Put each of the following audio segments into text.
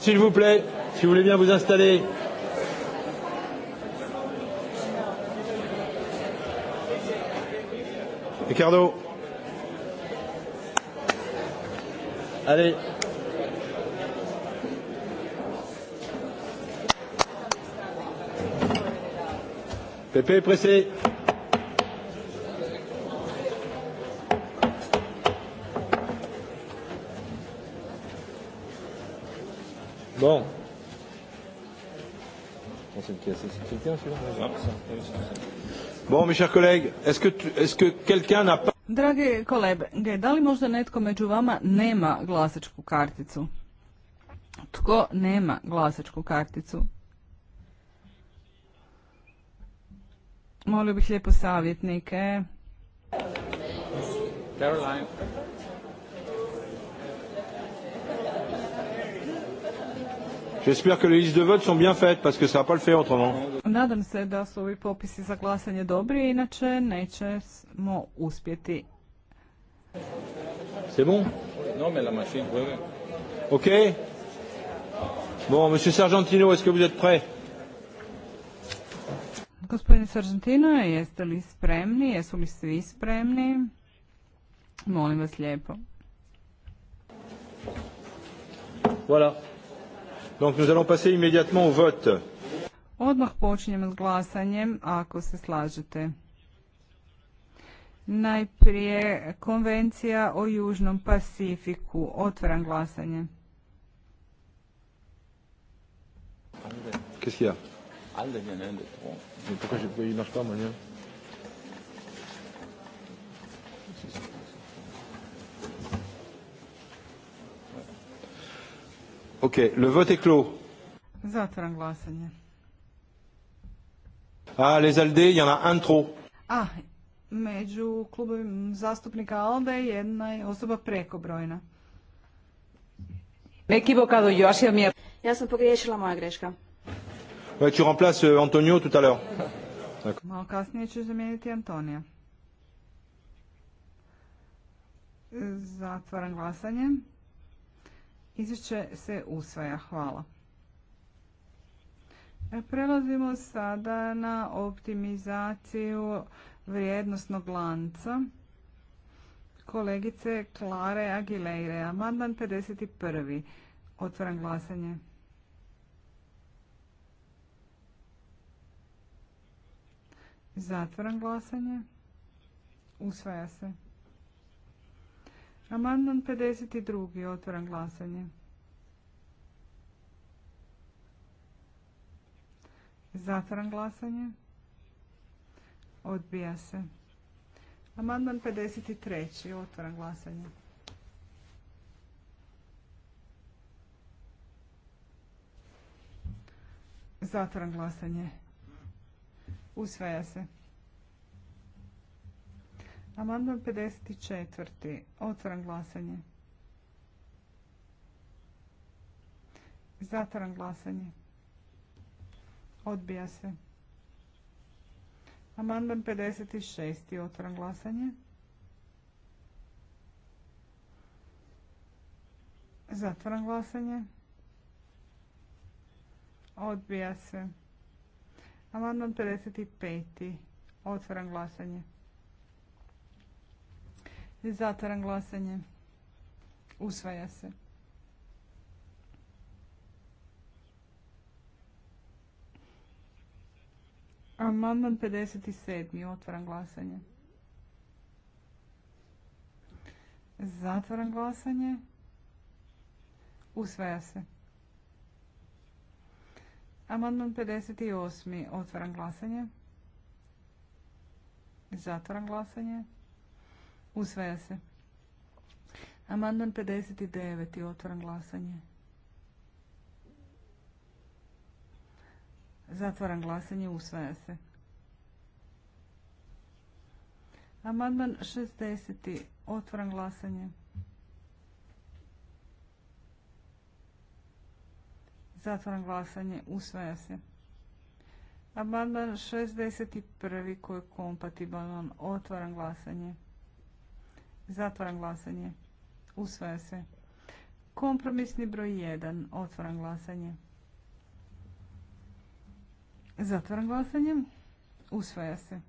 S'il vous plaît, si vous voulez bien vous installer. Ricardo. Allez. Pépé est pressé. Bon. Bon, mes chers collègues, est-ce que, est que quelqu'un n'a pas... Drage kolege, da li možda netko među vama nema glasačku karticu? Tko nema glasačku karticu? Molio bih lijepo savjetnike. Caroline. J'espère que les listes de vote sont bien faites parce que ça va pas le faire autrement. Nadam se da su ovi popisi za glasanje dobri, inače nećemo uspjeti. C'est bon Non, mais la machine, oui, oui. Ok Bon, monsieur Sargentino, est-ce que vous êtes prêt Gospodine Sargentino, jeste li spremni? Jesu li svi spremni? Molim vas lijepo. Voilà. Donc nous allons passer immédiatement au vote. Odmah počinjem s glasanjem ako se slažete. Najprije konvencija o Južnom Pasifiku. Otvaram glasanje. Qu'est-ce qu'il y a Alde vient un, deux, trois. Mais pourquoi il ne marche pas, Manuel Ok, le vote est clos. Zatvoram glasanje. A, ah, les Alde, il y en a un trop. A, među klubovim zastupnika Alde jedna je osoba prekobrojna. Me equivocado yo, ha sido mi... Ja sam pogriješila moja greška. Ouais, tu remplaces euh, Antonio tout à l'heure. Malo kasnije ću zamijeniti Antonija. Zatvaram glasanje. Izvješće se usvaja. Hvala. E, prelazimo sada na optimizaciju vrijednostnog lanca kolegice Klare Aguilera. Amandman 51. Otvaram glasanje. Zatvaram glasanje. Usvaja se. Amandman 52. Otvoram glasanje. Zatvoram glasanje. Odbija se. Amandman 53. Otvoram glasanje. Zatvoram glasanje. Usvaja se. Amandman 54. Otvaram glasanje. Zatvaram glasanje. Odbija se. Amandman 56. Otvaram glasanje. Zatvoram glasanje. Odbija se. Amandman 55. Otvaram glasanje. Zatvaram glasanje. Usvaja se. Amandman 57. Otvaram glasanje. Zatvaram glasanje. Usvaja se. Amandman 58. Otvaram glasanje. Zatvaram glasanje. Usvaja se. Amandman 59. Otvoran glasanje. Zatvaram glasanje. Usvaja se. Amandman 60. Otvoran glasanje. Zatvaram glasanje. Usvaja se. Amandman 61. koji je kompatibilan. Otvaram glasanje. Zatvaram glasanje. Usvaja se. Kompromisni broj 1. Otvoran glasanje. Zatvoran glasanje. Usvaja se.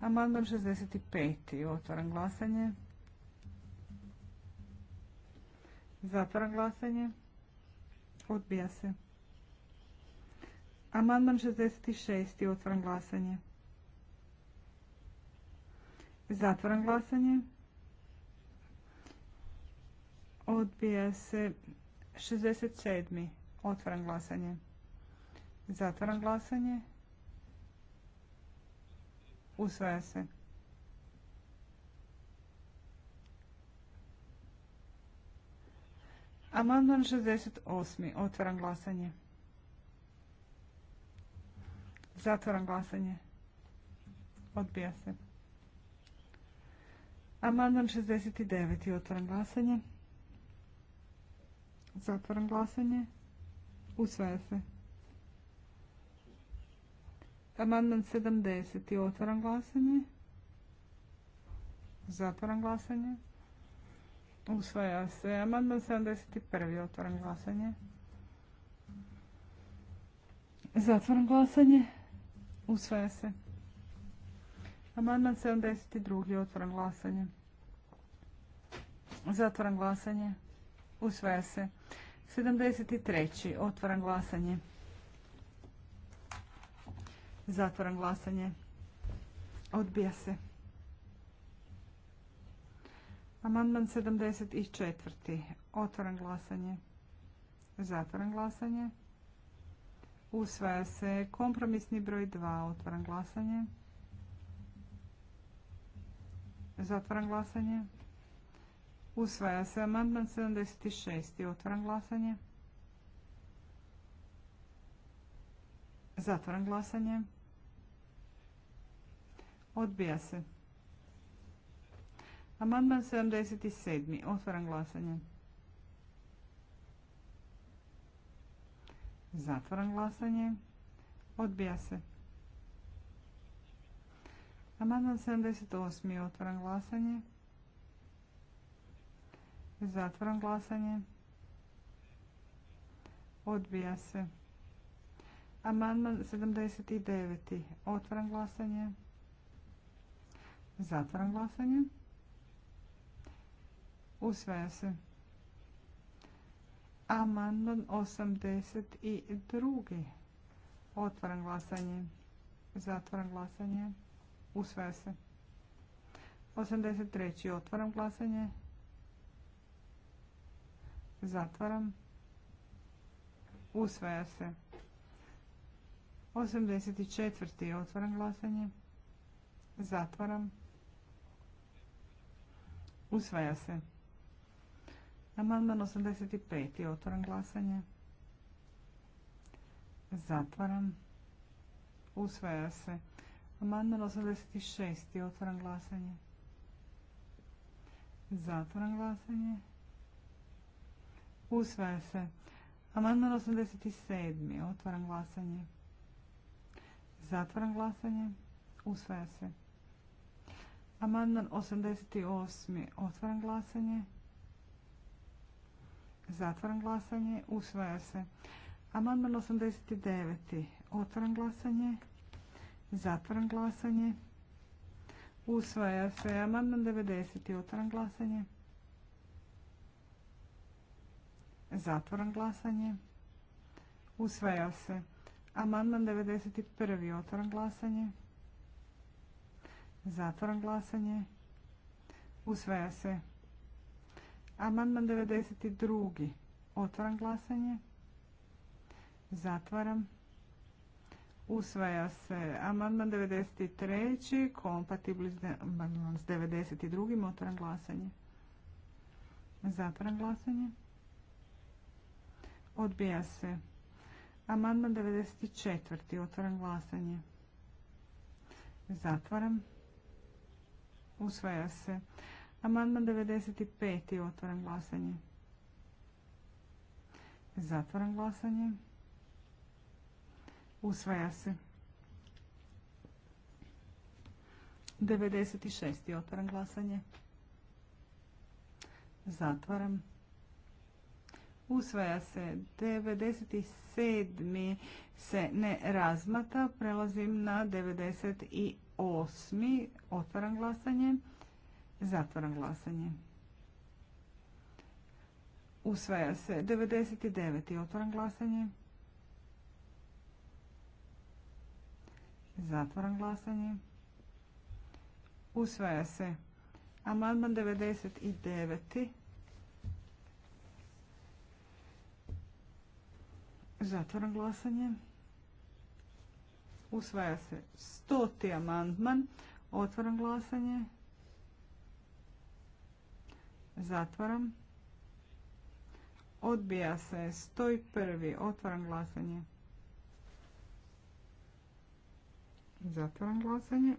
Amandman 65. Otvaram glasanje. Zatvaram glasanje. Odbija se. Amandman 66. Otvaram glasanje. Zatvaram glasanje. Odbija se 67. otvoram glasanje. Zatvaram glasanje. Usvaja se. Amandman 68. Otvaram glasanje. Zatvaram glasanje. Odbija se. Amandman 69. Otvaram glasanje. Zatvaram glasanje. Usvaja se. Amandman 70. Otvaram glasanje. Zatvaram glasanje. Usvaja se. Amandman 71. Otvaram glasanje. Zatvaram glasanje. Usvaja se. Amandman 72. Otvoran glasanje. Zatvoran glasanje. Usvaja se. 73. Otvoran glasanje. Zatvoran glasanje. Odbija se. Amandman 74. Otvoran glasanje. Zatvoran glasanje. Usvaja se kompromisni broj 2. Otvoran glasanje. Zatvaram glasanje. Usvaja se amandman 76. Otvaram glasanje. Zatvaram glasanje. Odbija se. Amandman 77. Otvaram glasanje. Zatvaram glasanje. Odbija se. Amandman 78. Otvaram glasanje. Zatvaram glasanje. Odbija se. Amandman 79. Otvaram glasanje. Zatvaram glasanje. Usvaja se. Amandman 82. Otvaram glasanje. Zatvoram glasanje. Usvaja se. 83. Otvaram glasanje. Zatvaram. Usvaja se. 84. Otvaram glasanje. Zatvaram. Usvaja se. Amandman 85. Otvaram glasanje. Zatvaram. Usvaja se. Amandman 86. Otvoram glasanje. Zatvoram glasanje. Usvaja se. Amandman 87. Otvoram glasanje. Zatvoram glasanje. Usvaja se. Amandman 88. Otvoram glasanje. Zatvoram glasanje. Usvaja se. Amandman 89. Otvoram glasanje. Zatvoram glasanje. Usvaja se amandman 90. Otvoram glasanje. Zatvoram glasanje. Usvaja se amandman 91. Otvoram glasanje. Zatvoram glasanje. Usvaja se amandman 92. Otvoram glasanje. Zatvaram. Usvaja se amandman 93. kompatibilizam s 92. Otvaram glasanje. Zatvaram glasanje. Odbija se. Amandman 94. Otvoran glasanje. Zatvaram. Usvaja se. Amandman 95. Otvoran glasanje. Zatvaram glasanje. Usvaja se. 96. Otvaram glasanje. Zatvaram. Usvaja se. 97. se ne razmata. Prelazim na 98. Otvaram glasanje. Zatvaram glasanje. Usvaja se. 99. Otvaram glasanje. Zatvoram glasanje. Usvaja se. Amandman 99. Zatvoram glasanje. Usvaja se stoti amandman. Otvoram glasanje. Zatvaram. Odbija se 101. Otvoram glasanje. Zatvoran glasanje.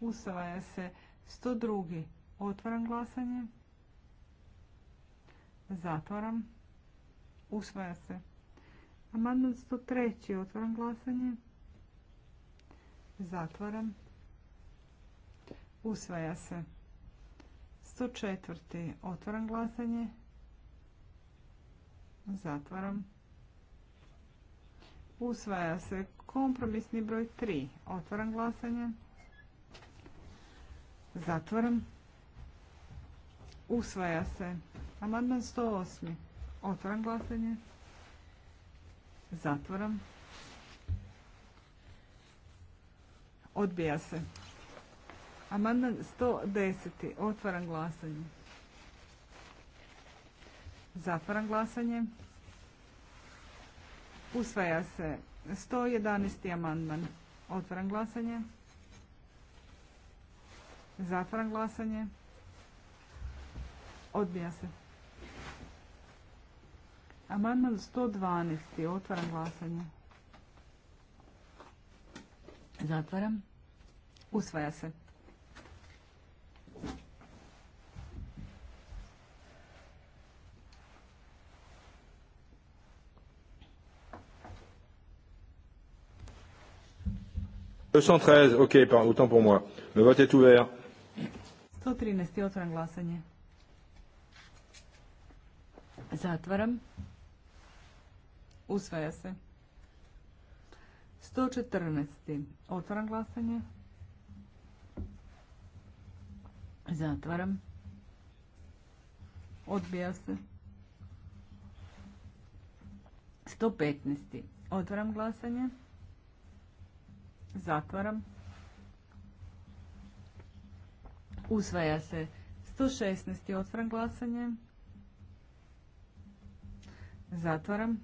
Usvaja se 102. Otvaram glasanje. Zatvaram. Usvaja se. Amandman 103. otvoran glasanje. Zatvaram. Usvaja se. 104. Otvaram glasanje. Zatvaram. Usvaja se kompromisni broj 3. Otvoram glasanje. Zatvoram. Usvaja se. Amandman 108. Otvoram glasanje. Zatvoram. Odbija se. Amandman 110. Otvaram glasanje. Zatvaram glasanje. Usvaja se 111. amandman. Otvaram glasanje. Zatvaram glasanje. Odbija se. Amandman 112. Otvaram glasanje. Zatvaram. Usvaja se. 213, ok, par, autant pour moi. Le vote est ouvert. 113. je glasanje. Zatvaram. Usvaja se. 114. Otvaram glasanje. Zatvaram. Odbija se. 115. Otvaram glasanje. Zatvaram. Usvaja se 116. Otvaram glasanje. Zatvaram.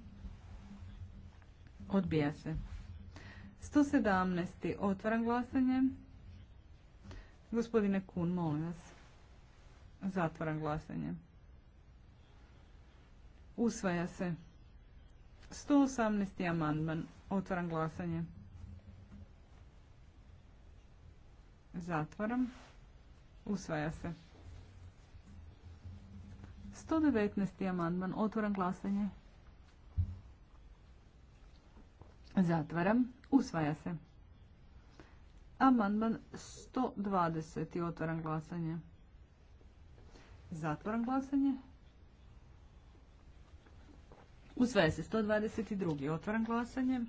Odbija se. 117. Otvaram glasanje. Gospodine Kun, molim vas. Zatvaram glasanje. Usvaja se. 118. amandman. Otvaram glasanje. Zatvaram. Usvaja se. 119. amandman. Otvoram glasanje. Zatvaram. Usvaja se. Amandman 120. Otvoram glasanje. Zatvoram glasanje. Usvaja se 122. Otvoram glasanje.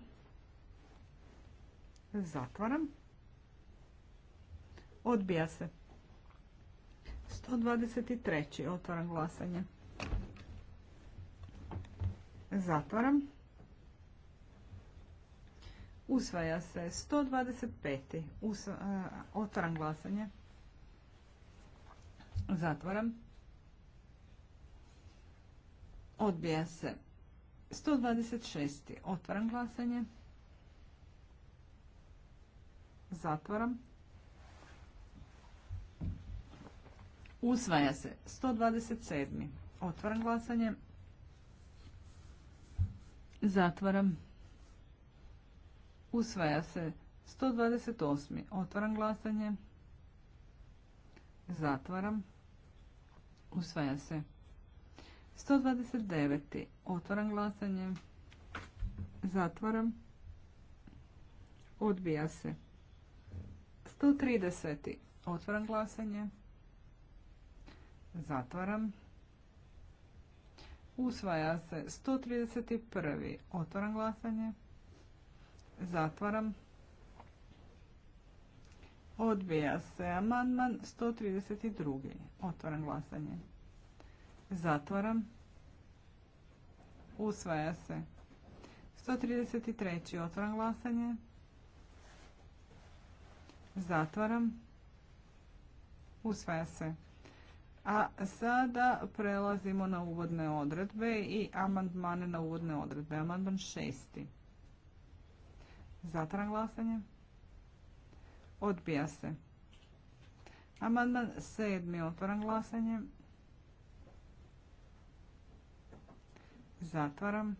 Zatvaram. Odbija se. 123. Otvaram glasanje. Zatvaram. Usvaja se 125. Usva, otvaram glasanje. Zatvaram. Odbija se 126. Otvaram glasanje. Zatvaram. Usvaja se. 127. Otvaram glasanje. Zatvaram. Usvaja se. 128. Otvaram glasanje. Zatvaram. Usvaja se. 129. Otvaram glasanje. Zatvaram. Odbija se. 130. Otvaram glasanje. Zatvaram. Usvaja se 131. Otvaram glasanje. Zatvaram. Odbija se amandman 132. Otvaram glasanje. Zatvaram. Usvaja se. 133. Otvaram glasanje. Zatvaram. Usvaja se. A sada prelazimo na uvodne odredbe i amandmane na uvodne odredbe. Amandman šesti. Zatran glasanje. Odbija se. Amandman sedmi. Otvoran glasanje. Zatvaram.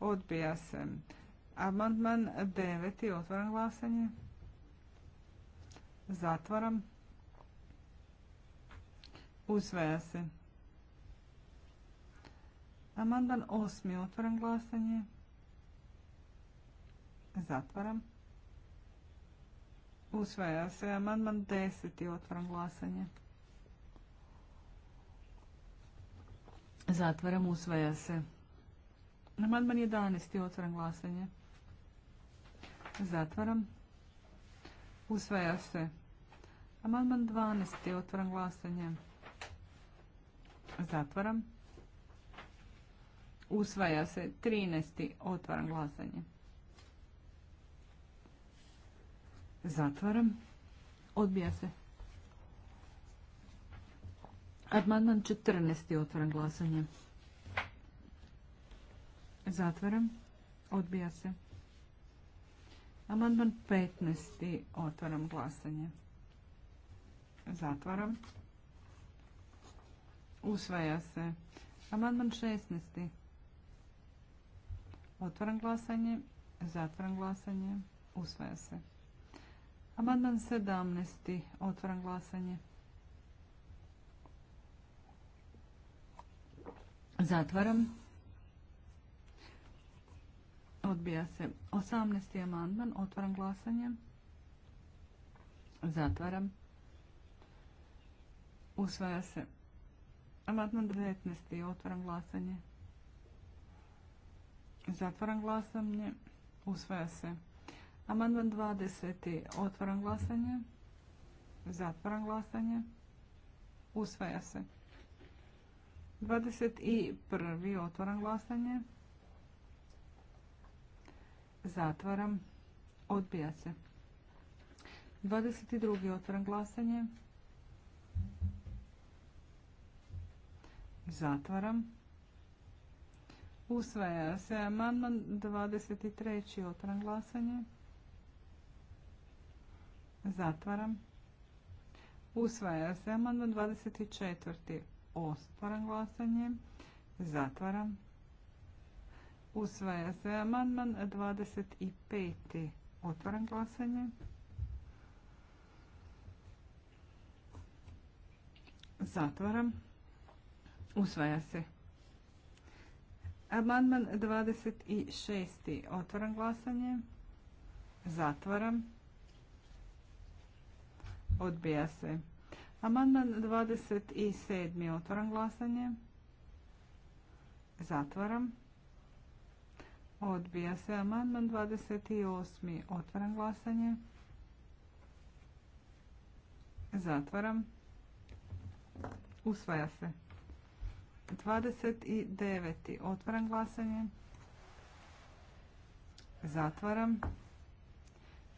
Odbija se. Amandman deveti. Otvoran glasanje. Zatvaram. Usvaja se. Amandman osmi. Otvaram glasanje. Zatvaram. Usvaja se. Amandman deseti. Otvaram glasanje. Zatvaram. Usvaja se. Amandman 11. Otvaram glasanje. Zatvaram. Usvaja se. Amandman 12. Otvaram glasanje. Zatvaram. Usvaja se 13. Otvaram glasanje. Zatvaram. Odbija se. Amandman 14. Otvaram glasanje. Zatvaram. Odbija se. Amandman 15. Otvaram glasanje. Zatvaram. Usvaja se. Amandman 16. Otvaram glasanje. Zatvaram glasanje. Usvaja se. Amandman 17. Otvaram glasanje. Zatvaram. Odbija se. 18. amandman. Otvaram glasanje. Zatvaram. Usvaja se. Amandman 19. Otvaram glasanje. Zatvaram glasanje. Usvaja se. Amandman 20. Otvaram glasanje. Zatvaram glasanje. Usvaja se. 21. Otvaram glasanje. Zatvaram. Odbija se. 22. Otvaram glasanje. Zatvaram. Usvaja se amandman 23. Otvaram glasanje. Zatvaram. Usvaja se amandman 24. Otvaram glasanje. Zatvaram. Usvaja se amandman 25. Otvaram glasanje. Zatvaram. Usvaja se. Amandman 26. Otvaram glasanje. Zatvaram. Odbija se. Amandman 27. Otvaram glasanje. Zatvaram. Odbija se. Amandman 28. Otvaram glasanje. Zatvaram. Usvaja se. 29. Otvaram glasanje. Zatvaram.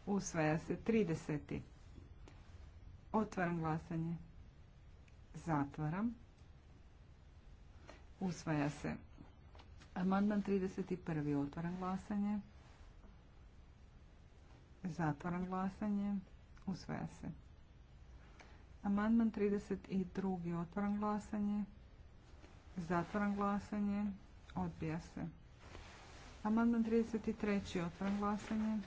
Usvaja se 30. Otvaram glasanje. Zatvaram. Usvaja se. Amandman 31. Otvaram glasanje. Zatvaram glasanje. Usvaja se. Amandman 32. Otvaram glasanje. Zatvaram glasanje. Odbija se. Amandman 33. Otvaram glasanje.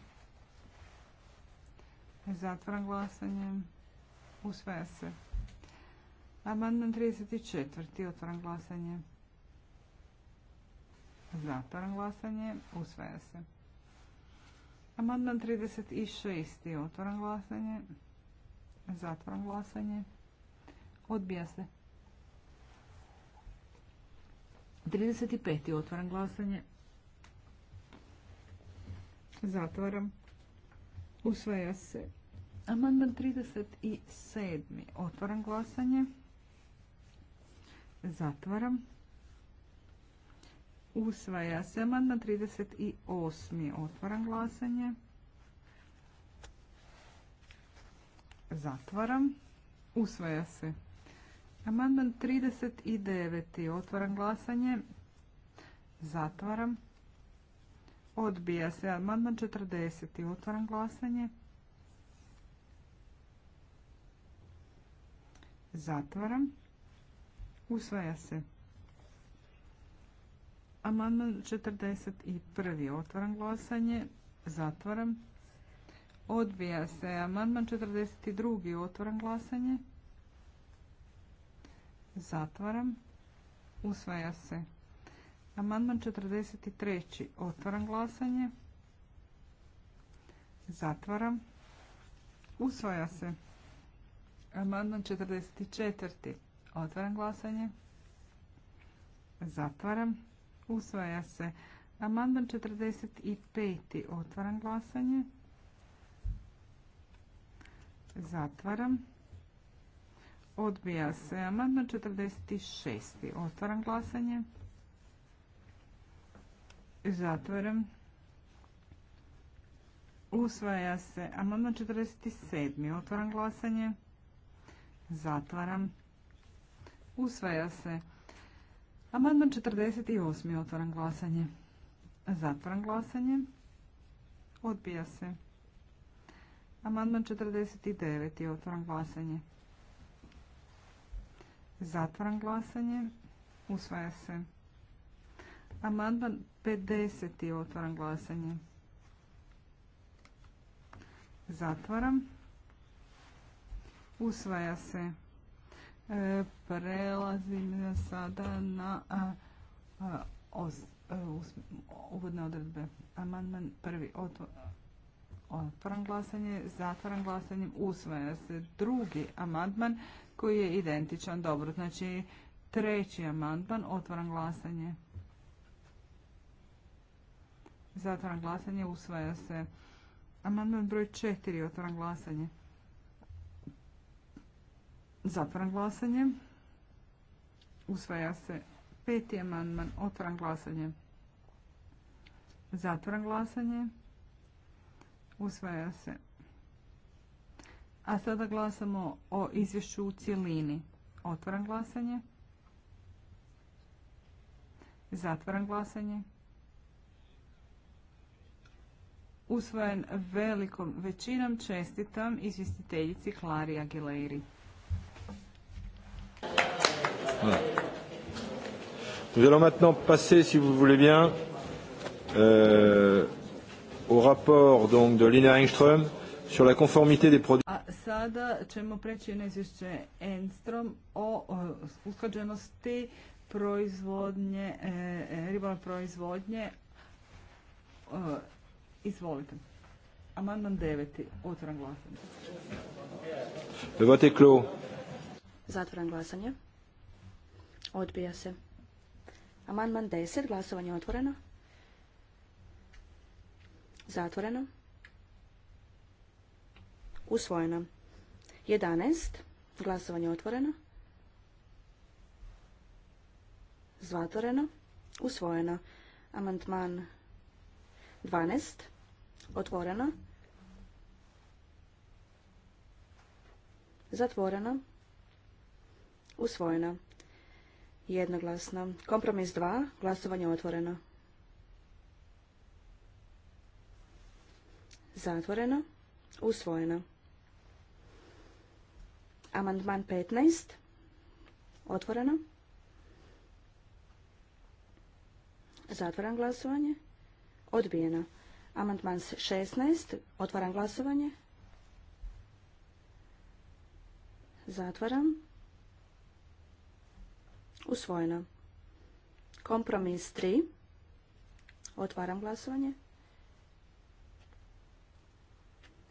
Zatvaram glasanje. Usvaja se. Amandman 34. Otvaram glasanje. Zatvaram glasanje. Usvaja se. Amandman 36. Otvaram glasanje. Zatvaram glasanje. Odbija se. 35. otvaram glasanje. Zatvaram. Usvaja se. Amandman 37. Otvaram glasanje. Zatvaram. Usvaja se. Amandman 38. Otvaram glasanje. Zatvaram. Usvaja se. Amandman 39. Otvaram glasanje. Zatvaram. Odbija se. Amandman 40. Otvaram glasanje. Zatvaram. Usvaja se. Amandman 41. Otvaram glasanje. Zatvaram. Odbija se. Amandman 42. Otvaram glasanje. Zatvaram. Usvaja se. Amandman 43. Otvaram glasanje. Zatvaram. Usvaja se. Amandman 44. Otvaram glasanje. Zatvaram. Usvaja se. Amandman 45. Otvaram glasanje. Zatvaram. Odbija se. Amandman 46. Otvaram glasanje. Zatvaram. Usvaja se. Amandman 47. Otvaram glasanje. Zatvaram. Usvaja se. Amandman 48. Otvaram glasanje. Zatvaram glasanje. Odbija se. Amandman 49. Otvaram glasanje. Zatvaram glasanje. Usvaja se. Amandman 50. Otvoram glasanje. Zatvaram. Usvaja se. E, prelazim sada na e, uvodne odredbe. Amandman prvi. otvaram glasanje. Zatvaram glasanjem. Usvaja se drugi amandman koji je identičan. Dobro, znači treći amandman, otvoran glasanje. Zatvoran glasanje, usvaja se. Amandman broj četiri, otvoran glasanje. Zatvoran glasanje. Usvaja se peti amandman, otvoran glasanje. Zatvoran glasanje. Usvaja se a sada glasamo o izvješću u cijelini. Otvoram glasanje. Zatvoran glasanje. Usvojen velikom većinom čestitam izvjestiteljici Klari Aguileri. Nous allons maintenant passer, si vous voulez bien, euh, au rapport donc, de Lina Engström sur la conformité des produits. A sada ćemo preći na izvješće Enstrom o usklađenosti proizvodnje, e, e, ribolovne proizvodnje. E, izvolite. Amandman 9. Otvoren glasanje. Le vote est glasanje. Odbija se. Amandman 10. Glasovanje otvoreno. Zatvoreno. Usvojena. 11. Glasovanje otvoreno. Zatvoreno. Usvojeno. Amandman 12. Otvoreno. Zatvoreno. Usvojeno. Jednoglasno. Kompromis 2. Glasovanje otvoreno. Zatvoreno. Usvojeno. Amandman 15. Otvoreno. Zatvoran glasovanje. Odbijeno. Amandman 16. Otvaram glasovanje. Zatvaram. Usvojeno. Kompromis 3. Otvaram glasovanje.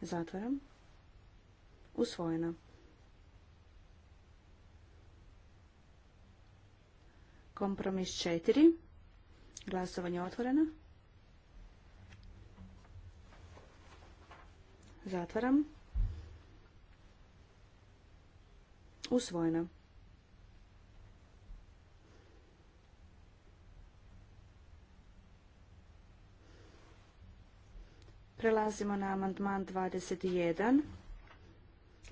Zatvaram. Usvojeno. Kompromis četiri. Glasovanje otvoreno. Zatvaram. Usvojeno. Prelazimo na amandman 21.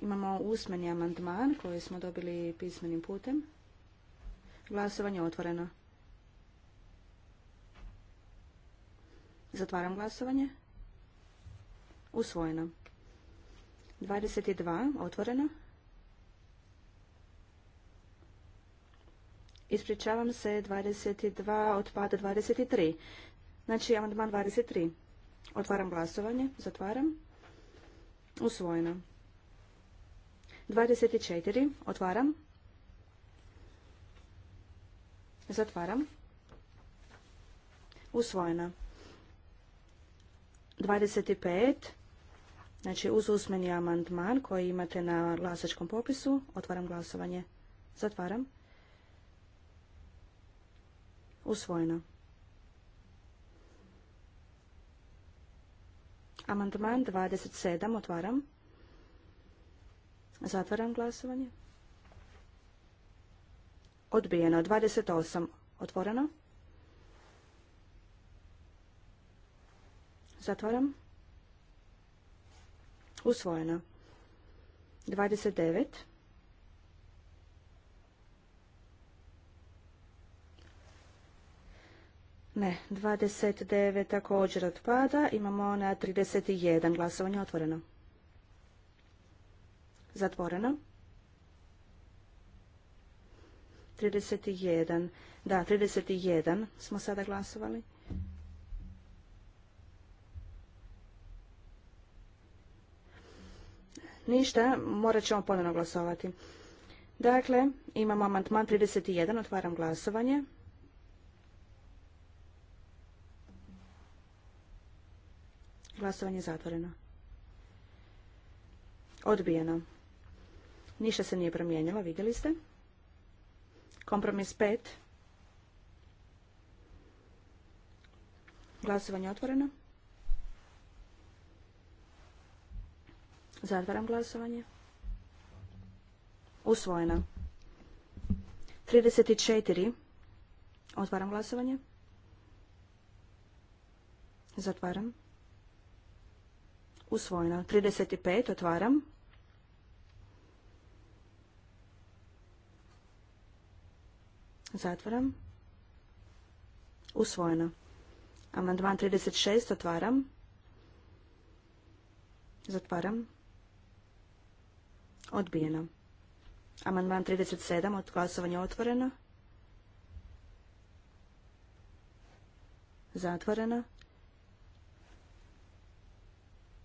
Imamo usmeni amandman koji smo dobili pismenim putem. Glasovanje otvoreno. Zatvaram glasovanje. Usvojeno. 22. Otvoreno. Ispričavam se, 22 otpada 23. Znači, amandman 23. Otvaram glasovanje. Zatvaram. Usvojeno. 24. Otvaram. Zatvaram. Usvojena. 25. Znači uz usmeni amandman koji imate na glasačkom popisu. Otvaram glasovanje. Zatvaram. Usvojena. Amandman 27. Otvaram. Zatvaram glasovanje odbijeno. 28 otvoreno. Zatvoram. Usvojeno. 29. Ne, 29 također otpada. Imamo na 31 glasovanje otvoreno. Zatvoreno. 31. Da, 31 smo sada glasovali. Ništa, morat ćemo ponovno glasovati. Dakle, imamo amantman 31, otvaram glasovanje. Glasovanje je zatvoreno. Odbijeno. Ništa se nije promijenilo, vidjeli ste. Kompromis 5. Glasovanje otvoreno. Zatvaram glasovanje. Usvojeno. 34. Otvaram glasovanje. Zatvaram. Usvojeno. 35. Otvaram. Zatvaram. Usvojeno. Amandman 36 otvaram. Zatvaram. Odbijeno. Amandman 37 od glasovanja otvoreno. Zatvoreno.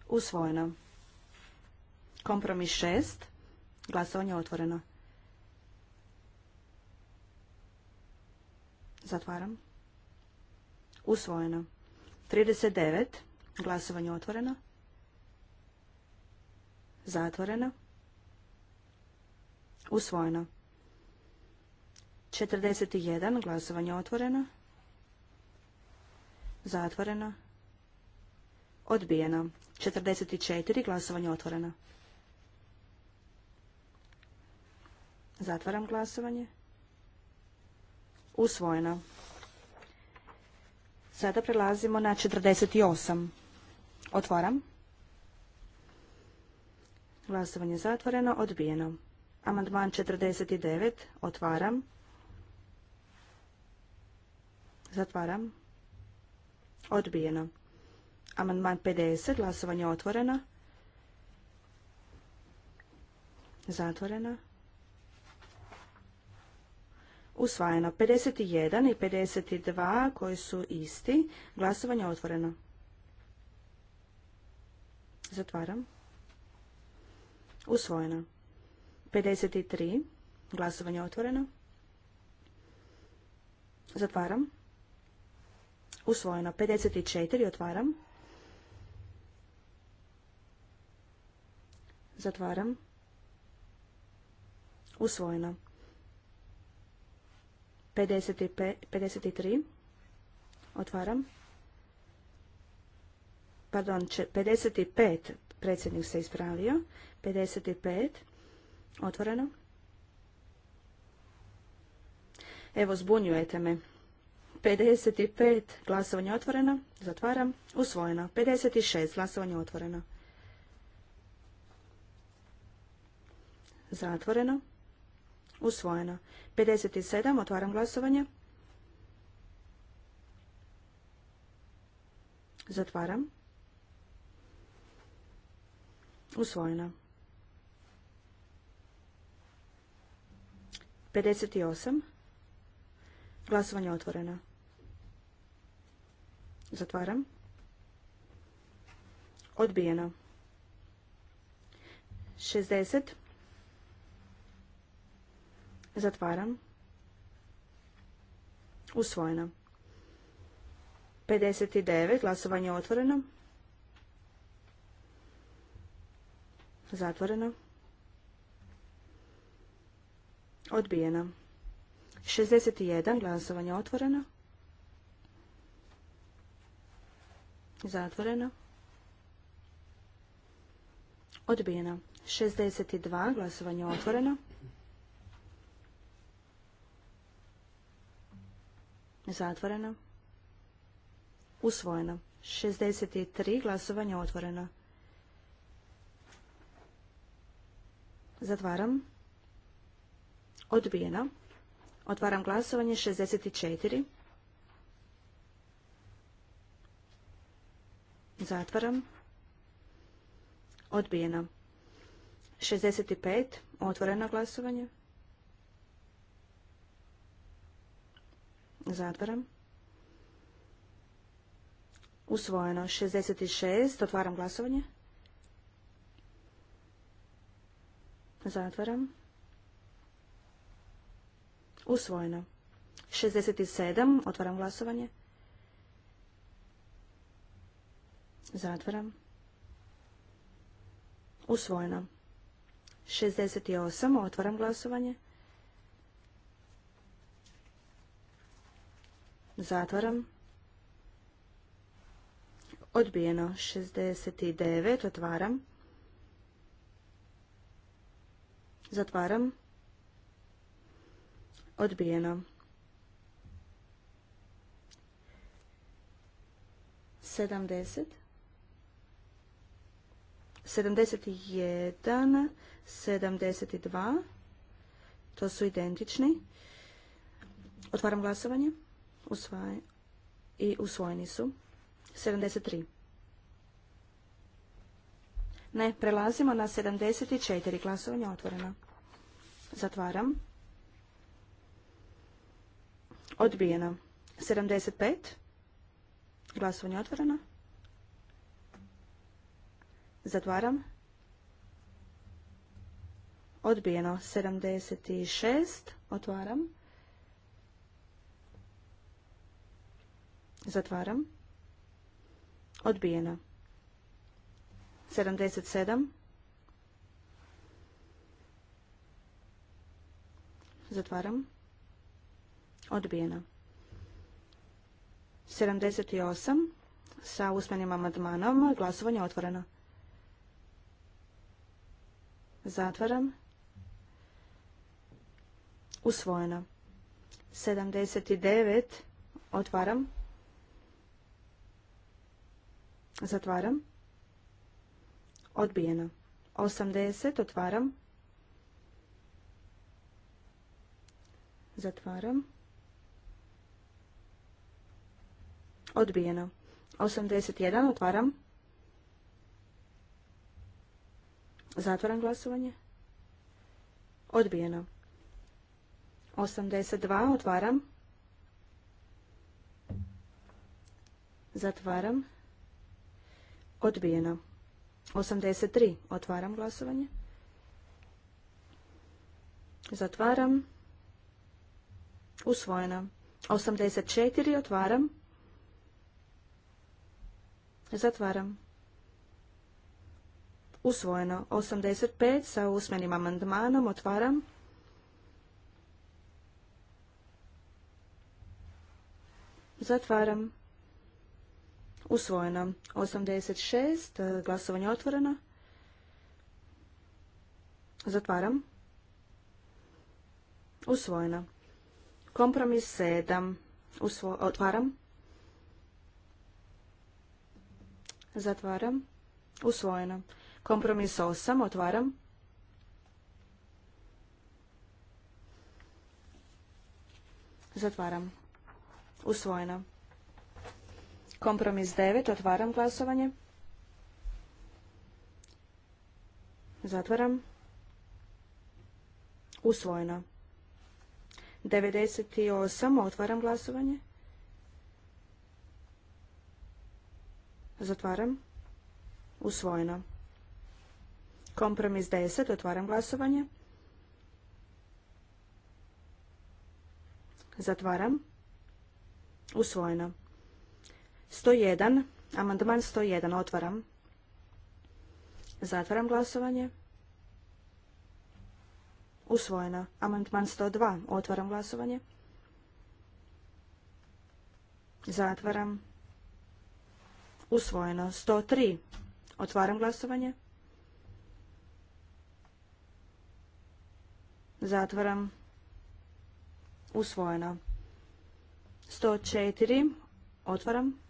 Usvojeno. Kompromis 6. Glasovanje otvoreno. Zatvaram. Usvojeno. 39. Glasovanje otvoreno. Zatvoreno. Usvojeno. 41. Glasovanje otvoreno. Zatvoreno. Odbijeno. 44. Glasovanje otvoreno. Zatvaram glasovanje. Usvojeno. Sada prelazimo na 48. Otvaram. Glasovanje zatvoreno. Odbijeno. Amandman 49. Otvaram. Zatvaram. Odbijeno. Amandman 50. Glasovanje otvoreno. Zatvoreno usvajeno. 51 i 52 koji su isti. Glasovanje otvoreno. Zatvaram. Usvojeno. 53. Glasovanje otvoreno. Zatvaram. Usvojeno. 54. Otvaram. Zatvaram. Usvojeno. 53. Otvaram. Pardon, 55. Predsjednik se ispravio. 55. Otvoreno. Evo, zbunjujete me. 55. Glasovanje otvoreno. Zatvaram. Usvojeno. 56. Glasovanje otvoreno. Zatvoreno. Usvojeno. 57. Otvaram glasovanje. Zatvaram. Usvojeno. 58. Glasovanje otvoreno. Zatvaram. Odbijeno. 60. Zatvaram. Usvojeno. 59. Glasovanje otvoreno. Zatvoreno. Odbijeno. 61. Glasovanje otvoreno. Zatvoreno. Odbijeno. 62. Glasovanje otvoreno. Zatvoreno. Usvojeno. 63. Glasovanje otvoreno. Zatvaram. Odbijeno. Otvaram glasovanje 64. Zatvaram. Odbijeno. 65. Otvoreno glasovanje. Zatvaram. Usvojeno. 66. Otvaram glasovanje. Zatvaram. Usvojeno. 67. Otvaram glasovanje. Zatvaram. Usvojeno. 68. Otvaram glasovanje. Zatvaram. Odbijeno 69. Otvaram. Zatvaram. Odbijeno. 70. 71, 72, to su identični. Otvaram glasovanje i usvojeni su. 73. Ne, prelazimo na 74. Glasovanje otvoreno. Zatvaram. Odbijeno. 75. Glasovanje otvoreno. Zatvaram. Odbijeno. 76. Otvaram. Zatvaram. Odbijeno. 77. Zatvaram. Odbijeno. 78. Sa usmenim amandmanom glasovanje otvoreno. Zatvaram. Usvojeno. 79. Otvaram. Zatvaram. Odbijeno. 80. Otvaram. Zatvaram. Odbijeno. 81. Otvaram. Zatvaram glasovanje. Odbijeno. 82. Otvaram. Zatvaram. Odbijeno. 83. Otvaram glasovanje. Zatvaram. Usvojeno. 84. Otvaram. Zatvaram. Usvojeno. 85. Sa usmenim amandmanom. Otvaram. Zatvaram. Usvojeno. 86. Glasovanje otvoreno. Zatvaram. Usvojeno. Kompromis 7. otvaram. Zatvaram. Usvojeno. Kompromis 8. Otvaram. Zatvaram. Usvojeno. Kompromis 9. Otvaram glasovanje. Zatvaram. Usvojeno. 98. Otvaram glasovanje. Zatvaram. Usvojeno. Kompromis 10. Otvaram glasovanje. Zatvaram. Usvojeno. 101. Amandman 101. Otvaram. Zatvaram glasovanje. Usvojeno. Amandman 102. Otvaram glasovanje. Zatvaram. Usvojeno. 103. Otvaram glasovanje. Zatvaram. Usvojeno. 104. Otvaram.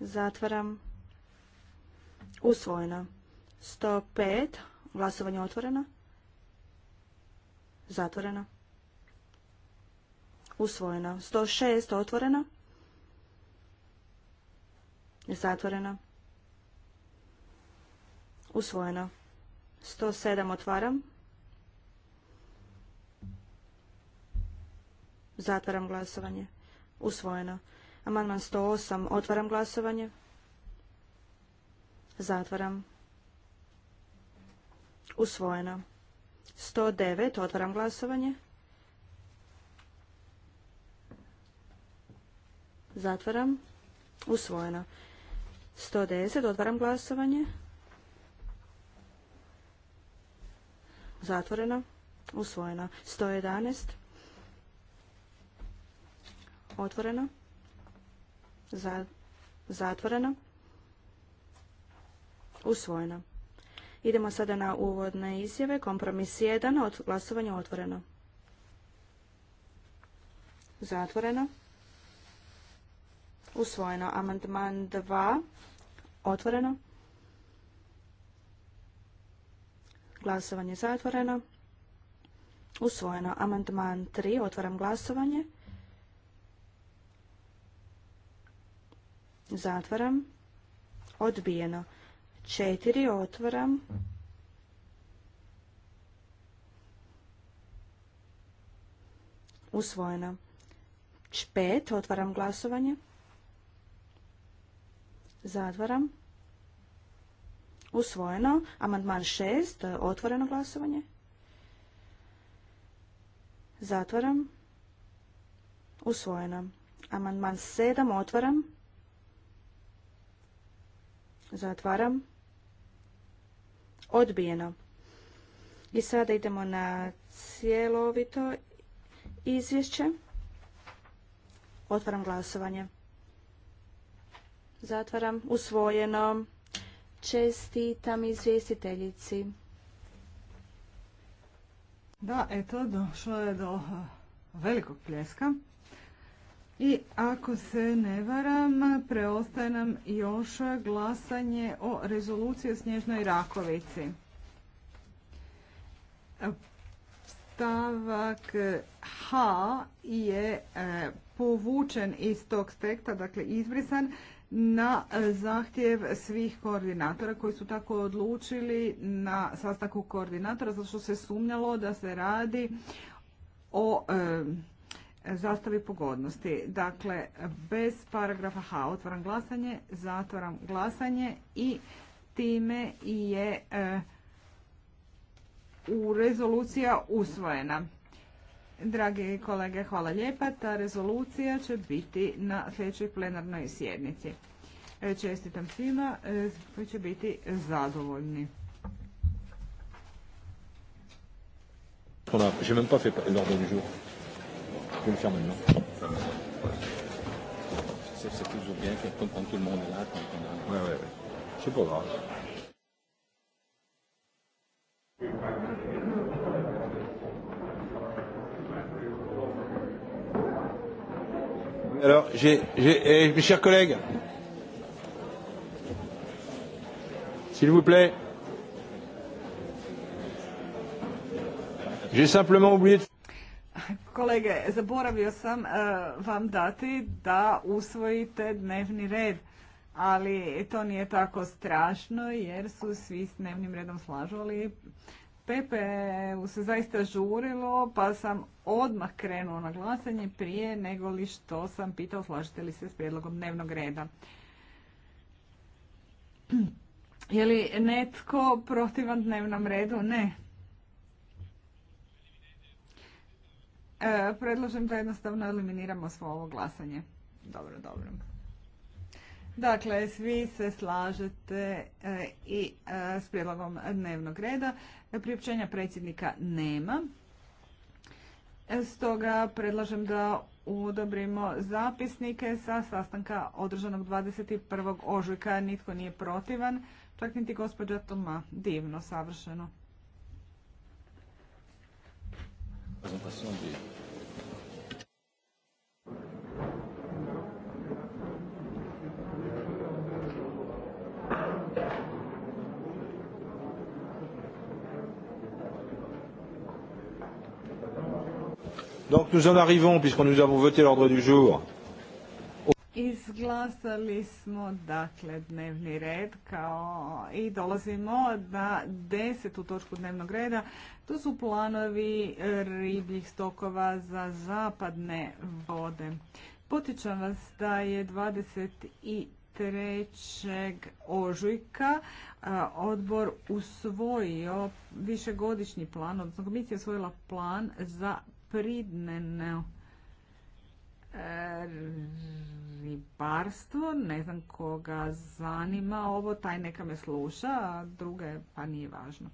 Zatvaram. Usvojeno. 105. Glasovanje otvoreno. Zatvoreno. Usvojeno. 106. Otvoreno. Zatvoreno. Usvojeno. 107. Otvaram. Zatvaram glasovanje. Usvojeno. Amandman 108. Otvaram glasovanje. Zatvaram. Usvojeno. 109. Otvaram glasovanje. Zatvaram. Usvojeno. 110. Otvaram glasovanje. Zatvoreno. Usvojeno. 111. Otvoreno zatvoreno. Usvojeno. Idemo sada na uvodne izjave. Kompromis 1. Od, glasovanja otvoreno. Zatvoreno. Usvojeno. Amandman 2. Otvoreno. Glasovanje zatvoreno. Usvojeno. Amandman 3. Otvaram glasovanje. Zatvaram. Odbijeno. 4 otvaram. Usvojeno. 5 otvaram glasovanje. Zatvaram. Usvojeno. Amandman 6 otvoreno glasovanje. Zatvaram. Usvojeno. Amandman 7 otvaram. Zatvaram. Odbijeno. I sada idemo na cjelovito izvješće. Otvaram glasovanje. Zatvaram. Usvojeno. Čestitam izvjestiteljici. Da, eto, došlo je do velikog pljeska. I ako se ne varam, preostaje nam još glasanje o rezoluciji o snježnoj rakovici. Stavak H je e, povučen iz tog teksta, dakle izbrisan, na zahtjev svih koordinatora koji su tako odlučili na sastanku koordinatora, zato što se sumnjalo da se radi o e, zastavi pogodnosti. Dakle, bez paragrafa H otvaram glasanje, zatvaram glasanje i time je e, u rezolucija usvojena. Dragi kolege, hvala lijepa. Ta rezolucija će biti na sljedećoj plenarnoj sjednici. E, čestitam svima koji e, će biti zadovoljni. même pas fait l'ordre du jour. Je vais le faire maintenant. C'est toujours bien quand, prend tout le monde est là. Quand on oui. Ouais, ouais, ouais. C'est pas grave. Alors, j'ai, j'ai, eh, mes chers collègues, s'il vous plaît, j'ai simplement oublié de... Kolege, zaboravio sam e, vam dati da usvojite dnevni red, ali to nije tako strašno jer su svi s dnevnim redom slažu, Pepe se zaista žurilo, pa sam odmah krenuo na glasanje prije nego li što sam pitao slažete li se s prijedlogom dnevnog reda. Je li netko protivan dnevnom redu? Ne. E, predlažem da jednostavno eliminiramo svo ovo glasanje. Dobro, dobro. Dakle, svi se slažete e, i e, s prijedlogom dnevnog reda. Priopćenja predsjednika nema. E, stoga predlažem da udobrimo zapisnike sa sastanka održanog 21. ožujka. Nitko nije protivan, čak niti gospođa Toma. Divno, savršeno. Donc nous en arrivons, puisque nous avons voté l'ordre du jour, Izglasali smo dakle dnevni red kao i dolazimo na desetu točku dnevnog reda. To su planovi ribljih stokova za zapadne vode. Potičam vas da je 23. ožujka odbor usvojio višegodišnji plan, odnosno komisija usvojila plan za pridnenu e, ribarstvo. Ne znam koga zanima ovo, taj neka me sluša, a druge pa nije važno.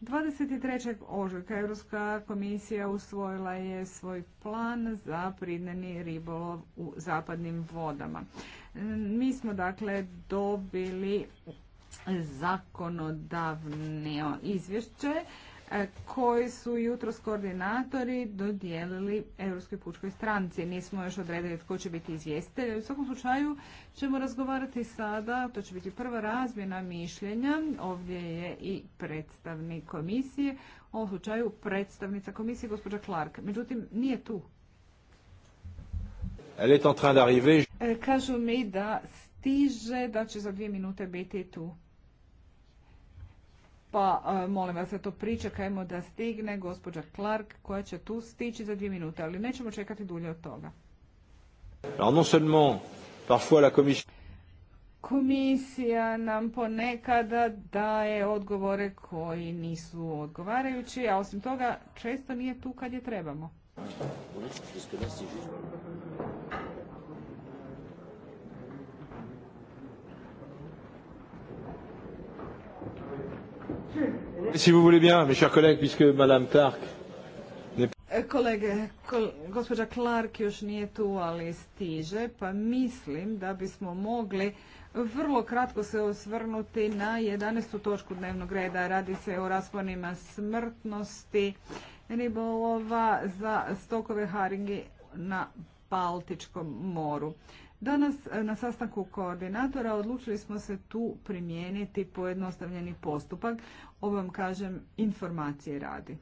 23. ožujka Europska komisija usvojila je svoj plan za pridneni ribolov u zapadnim vodama. Mi smo dakle dobili zakonodavno izvješće E, koji su jutros koordinatori dodijelili Europskoj pučkoj stranci. Nismo još odredili tko će biti izvjestitelj. U svakom slučaju ćemo razgovarati sada, to će biti prva razmjena mišljenja. Ovdje je i predstavnik komisije, u ovom slučaju predstavnica komisije gospođa Clark. Međutim, nije tu. E, kažu mi da stiže, da će za dvije minute biti tu pa e, molim vas da to pričekajmo da stigne gospođa Clark koja će tu stići za dvije minute, ali nećemo čekati dulje od toga. Komisija nam ponekada daje odgovore koji nisu odgovarajući, a osim toga često nije tu kad je trebamo. Kolege, gospođa Clark još nije tu, ali stiže, pa mislim da bismo mogli vrlo kratko se osvrnuti na 11. točku dnevnog reda. Radi se o rasponima smrtnosti ribolova za stokove haringi na Baltičkom moru. Danas e, na sastanku koordinatora odlučili smo se tu primijeniti pojednostavljeni postupak. Ovo vam kažem informacije radi.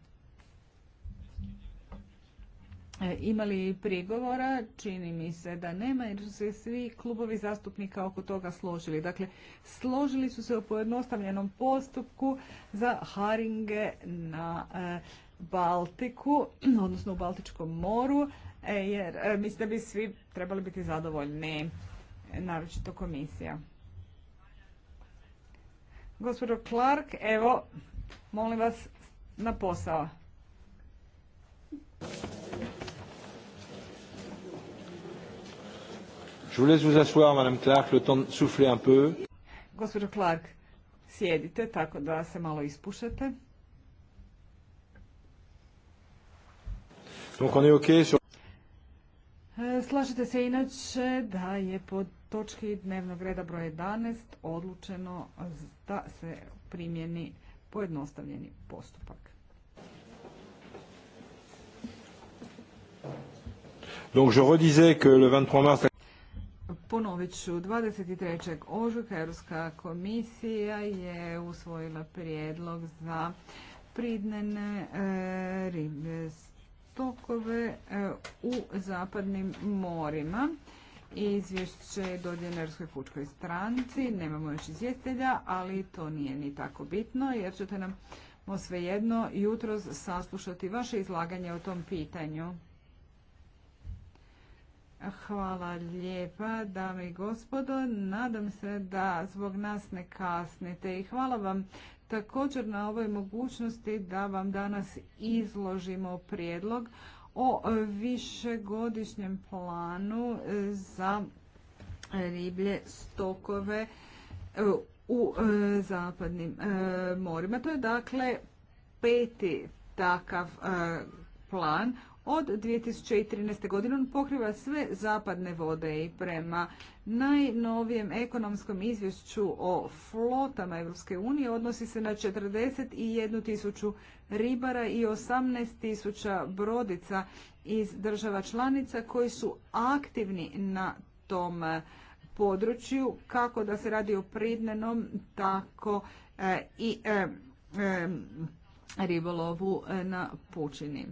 E, Imali i prigovora? Čini mi se da nema jer su se svi klubovi zastupnika oko toga složili. Dakle, složili su se o pojednostavljenom postupku za haringe na e, Baltiku, odnosno u Baltičkom moru, E, jer e, mislim da bi svi trebali biti zadovoljni, naročito komisija. Gospodin Clark, evo, molim vas na posao. Je vous laisse vous asseoir, Madame Clark, le temps de souffler un peu. Gospodo Clark, sjedite tako da se malo ispušete. Donc on est OK sur... Slažete se inače da je po točki dnevnog reda broj 11 odlučeno da se primjeni pojednostavljeni postupak. Donc je redisais que le 23 mars Ponovit ću, 23. ožujka Europska komisija je usvojila prijedlog za pridnene e, tokove e, u zapadnim morima. Izvješće je pučkoj stranci, nemamo još izvjestitelja, ali to nije ni tako bitno jer ćete nam svejedno jutro saslušati vaše izlaganje o tom pitanju. Hvala lijepa, dame i gospodo. Nadam se da zbog nas ne kasnite i hvala vam također na ovoj mogućnosti da vam danas izložimo prijedlog o višegodišnjem planu za riblje stokove e, u e, zapadnim e, morima. To je dakle peti takav plan od 2013. godine. On pokriva sve zapadne vode i prema najnovijem ekonomskom izvješću o flotama Europske unije odnosi se na 41.000 tisuću ribara i 18.000 tisuća brodica iz država članica koji su aktivni na tom eh, području, kako da se radi o pridnenom, tako eh, i eh, ribolovu na pučini,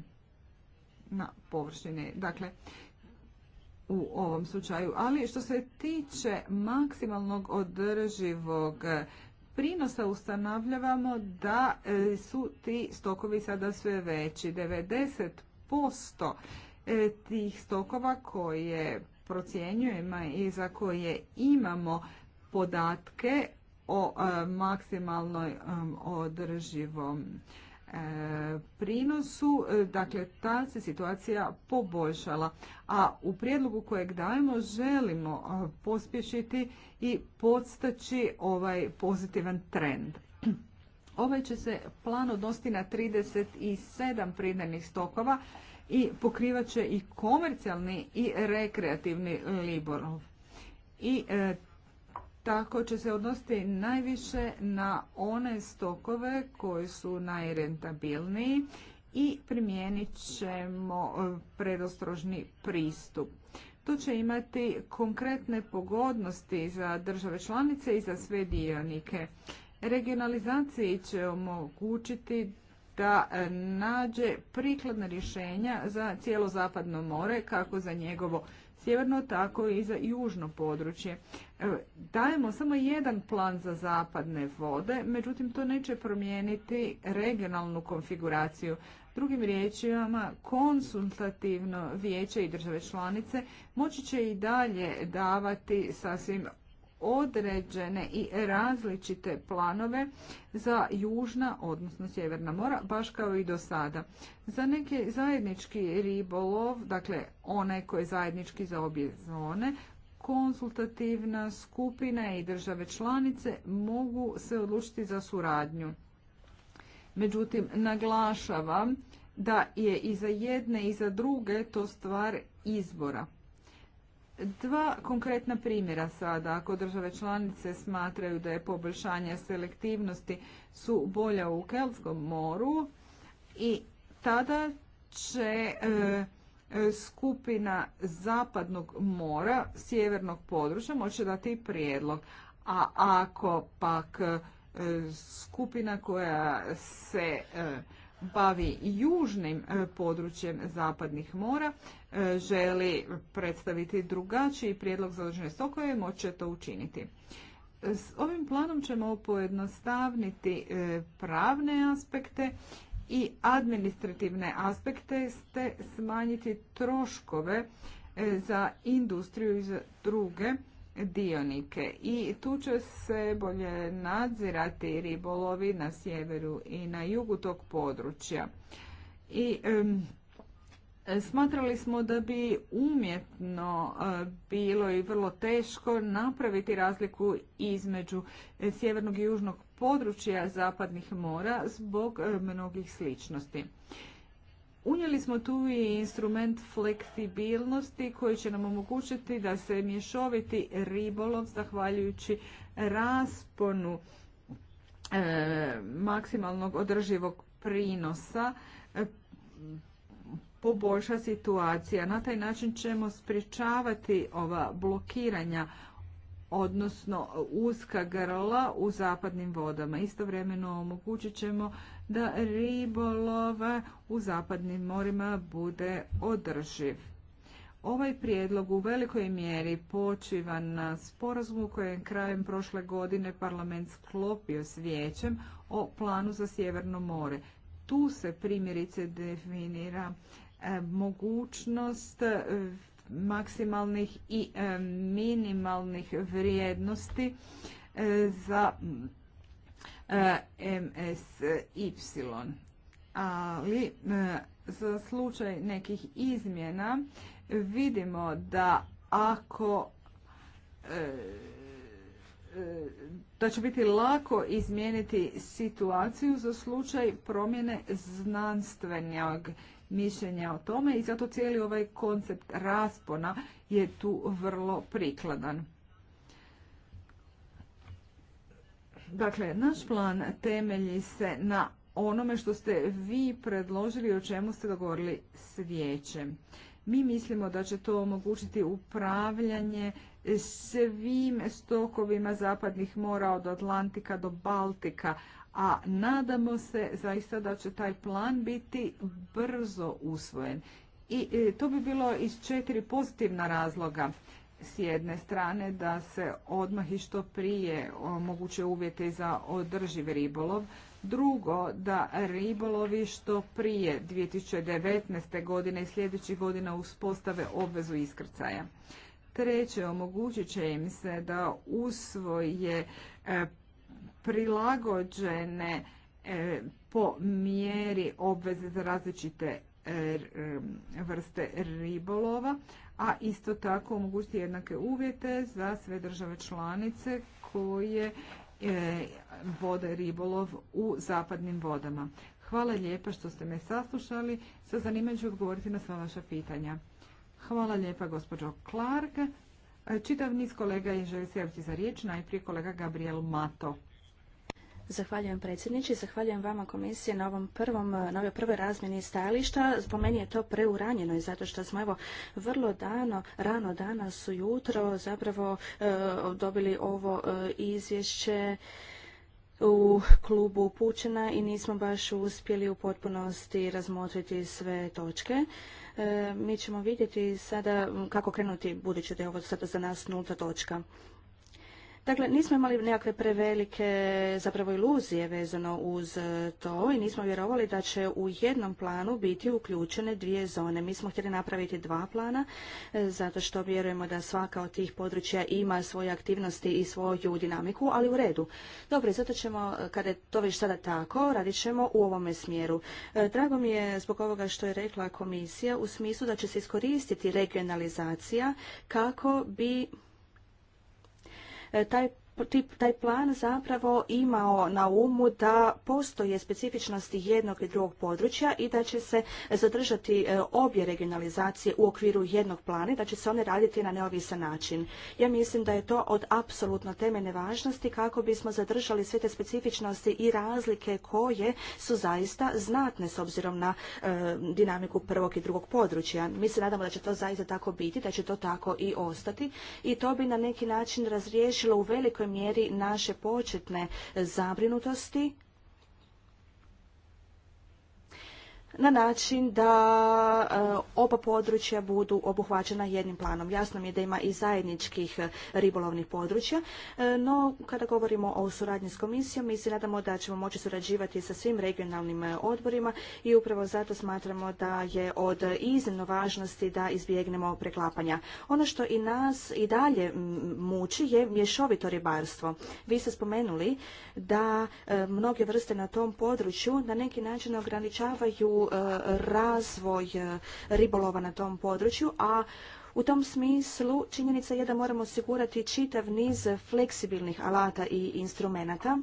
na površini. Dakle, u ovom slučaju. Ali što se tiče maksimalnog održivog prinosa ustanavljavamo da e, su ti stokovi sada sve veći. 90% e, tih stokova koje procjenjujemo i za koje imamo podatke o e, maksimalnoj održivom E, prinosu, e, dakle ta se situacija poboljšala. A u prijedlogu kojeg dajemo želimo e, pospješiti i podstaći ovaj pozitivan trend. Ovaj će se plan odnositi na 37 pridanih stokova i pokrivaće i komercijalni i rekreativni liborov. I tako će se odnositi najviše na one stokove koji su najrentabilniji i primijenit ćemo e, predostrožni pristup. To će imati konkretne pogodnosti za države članice i za sve dionike. Regionalizaciji će omogućiti da e, nađe prikladna rješenja za cijelo zapadno more kako za njegovo sjeverno, tako i za južno područje. E, dajemo samo jedan plan za zapadne vode, međutim to neće promijeniti regionalnu konfiguraciju. Drugim riječima, konsultativno vijeće i države članice moći će i dalje davati sasvim određene i različite planove za južna, odnosno sjeverna mora, baš kao i do sada. Za neki zajednički ribolov, dakle onaj koji je zajednički za obje zone, konsultativna skupina i države članice mogu se odlučiti za suradnju. Međutim, naglašavam da je i za jedne i za druge to stvar izbora. Dva konkretna primjera sada, ako države članice smatraju da je poboljšanje selektivnosti su bolja u Kelskom moru i tada će e, e, skupina zapadnog mora, sjevernog područja, moći dati prijedlog. A ako pak e, skupina koja se e, bavi južnim e, područjem zapadnih mora, e, želi predstaviti drugačiji prijedlog za određene stokove, moće to učiniti. S ovim planom ćemo pojednostavniti e, pravne aspekte i administrativne aspekte te smanjiti troškove za industriju i za druge dionike i tu će se bolje nadzirati ribolovi na sjeveru i na jugu tog područja. I smatrali smo da bi umjetno e, bilo i vrlo teško napraviti razliku između sjevernog i južnog područja zapadnih mora zbog e, mnogih sličnosti. Unijeli smo tu i instrument fleksibilnosti koji će nam omogućiti da se mješoviti ribolov zahvaljujući rasponu e, maksimalnog održivog prinosa e, poboljša situacija. Na taj način ćemo sprječavati ova blokiranja odnosno uska grla u zapadnim vodama. Istovremeno omogućit ćemo da ribolov u zapadnim morima bude održiv. Ovaj prijedlog u velikoj mjeri počiva na sporazumu je krajem prošle godine parlament sklopio s vijećem o planu za Sjeverno more. Tu se primjerice definira e, mogućnost maksimalnih i e, minimalnih vrijednosti e, za e, MSY. Ali za slučaj nekih izmjena vidimo da ako da će biti lako izmijeniti situaciju za slučaj promjene znanstvenog mišljenja o tome i zato cijeli ovaj koncept raspona je tu vrlo prikladan. Dakle, naš plan temelji se na onome što ste vi predložili i o čemu ste dogovorili s vijećem. Mi mislimo da će to omogućiti upravljanje svim stokovima zapadnih mora od Atlantika do Baltika, a nadamo se zaista da će taj plan biti brzo usvojen. I e, to bi bilo iz četiri pozitivna razloga. S jedne strane da se odmah i što prije moguće uvjete za održiv ribolov. Drugo, da ribolovi što prije 2019. godine i sljedećih godina uspostave obvezu iskrcaja. Treće, omogućit će im se da usvoje e, prilagođene e, po mjeri obveze za različite e, vrste ribolova, a isto tako omogućiti jednake uvjete za sve države članice koje e, vode ribolov u zapadnim vodama. Hvala lijepa što ste me saslušali. Sa zanimanjem ću odgovoriti na sva vaša pitanja. Hvala lijepa gospođo Clark. Čitav niz kolega je želi se javiti za riječ. Najprije kolega Gabriel Mato. Zahvaljujem predsjedniče, zahvaljujem vama komisije na ovom prvom, na ovoj prvoj razmjeni stajališta. Po meni je to preuranjeno i zato što smo evo vrlo dano, rano danas ujutro zapravo e, dobili ovo e, izvješće u klubu Pučena i nismo baš uspjeli u potpunosti razmotriti sve točke. E, mi ćemo vidjeti sada kako krenuti budući da je ovo sada za nas nulta točka. Dakle, nismo imali nekakve prevelike zapravo iluzije vezano uz e, to i nismo vjerovali da će u jednom planu biti uključene dvije zone. Mi smo htjeli napraviti dva plana e, zato što vjerujemo da svaka od tih područja ima svoje aktivnosti i svoju dinamiku, ali u redu. Dobro, zato ćemo, e, kada je to već sada tako, radit ćemo u ovome smjeru. Drago mi je zbog ovoga što je rekla komisija u smislu da će se iskoristiti regionalizacija kako bi E, taj taj plan zapravo imao na umu da postoje specifičnosti jednog i drugog područja i da će se zadržati e, obje regionalizacije u okviru jednog plana i da će se one raditi na neovisan način. Ja mislim da je to od apsolutno temene važnosti kako bismo zadržali sve te specifičnosti i razlike koje su zaista znatne s obzirom na e, dinamiku prvog i drugog područja. Mi se nadamo da će to zaista tako biti, da će to tako i ostati i to bi na neki način razriješilo u velikoj velikoj mjeri naše početne zabrinutosti na način da e, oba područja budu obuhvaćena jednim planom. Jasno mi je da ima i zajedničkih e, ribolovnih područja, e, no kada govorimo o suradnji s komisijom, mi se nadamo da ćemo moći surađivati sa svim regionalnim odborima i upravo zato smatramo da je od iznimno važnosti da izbjegnemo preklapanja. Ono što i nas i dalje muči je mješovito ribarstvo. Vi ste spomenuli da mnoge vrste na tom području na neki način ograničavaju E, razvoj e, ribolova na tom području, a u tom smislu činjenica je da moramo osigurati čitav niz fleksibilnih alata i instrumenata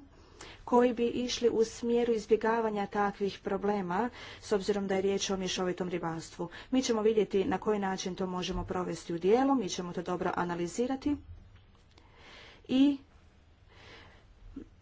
koji bi išli u smjeru izbjegavanja takvih problema s obzirom da je riječ o mješovitom ribarstvu. Mi ćemo vidjeti na koji način to možemo provesti u dijelu, mi ćemo to dobro analizirati i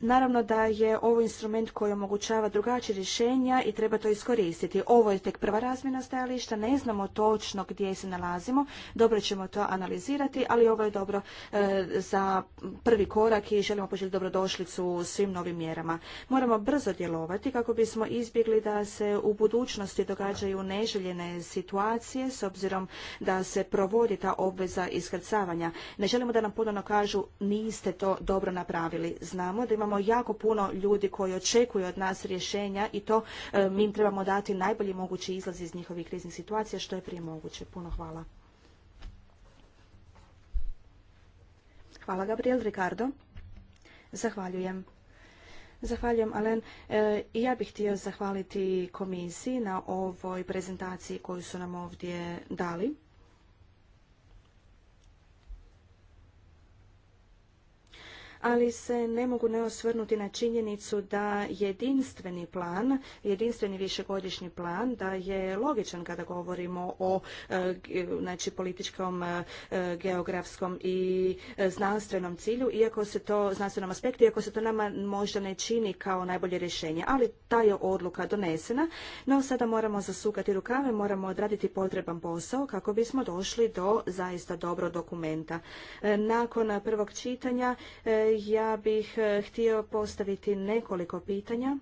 Naravno da je ovo instrument koji omogućava drugačije rješenja i treba to iskoristiti. Ovo je tek prva razmjena stajališta, ne znamo točno gdje se nalazimo, dobro ćemo to analizirati, ali ovo je dobro e, za prvi korak i želimo poželjeti dobrodošlicu svim novim mjerama. Moramo brzo djelovati kako bismo izbjegli da se u budućnosti događaju neželjene situacije s obzirom da se provodi ta obveza iskrcavanja. Ne želimo da nam ponovno kažu niste to dobro napravili. Znamo da imamo imamo jako puno ljudi koji očekuju od nas rješenja i to e, mi im trebamo dati najbolji mogući izlaz iz njihovih kriznih situacija što je prije moguće. Puno hvala. Hvala Gabriel Ricardo. Zahvaljujem. Zahvaljujem, Alen. E, ja bih htio zahvaliti komisiji na ovoj prezentaciji koju su nam ovdje dali. ali se ne mogu ne osvrnuti na činjenicu da jedinstveni plan, jedinstveni višegodišnji plan, da je logičan kada govorimo o e, znači, političkom, e, geografskom i e, znanstvenom cilju, iako se to, znanstvenom aspektu, iako se to nama možda ne čini kao najbolje rješenje, ali ta je odluka donesena, no sada moramo zasukati rukave, moramo odraditi potreban posao kako bismo došli do zaista dobro dokumenta. Nakon prvog čitanja ja bih e, htio postaviti nekoliko pitanja.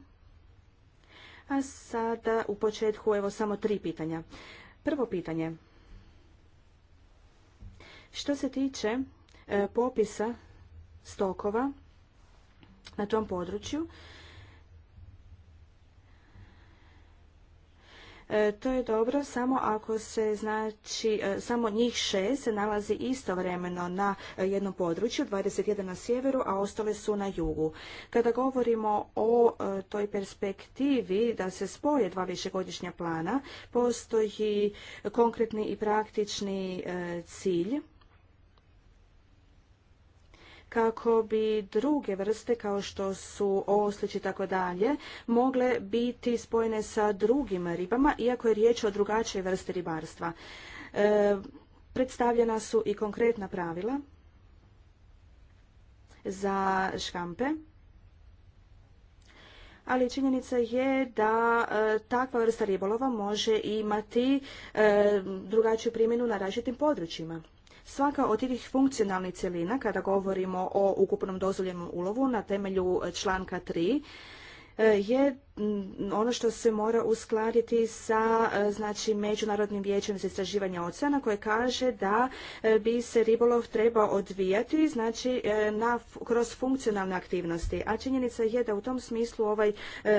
A sada u početku evo samo tri pitanja. Prvo pitanje. Što se tiče e, popisa stokova na tom području, E, to je dobro samo ako se znači e, samo njih šest se nalazi istovremeno na e, jednom području, 21 na sjeveru, a ostale su na jugu. Kada govorimo o toj perspektivi da se spoje dva višegodišnja plana, postoji konkretni i praktični cilj kako bi druge vrste kao što su oslić i tako dalje mogle biti spojene sa drugim ribama iako je riječ o drugačijoj vrsti ribarstva. E, predstavljena su i konkretna pravila za škampe ali činjenica je da e, takva vrsta ribolova može imati e, drugačiju primjenu na različitim područjima. Svaka od tih funkcionalnih cjelina, kada govorimo o ukupnom dozvoljenom ulovu na temelju članka 3, E, je ono što se mora uskladiti sa e, znači, Međunarodnim vijećem za istraživanje oceana koje kaže da e, bi se ribolov trebao odvijati znači, na, kroz funkcionalne aktivnosti. A činjenica je da u tom smislu ovaj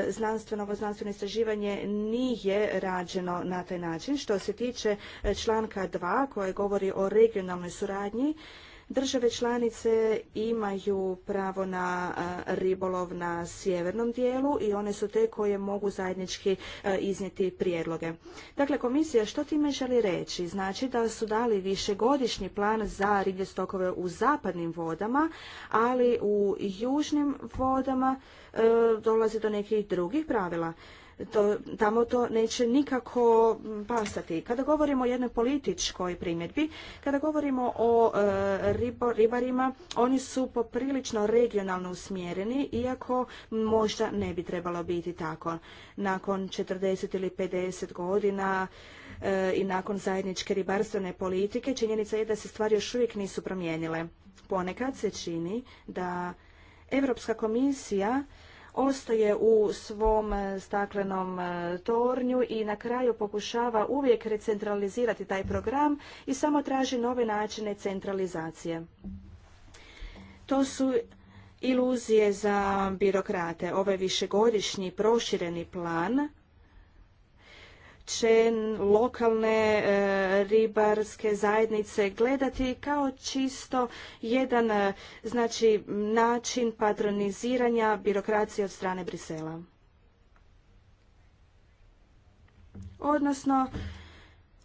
znanstveno, ovo znanstveno istraživanje nije rađeno na taj način. Što se tiče članka 2 koje govori o regionalnoj suradnji, Države članice imaju pravo na ribolov na sjevernom dijelu i one su te koje mogu zajednički iznijeti prijedloge. Dakle, komisija što time želi reći? Znači da su dali višegodišnji plan za riblje stokove u zapadnim vodama, ali u južnim vodama e, dolazi do nekih drugih pravila to, tamo to neće nikako pasati. Kada govorimo o jednoj političkoj primjedbi, kada govorimo o e, ribarima, oni su poprilično regionalno usmjereni, iako možda ne bi trebalo biti tako. Nakon 40 ili 50 godina e, i nakon zajedničke ribarstvene politike, činjenica je da se stvari još uvijek nisu promijenile. Ponekad se čini da Europska komisija ostaje u svom e, staklenom e, tornju i na kraju pokušava uvijek recentralizirati taj program i samo traži nove načine centralizacije. To su iluzije za birokrate. Ovaj višegodišnji prošireni plan će lokalne e, ribarske zajednice gledati kao čisto jedan e, znači način patroniziranja birokracije od strane Brisela. Odnosno,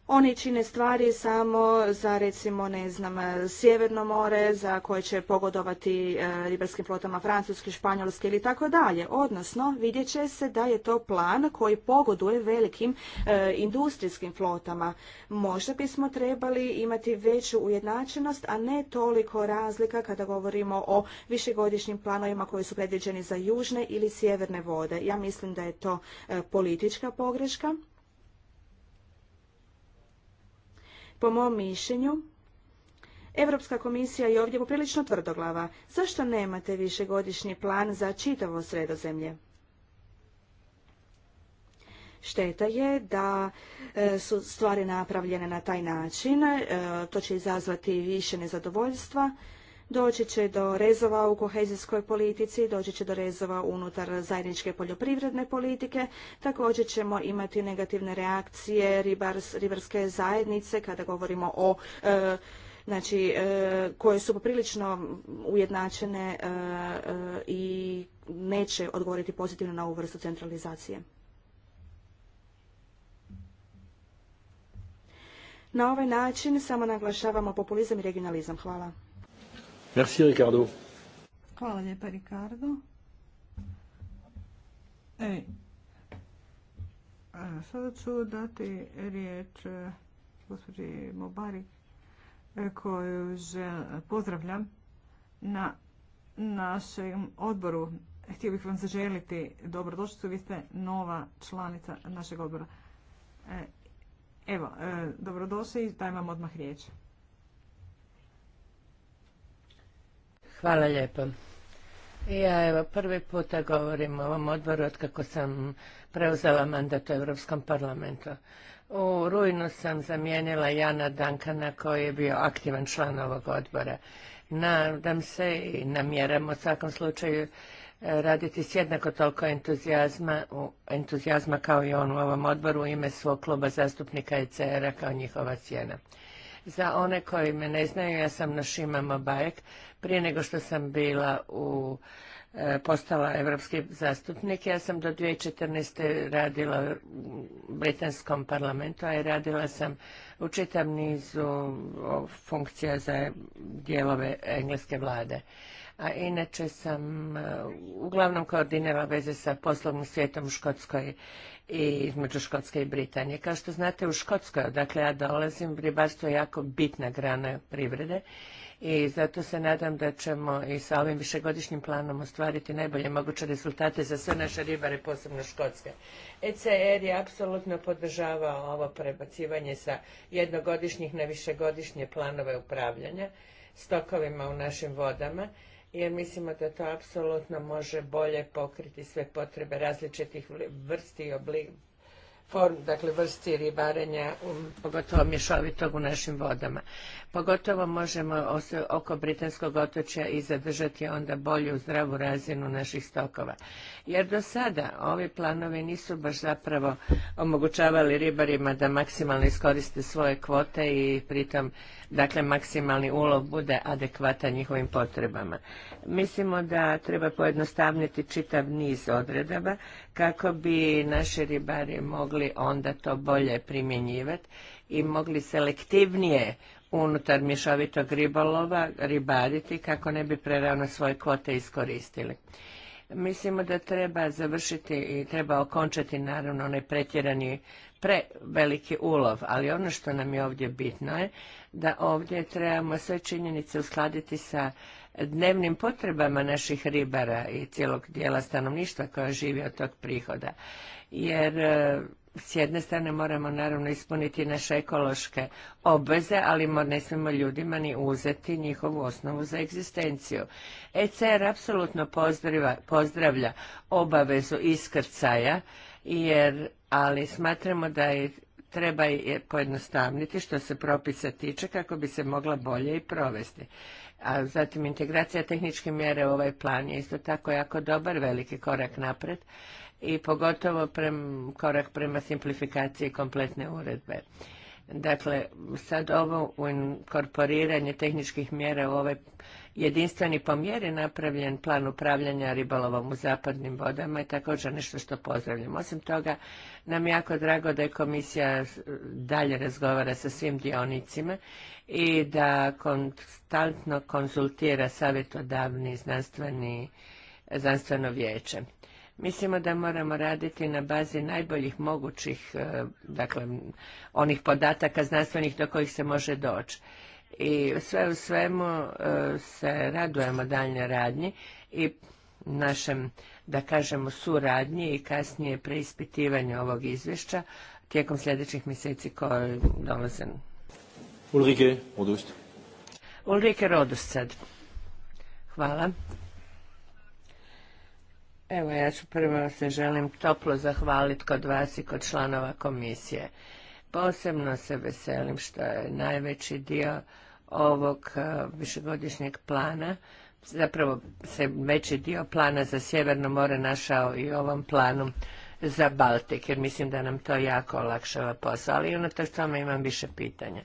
oni čine stvari samo za recimo ne znam Sjeverno more za koje će pogodovati e, ribarskim flotama Francuske, Španjolske ili tako dalje. Odnosno vidjet će se da je to plan koji pogoduje velikim e, industrijskim flotama. Možda bismo trebali imati veću ujednačenost, a ne toliko razlika kada govorimo o višegodišnjim planovima koji su predviđeni za južne ili sjeverne vode. Ja mislim da je to e, politička pogreška Po mom mišljenju, Europska komisija je ovdje poprilično tvrdoglava. Zašto nemate višegodišnji plan za čitavo sredozemlje? Šteta je da e, su stvari napravljene na taj način, e, to će izazvati više nezadovoljstva Doći će do rezova u kohezijskoj politici, doći će do rezova unutar zajedničke poljoprivredne politike. Također ćemo imati negativne reakcije ribarske zajednice kada govorimo o e, znači e, koje su poprilično ujednačene e, i neće odgovoriti pozitivno na ovu vrstu centralizacije. Na ovaj način samo naglašavamo populizam i regionalizam. Hvala. Merci Ricardo. Hvala lijepa Ricardo. E, sada ću dati riječ e, gospođi Mobari e, koju žel, pozdravljam na našem odboru. Htio bih vam zaželiti dobrodošlicu, vi ste nova članica našeg odbora. E, evo, dobrodošli i dajem vam odmah riječ. Hvala lijepo. Ja evo prvi puta govorim o ovom odboru od kako sam preuzela mandat u Europskom parlamentu. U rujnu sam zamijenila Jana Dankana koji je bio aktivan član ovog odbora. Nadam se i namjeram u svakom slučaju e, raditi s jednako toliko entuzijazma, entuzijazma kao i on u ovom odboru u ime svog kluba zastupnika ecr a kao njihova cijena. Za one koji me ne znaju, ja sam Nošima bajek. Prije nego što sam bila u e, postala evropski zastupnik. Ja sam do 2014. radila u Britanskom parlamentu, a i radila sam u čitav nizu funkcija za dijelove engleske vlade. A inače sam e, uglavnom koordinirala veze sa poslovnim svijetom u Škotskoj i između Škotske i Britanije. Kao što znate, u Škotskoj, odakle ja dolazim, ribarstvo je jako bitna grana privrede i zato se nadam da ćemo i sa ovim višegodišnjim planom ostvariti najbolje moguće rezultate za sve naše ribare, posebno škotske. ECR e je apsolutno podržavao ovo prebacivanje sa jednogodišnjih na višegodišnje planove upravljanja stokovima u našim vodama jer mislimo da to apsolutno može bolje pokriti sve potrebe različitih vrsti i form, dakle vrsti ribarenja, pogotovo mješovitog u našim vodama. Pogotovo možemo oko Britanskog otočja i zadržati onda bolju zdravu razinu naših stokova. Jer do sada ovi planovi nisu baš zapravo omogućavali ribarima da maksimalno iskoriste svoje kvote i pritom dakle maksimalni ulov bude adekvatan njihovim potrebama. Mislimo da treba pojednostavniti čitav niz odredaba kako bi naši ribari mogli onda to bolje primjenjivati i mogli selektivnije unutar mješovitog ribolova ribariti kako ne bi prerano svoje kvote iskoristili. Mislimo da treba završiti i treba okončati naravno onaj pretjerani preveliki ulov, ali ono što nam je ovdje bitno je da ovdje trebamo sve činjenice uskladiti sa dnevnim potrebama naših ribara i cijelog dijela stanovništva koja živi od tog prihoda. Jer e, s jedne strane moramo naravno ispuniti naše ekološke obveze, ali ne smijemo ljudima ni uzeti njihovu osnovu za egzistenciju. ECR apsolutno pozdravlja obavezu iskrcaja jer, ali smatramo da je treba je pojednostavniti što se propisa tiče kako bi se mogla bolje i provesti. A zatim integracija tehničke mjere u ovaj plan je isto tako jako dobar, veliki korak napred i pogotovo prem, korak prema simplifikaciji kompletne uredbe. Dakle, sad ovo inkorporiranje tehničkih mjera u ovaj jedinstveni pomjer je napravljen plan upravljanja ribolovom u zapadnim vodama i također nešto što pozdravljam. Osim toga, nam je jako drago da je komisija e, dalje razgovara sa svim dionicima i da konstantno konzultira savjetodavni znanstveni znanstveno vijeće. Mislimo da moramo raditi na bazi najboljih mogućih, e, dakle, onih podataka znanstvenih do kojih se može doći. I sve u svemu e, se radujemo daljnjoj radnji i našem, da kažemo, suradnji i kasnije preispitivanju ovog izvješća tijekom sljedećih mjeseci koji dolaze. Ulrike Rodust. Ulrike Rodust sad. Hvala. Evo ja ću prvo se želim toplo zahvaliti kod vas i kod članova komisije. Posebno se veselim što je najveći dio ovog eh, višegodišnjeg plana, zapravo se veći dio plana za Sjeverno more našao i ovom planu za Baltik, jer mislim da nam to jako olakšava posao, ali unatoč tome imam više pitanja.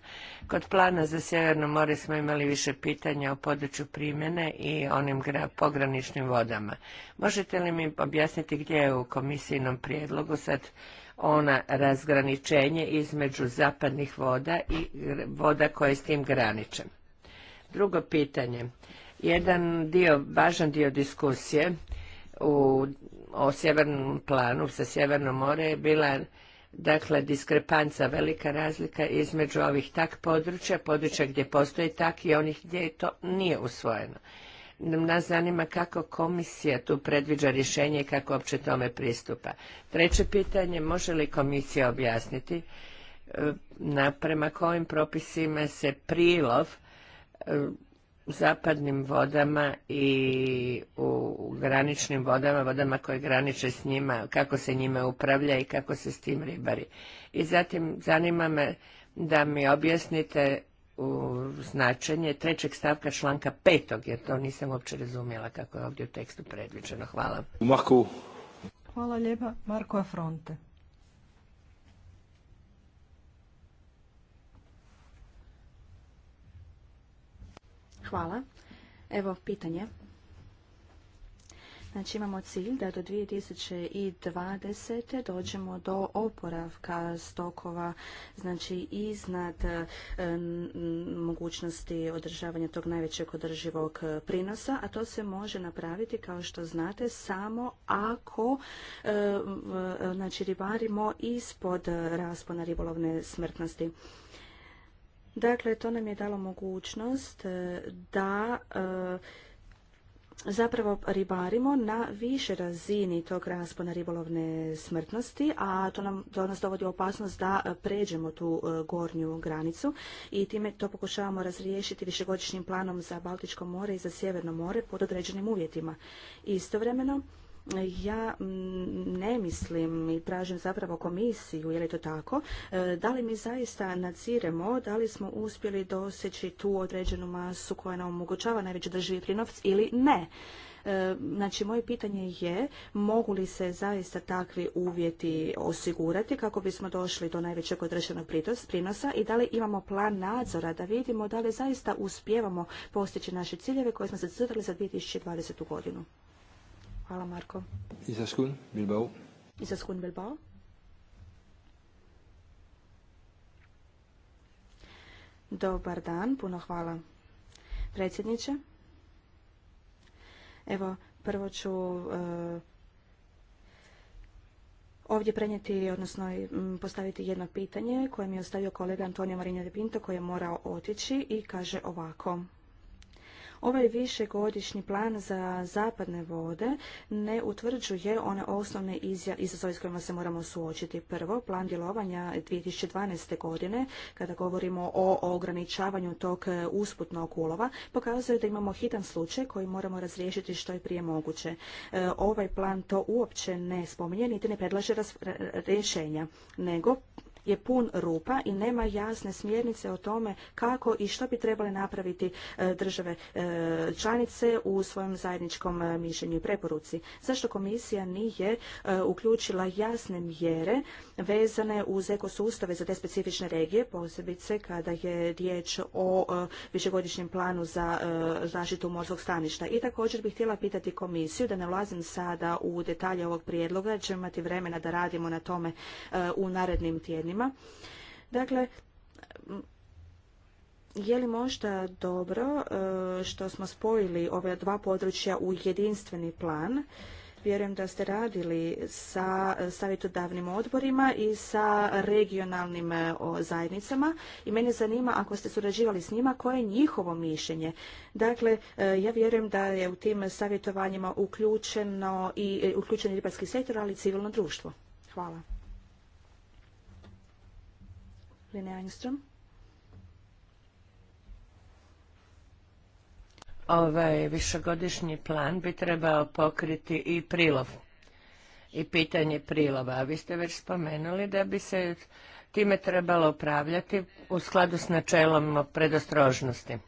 Kod plana za Sjeverno more smo imali više pitanja o području primjene i onim pograničnim vodama. Možete li mi objasniti gdje je u komisijnom prijedlogu sad ona razgraničenje između zapadnih voda i voda koje s tim graniče. Drugo pitanje. Jedan dio, važan dio diskusije u, o sjevernom planu sa sjevernom more je bila dakle diskrepanca, velika razlika između ovih tak područja, područja gdje postoji tak i onih gdje to nije usvojeno nas zanima kako komisija tu predviđa rješenje i kako uopće tome pristupa. Treće pitanje, može li komisija objasniti e, na prema kojim propisima se prilov e, zapadnim vodama i u graničnim vodama, vodama koje graniče s njima, kako se njime upravlja i kako se s tim ribari. I zatim zanima me da mi objasnite značenje trećeg stavka članka petog, jer to nisam uopće razumjela kako je ovdje u tekstu predviđeno. Hvala. Marko. Hvala lijepa. Marko Afronte. Hvala. Evo pitanje. Znači imamo cilj da do 2020. dođemo do oporavka stokova, znači iznad e, mogućnosti održavanja tog najvećeg održivog prinosa, a to se može napraviti kao što znate samo ako e, znači ribarimo ispod raspona ribolovne smrtnosti. Dakle, to nam je dalo mogućnost e, da zapravo ribarimo na više razini tog raspona ribolovne smrtnosti, a to, nam, to nas dovodi u opasnost da e, pređemo tu e, gornju granicu i time to pokušavamo razriješiti višegodišnjim planom za Baltičko more i za Sjeverno more pod određenim uvjetima. Istovremeno, ja mm, ne mislim i tražim zapravo komisiju, je li to tako, e, da li mi zaista nadziremo, da li smo uspjeli doseći tu određenu masu koja nam omogućava najveći drživi prinovc ili ne. E, znači, moje pitanje je mogu li se zaista takvi uvjeti osigurati kako bismo došli do najvećeg odrešenog prinosa i da li imamo plan nadzora da vidimo da li zaista uspijevamo postići naše ciljeve koje smo se zacrtali za 2020. godinu. Hvala Marko. Izaskun Bilbao. Bilbao. Dobar dan, puno hvala predsjedniče. Evo, prvo ću eh, ovdje prenijeti, odnosno mm, postaviti jedno pitanje koje mi je ostavio kolega Antonio Marinja de Pinto koji je morao otići i kaže ovako. Ovaj višegodišnji plan za zapadne vode ne utvrđuje one osnovne izazove s kojima se moramo suočiti. Prvo, plan djelovanja 2012. godine, kada govorimo o ograničavanju tog e, usputnog ulova, pokazuje da imamo hitan slučaj koji moramo razriješiti što je prije moguće. E, ovaj plan to uopće ne spominje, niti ne predlaže rješenja, nego je pun rupa i nema jasne smjernice o tome kako i što bi trebale napraviti e, države e, članice u svojom zajedničkom e, mišljenju i preporuci. Zašto komisija nije uključila jasne mjere vezane uz ekosustave za te specifične regije, posebice kada je riječ o višegodišnjem planu za zaštitu morskog staništa. I također bih htjela pitati komisiju, da ne ulazim sada u detalje ovog prijedloga, ćemo imati vremena da radimo na tome u narednim tjednima, Dakle, je li možda dobro e, što smo spojili ove dva područja u jedinstveni plan? Vjerujem da ste radili sa savjetodavnim odborima i sa regionalnim e, zajednicama i mene zanima ako ste surađivali s njima koje je njihovo mišljenje. Dakle, e, ja vjerujem da je u tim savjetovanjima uključeno i uključen ribarski sektor, ali i civilno društvo. Hvala. Lene Engström. Ovaj višegodišnji plan bi trebao pokriti i prilov i pitanje prilova. A vi ste već spomenuli da bi se time trebalo upravljati u skladu s načelom predostrožnosti.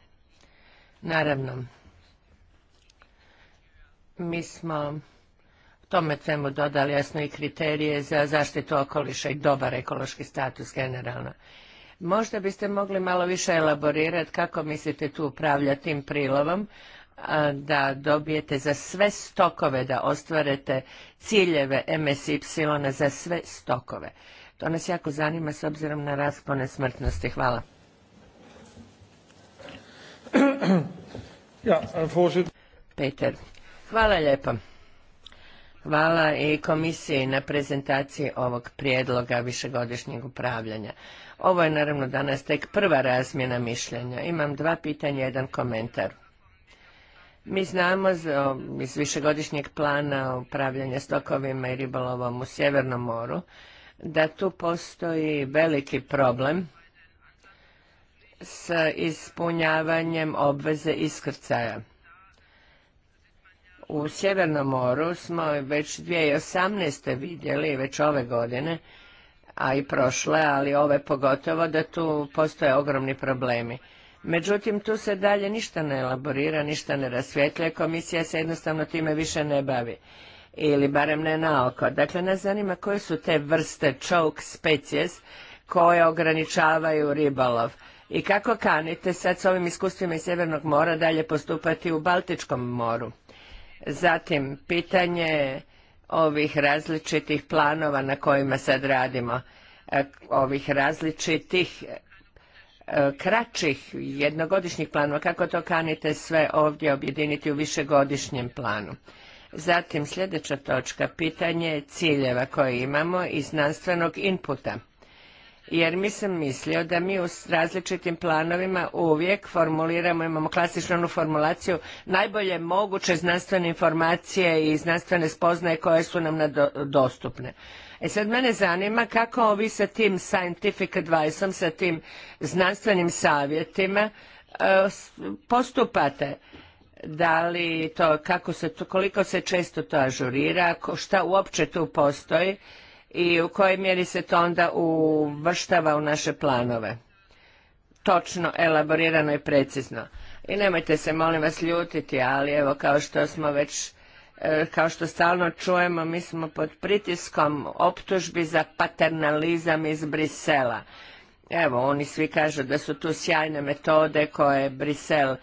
Naravno, mi smo tome temu dodali jasno i kriterije za zaštitu okoliša i dobar ekološki status generalno. Možda biste mogli malo više elaborirati kako mislite tu upravljati tim prilovom, da dobijete za sve stokove, da ostvarete ciljeve MSY za sve stokove. To nas jako zanima s obzirom na raspone smrtnosti. Hvala. Peter. Hvala lijepo. Hvala i komisiji na prezentaciji ovog prijedloga višegodišnjeg upravljanja. Ovo je naravno danas tek prva razmjena mišljenja. Imam dva pitanja, jedan komentar. Mi znamo iz višegodišnjeg plana upravljanja stokovima i ribolovom u Sjevernom moru da tu postoji veliki problem s ispunjavanjem obveze iskrcaja u Sjevernom moru smo već 2018. vidjeli, već ove godine, a i prošle, ali ove pogotovo, da tu postoje ogromni problemi. Međutim, tu se dalje ništa ne elaborira, ništa ne rasvjetlja, komisija se jednostavno time više ne bavi. Ili barem ne na oko. Dakle, nas zanima koje su te vrste choke species koje ograničavaju ribolov. I kako kanite sad s ovim iskustvima iz Sjevernog mora dalje postupati u Baltičkom moru? Zatim, pitanje ovih različitih planova na kojima sad radimo, e, ovih različitih e, kraćih jednogodišnjih planova, kako to kanite sve ovdje objediniti u višegodišnjem planu. Zatim sljedeća točka, pitanje ciljeva koje imamo i znanstvenog inputa jer mi sam mislio da mi u različitim planovima uvijek formuliramo, imamo klasičnu onu formulaciju najbolje moguće znanstvene informacije i znanstvene spoznaje koje su nam dostupne. E sad mene zanima kako vi sa tim scientific advice-om, sa tim znanstvenim savjetima e, postupate da li to, kako se to, koliko se često to ažurira, šta uopće tu postoji i u kojoj mjeri se to onda uvrštava u naše planove. Točno, elaborirano i precizno. I nemojte se, molim vas, ljutiti, ali evo, kao što smo već, e, kao što stalno čujemo, mi smo pod pritiskom optužbi za paternalizam iz Brisela. Evo, oni svi kažu da su tu sjajne metode koje Brisel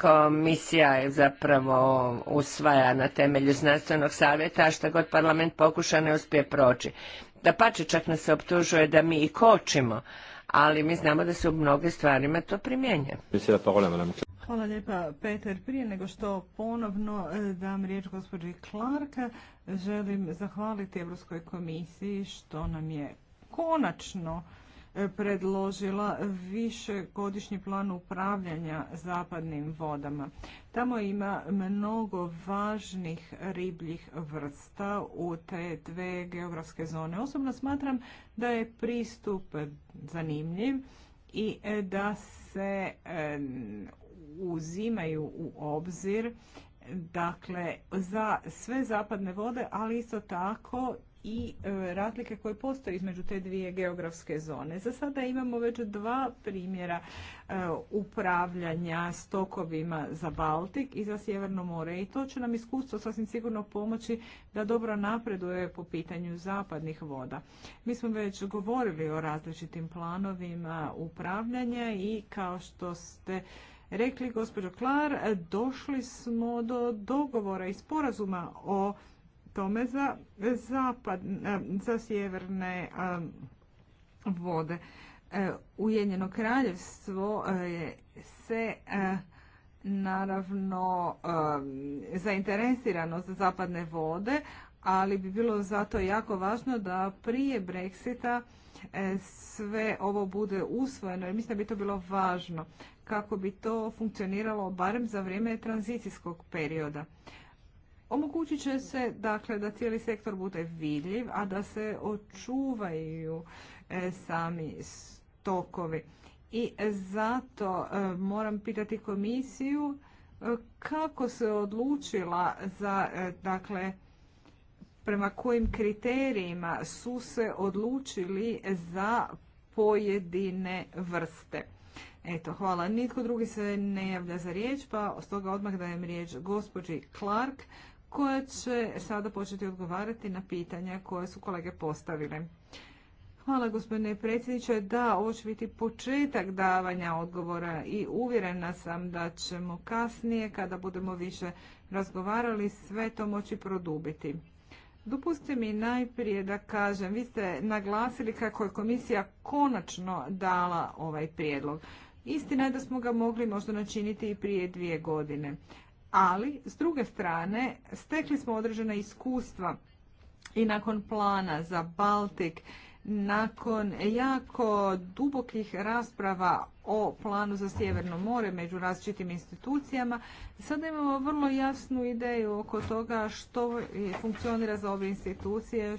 komisija je zapravo usvaja na temelju znanstvenog savjeta, a što god parlament pokuša ne uspije proći. Da pače čak nas se optužuje da mi i kočimo, ali mi znamo da se u mnogim stvarima to primjenjuje. Hvala lijepa, Peter. Prije nego što ponovno e, dam riječ gospođi Clarka, želim zahvaliti Europskoj komisiji što nam je konačno predložila višegodišnji plan upravljanja zapadnim vodama. Tamo ima mnogo važnih ribljih vrsta u te dve geografske zone. Osobno smatram da je pristup zanimljiv i da se uzimaju u obzir dakle za sve zapadne vode, ali isto tako i e, razlike koje postoje između te dvije geografske zone. Za sada imamo već dva primjera e, upravljanja stokovima za Baltik i za Sjeverno more i to će nam iskustvo sasvim sigurno pomoći da dobro napreduje po pitanju zapadnih voda. Mi smo već govorili o različitim planovima upravljanja i kao što ste rekli, gospođo Klar, došli smo do dogovora i sporazuma o tome za, zapad, e, za sjeverne e, vode. E, Ujedinjeno kraljevstvo se naravno zainteresirano za zapadne vode, ali bi bilo zato jako važno da prije Brexita sve ovo bude usvojeno jer mislim da bi to bilo važno kako bi to funkcioniralo barem za vrijeme tranzicijskog perioda. Omogućit će se dakle, da cijeli sektor bude vidljiv, a da se očuvaju e, sami stokovi. I zato e, moram pitati komisiju e, kako se odlučila za, dakle, prema kojim kriterijima su se odlučili za pojedine vrste. Eto, hvala. Nitko drugi se ne javlja za riječ, pa stoga odmah dajem riječ gospođi Clark koja će sada početi odgovarati na pitanja koje su kolege postavile. Hvala gospodine predsjedniče. Da, ovo će biti početak davanja odgovora i uvjerena sam da ćemo kasnije, kada budemo više razgovarali, sve to moći produbiti. Dopustite mi najprije da kažem, vi ste naglasili kako je komisija konačno dala ovaj prijedlog. Istina je da smo ga mogli možda načiniti i prije dvije godine ali s druge strane stekli smo određena iskustva i nakon plana za Baltik, nakon jako dubokih rasprava o planu za Sjeverno more među različitim institucijama, sada imamo vrlo jasnu ideju oko toga što funkcionira za ove institucije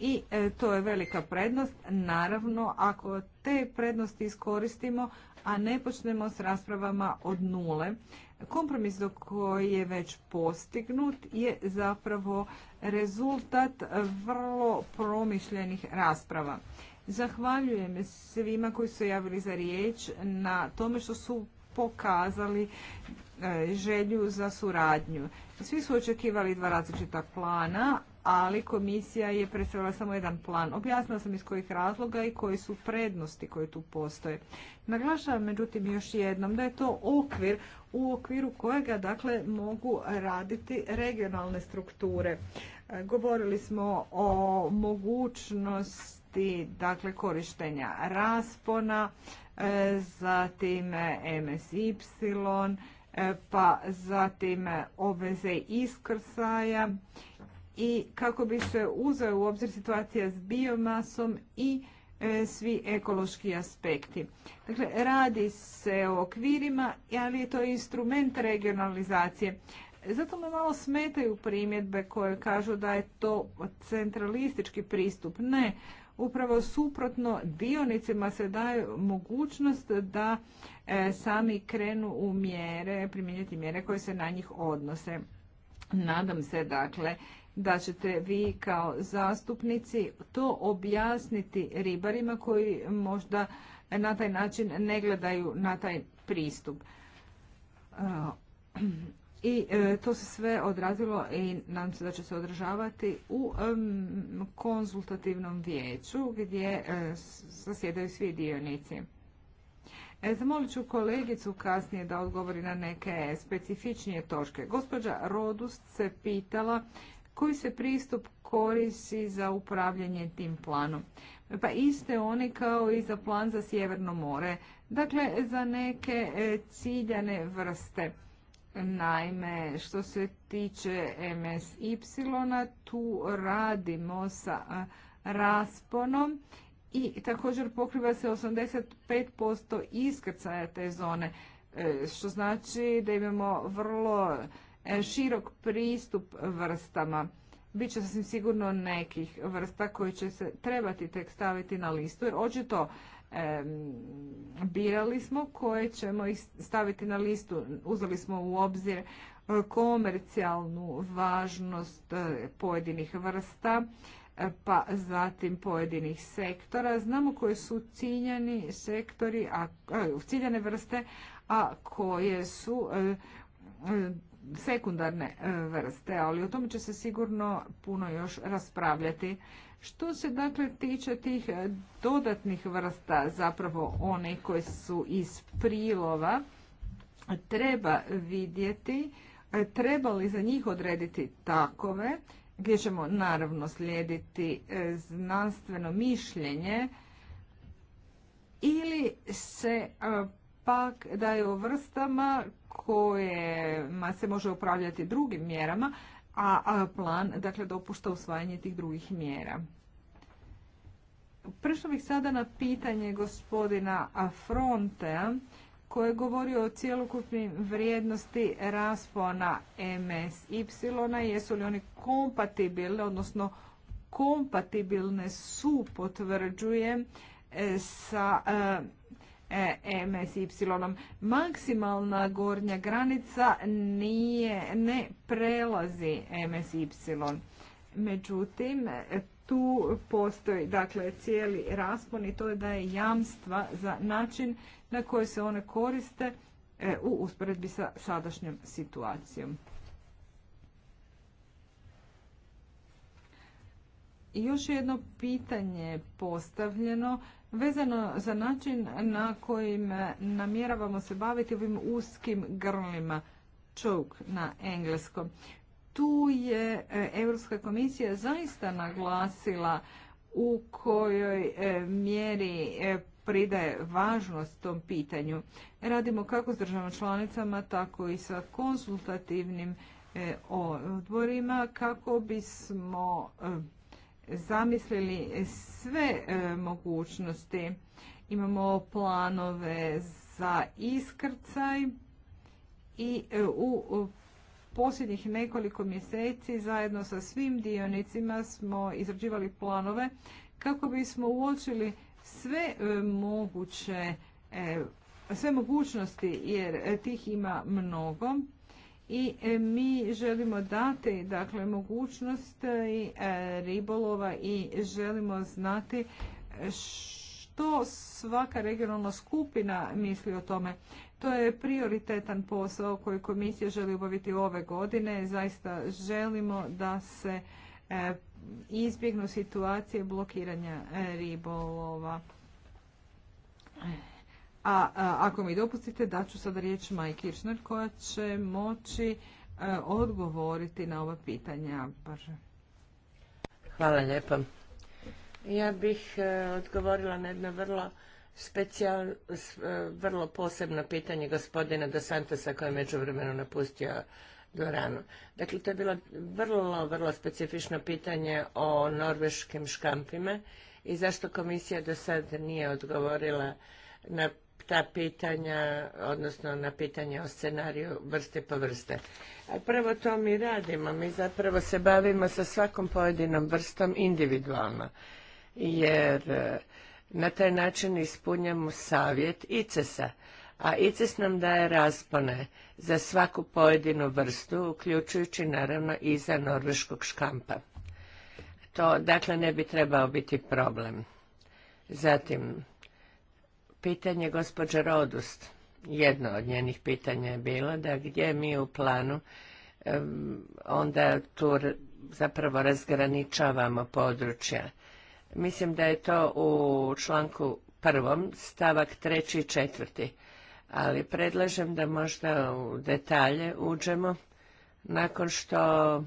i e, to je velika prednost. Naravno, ako te prednosti iskoristimo, a ne počnemo s raspravama od nule. Kompromis do koji je već postignut je zapravo rezultat vrlo promišljenih rasprava. Zahvaljujem svima koji su javili za riječ na tome što su pokazali e, želju za suradnju. Svi su očekivali dva različita plana, ali komisija je predstavila samo jedan plan. Objasnila sam iz kojih razloga i koje su prednosti koje tu postoje. Naglašavam međutim još jednom da je to okvir u okviru kojega dakle mogu raditi regionalne strukture. E, govorili smo o mogućnosti dakle korištenja raspona, e, zatim MSY, e, pa zatim obveze iskrsaja i kako bi se uzeo u obzir situacija s biomasom i e, svi ekološki aspekti. Dakle, radi se o okvirima, ali je to instrument regionalizacije. Zato me malo smetaju primjedbe koje kažu da je to centralistički pristup. Ne, upravo suprotno dionicima se daje mogućnost da e, sami krenu u mjere, primjenjati mjere koje se na njih odnose. Nadam se dakle da ćete vi kao zastupnici to objasniti ribarima koji možda na taj način ne gledaju na taj pristup. E, I e, to se sve odrazilo i nadam se da će se održavati u konzultativnom vijeću gdje e, zasjedaju svi dionici. Zamolit ću kolegicu kasnije da odgovori na neke specifičnije točke. Gospođa Rodust se pitala koji se pristup koristi za upravljanje tim planom. Pa iste oni kao i za plan za Sjeverno more. Dakle, za neke e, ciljane vrste. Naime, što se tiče MSY, tu radimo sa e, rasponom i također pokriva se 85% iskrcaja te zone, e, što znači da imamo vrlo E, širok pristup vrstama. Biće sasvim sigurno nekih vrsta koje će se trebati tek staviti na listu, jer očito birali smo koje ćemo ih staviti na listu. Uzeli smo u obzir e, komercijalnu važnost e, pojedinih vrsta, pa zatim pojedinih sektora. Znamo koje su ciljani sektori, a, ciljane vrste, a koje su sekundarne e, vrste, ali o tome će se sigurno puno još raspravljati. Što se dakle tiče tih e, dodatnih vrsta, zapravo one koje su iz prilova, treba vidjeti e, treba li za njih odrediti takove, gdje ćemo naravno slijediti znanstveno mišljenje ili se pak da je o vrstama koje se može upravljati drugim mjerama, a plan dakle, dopušta usvajanje tih drugih mjera. Prešla bih sada na pitanje gospodina Afrontea koji je govorio o cjelokupnim vrijednosti raspona MSY, jesu li oni kompatibilne, odnosno kompatibilne su, potvrđuje e, sa e, E MSY. Maksimalna gornja granica nije, ne prelazi MSY. Međutim, tu postoji dakle, cijeli raspon i to je da je jamstva za način na koji se one koriste e, u usporedbi sa sadašnjom situacijom. još jedno pitanje postavljeno vezano za način na kojim namjeravamo se baviti ovim uskim grlima, choke na engleskom. Tu je e, Europska komisija zaista naglasila u kojoj e, mjeri e, pridaje važnost tom pitanju. Radimo kako s državama članicama, tako i sa konsultativnim odborima kako bismo zamislili sve e, mogućnosti. Imamo planove za iskrcaj i e, u, posljednjih nekoliko mjeseci zajedno sa svim dionicima smo izrađivali planove kako bismo uočili sve e, moguće sve mogućnosti jer tih ima mnogo i e, mi želimo dati dakle mogućnost e, ribolova i želimo znati e, što svaka regionalna skupina misli o tome. To je prioritetan posao koji komisija želi obaviti ove godine. Zaista želimo da se izbjegnu situacije blokiranja ribolova. A, e, ako mi dopustite, daću sada riječ Maji Kiršner koja će moći e, odgovoriti na ova pitanja. Hvala lijepa. Ja bih e, odgovorila na jedno vrlo specijal, vrlo posebno pitanje gospodina Do Santosa koji je međuvremeno napustio dvoranu. Dakle, to je bilo vrlo, vrlo specifično pitanje o norveškim škampima i zašto komisija do sad nije odgovorila na ta pitanja, odnosno na pitanje o scenariju vrste po vrste. A prvo to mi radimo, mi zapravo se bavimo sa svakom pojedinom vrstom individualno, jer e, na taj način ispunjamo savjet ICES-a, a ICES nam daje raspone za svaku pojedinu vrstu, uključujući naravno i za norveškog škampa. To dakle ne bi trebao biti problem. Zatim, pitanje gospođe Rodust. Jedno od njenih pitanja je bilo da gdje mi u planu onda tu zapravo razgraničavamo područja. Mislim da je to u članku prvom, stavak treći i četvrti, ali predlažem da možda u detalje uđemo nakon što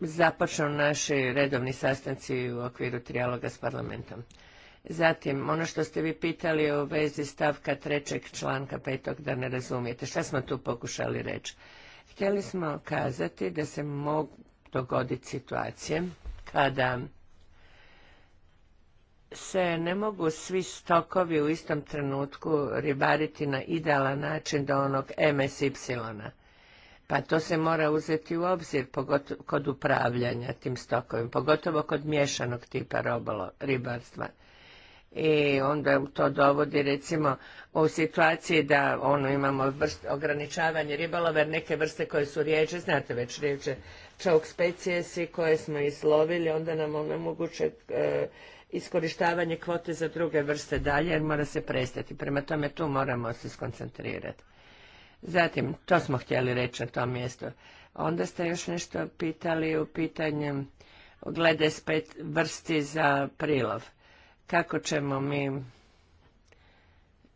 započnu naši redovni sastanci u okviru trijaloga s parlamentom. Zatim, ono što ste vi pitali u vezi stavka trećeg članka petog, da ne razumijete, šta smo tu pokušali reći? Htjeli smo kazati da se mogu dogoditi situacije kada se ne mogu svi stokovi u istom trenutku ribariti na idealan način do onog msy Pa to se mora uzeti u obzir kod upravljanja tim stokovima, pogotovo kod miješanog tipa ribarstva i onda to dovodi recimo u situaciji da ono imamo vrst, ograničavanje ribalova jer neke vrste koje su rijeđe, znate već rijeđe čauk specijesi koje smo islovili, onda nam onemoguće e, iskorištavanje kvote za druge vrste dalje jer mora se prestati. Prema tome tu moramo se skoncentrirati. Zatim, to smo htjeli reći na tom mjestu. Onda ste još nešto pitali u pitanju glede vrsti za prilov kako ćemo mi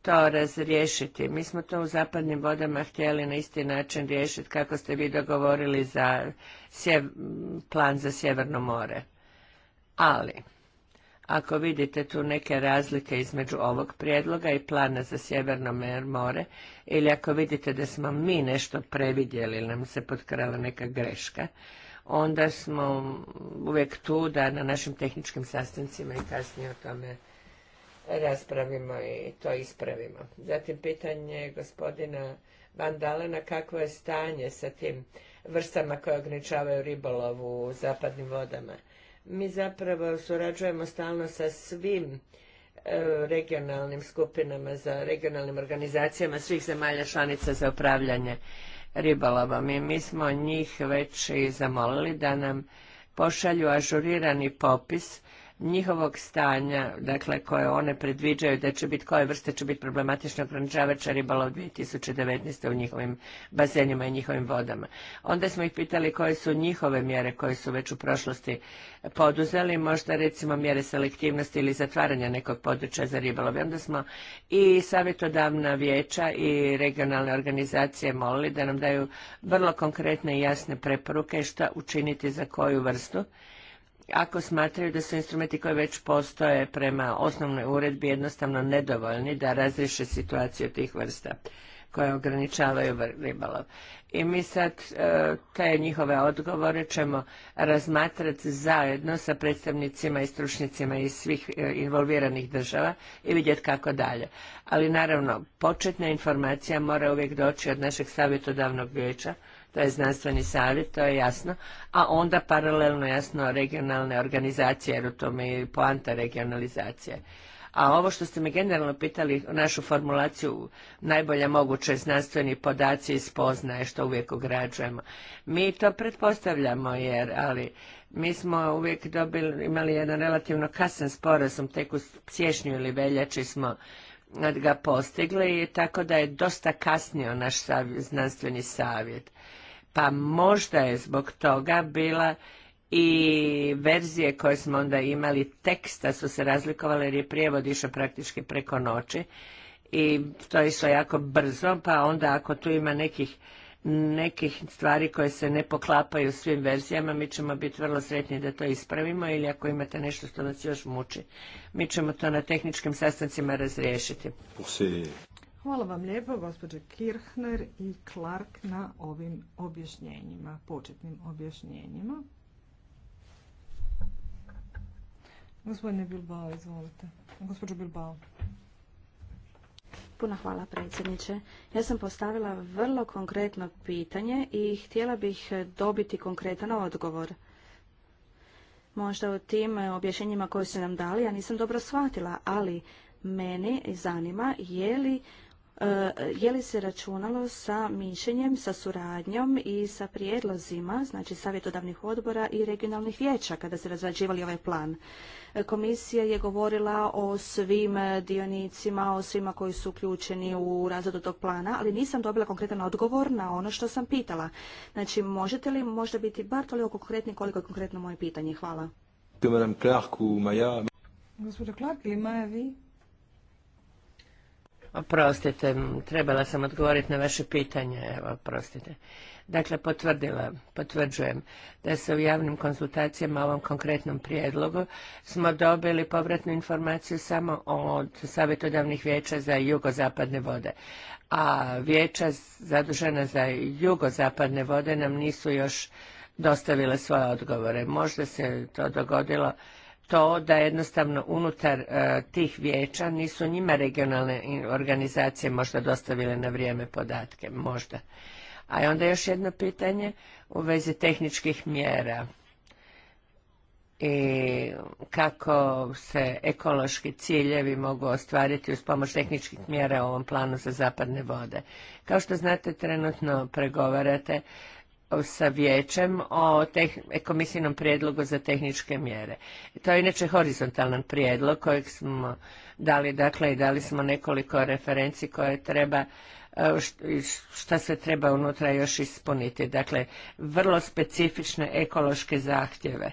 to razriješiti. Mi smo to u zapadnim vodama htjeli na isti način riješiti kako ste vi dogovorili za plan za Sjeverno more. Ali, ako vidite tu neke razlike između ovog prijedloga i plana za Sjeverno more, ili ako vidite da smo mi nešto previdjeli ili nam se potkrala neka greška, onda smo uvijek tu da na našim tehničkim sastancima i kasnije o tome raspravimo i to ispravimo. Zatim pitanje gospodina Vandalena kakvo je stanje sa tim vrstama koje ograničavaju ribolov u zapadnim vodama. Mi zapravo surađujemo stalno sa svim e, regionalnim skupinama, za regionalnim organizacijama svih zemalja članica za upravljanje ribolovom i mi smo njih već i zamolili da nam pošalju ažurirani popis njihovog stanja, dakle koje one predviđaju da će biti, koje vrste će biti problematične ograničavača ribala u 2019. u njihovim bazenima i njihovim vodama. Onda smo ih pitali koje su njihove mjere koje su već u prošlosti poduzeli, možda recimo mjere selektivnosti ili zatvaranja nekog područja za ribolov. Onda smo i savjetodavna vijeća i regionalne organizacije molili da nam daju vrlo konkretne i jasne preporuke šta učiniti za koju vrstu ako smatraju da su instrumenti koji već postoje prema osnovnoj uredbi jednostavno nedovoljni da razriše situaciju tih vrsta koje ograničavaju ribolov. I mi sad e, te njihove odgovore ćemo razmatrati zajedno sa predstavnicima i stručnicima iz svih e, involviranih država i vidjeti kako dalje. Ali naravno, početna informacija mora uvijek doći od našeg savjetodavnog vijeća to je znanstveni savjet, to je jasno, a onda paralelno jasno regionalne organizacije, jer u tome je i poanta regionalizacije. A ovo što ste me generalno pitali, našu formulaciju najbolja moguće znanstveni podaci i spoznaje što uvijek ugrađujemo. Mi to pretpostavljamo jer, ali mi smo uvijek dobili, imali jedan relativno kasan sporazum, tek u siječnju ili veljači smo ga postigli, tako da je dosta kasnio naš znanstveni savjet pa možda je zbog toga bila i verzije koje smo onda imali teksta su se razlikovale jer je prijevod išao praktički preko noći i to je išlo jako brzo, pa onda ako tu ima nekih nekih stvari koje se ne poklapaju svim verzijama, mi ćemo biti vrlo sretni da to ispravimo ili ako imate nešto što vas još muči, mi ćemo to na tehničkim sastancima razriješiti. Hvala vam lijepo, gospođe Kirchner i Clark na ovim objašnjenjima, početnim objašnjenjima. Gospodine Bilbao, izvolite. Gospođo Bilbao. Puno hvala predsjedniče. Ja sam postavila vrlo konkretno pitanje i htjela bih dobiti konkretan odgovor. Možda u tim objašnjenjima koje su nam dali, ja nisam dobro shvatila, ali meni zanima je li E, je li se računalo sa mišljenjem, sa suradnjom i sa prijedlozima, znači savjetodavnih odbora i regionalnih vijeća kada se razrađivali ovaj plan. E, komisija je govorila o svim dionicima, o svima koji su uključeni u razradu tog plana, ali nisam dobila konkretan odgovor na ono što sam pitala. Znači, možete li možda biti bar toliko konkretni koliko je konkretno moje pitanje? Hvala. Clark ili Maja, vi? Oprostite, trebala sam odgovoriti na vaše pitanje, evo, oprostite. Dakle, potvrdila, potvrđujem da se u javnim konzultacijama o ovom konkretnom prijedlogu smo dobili povratnu informaciju samo od savjetodavnih vijeća za jugozapadne vode. A vijeća zadužena za jugozapadne vode nam nisu još dostavile svoje odgovore. Možda se to dogodilo to da jednostavno unutar e, tih vijeća nisu njima regionalne organizacije možda dostavile na vrijeme podatke, možda. A onda još jedno pitanje u vezi tehničkih mjera i kako se ekološki ciljevi mogu ostvariti uz pomoć tehničkih mjera u ovom planu za zapadne vode. Kao što znate, trenutno pregovarate sa vijećem o komisijnom prijedlogu za tehničke mjere. To je inače horizontalan prijedlog kojeg smo dali, dakle i dali smo nekoliko referenci koje treba e, što se treba unutra još ispuniti. Dakle, vrlo specifične ekološke zahtjeve.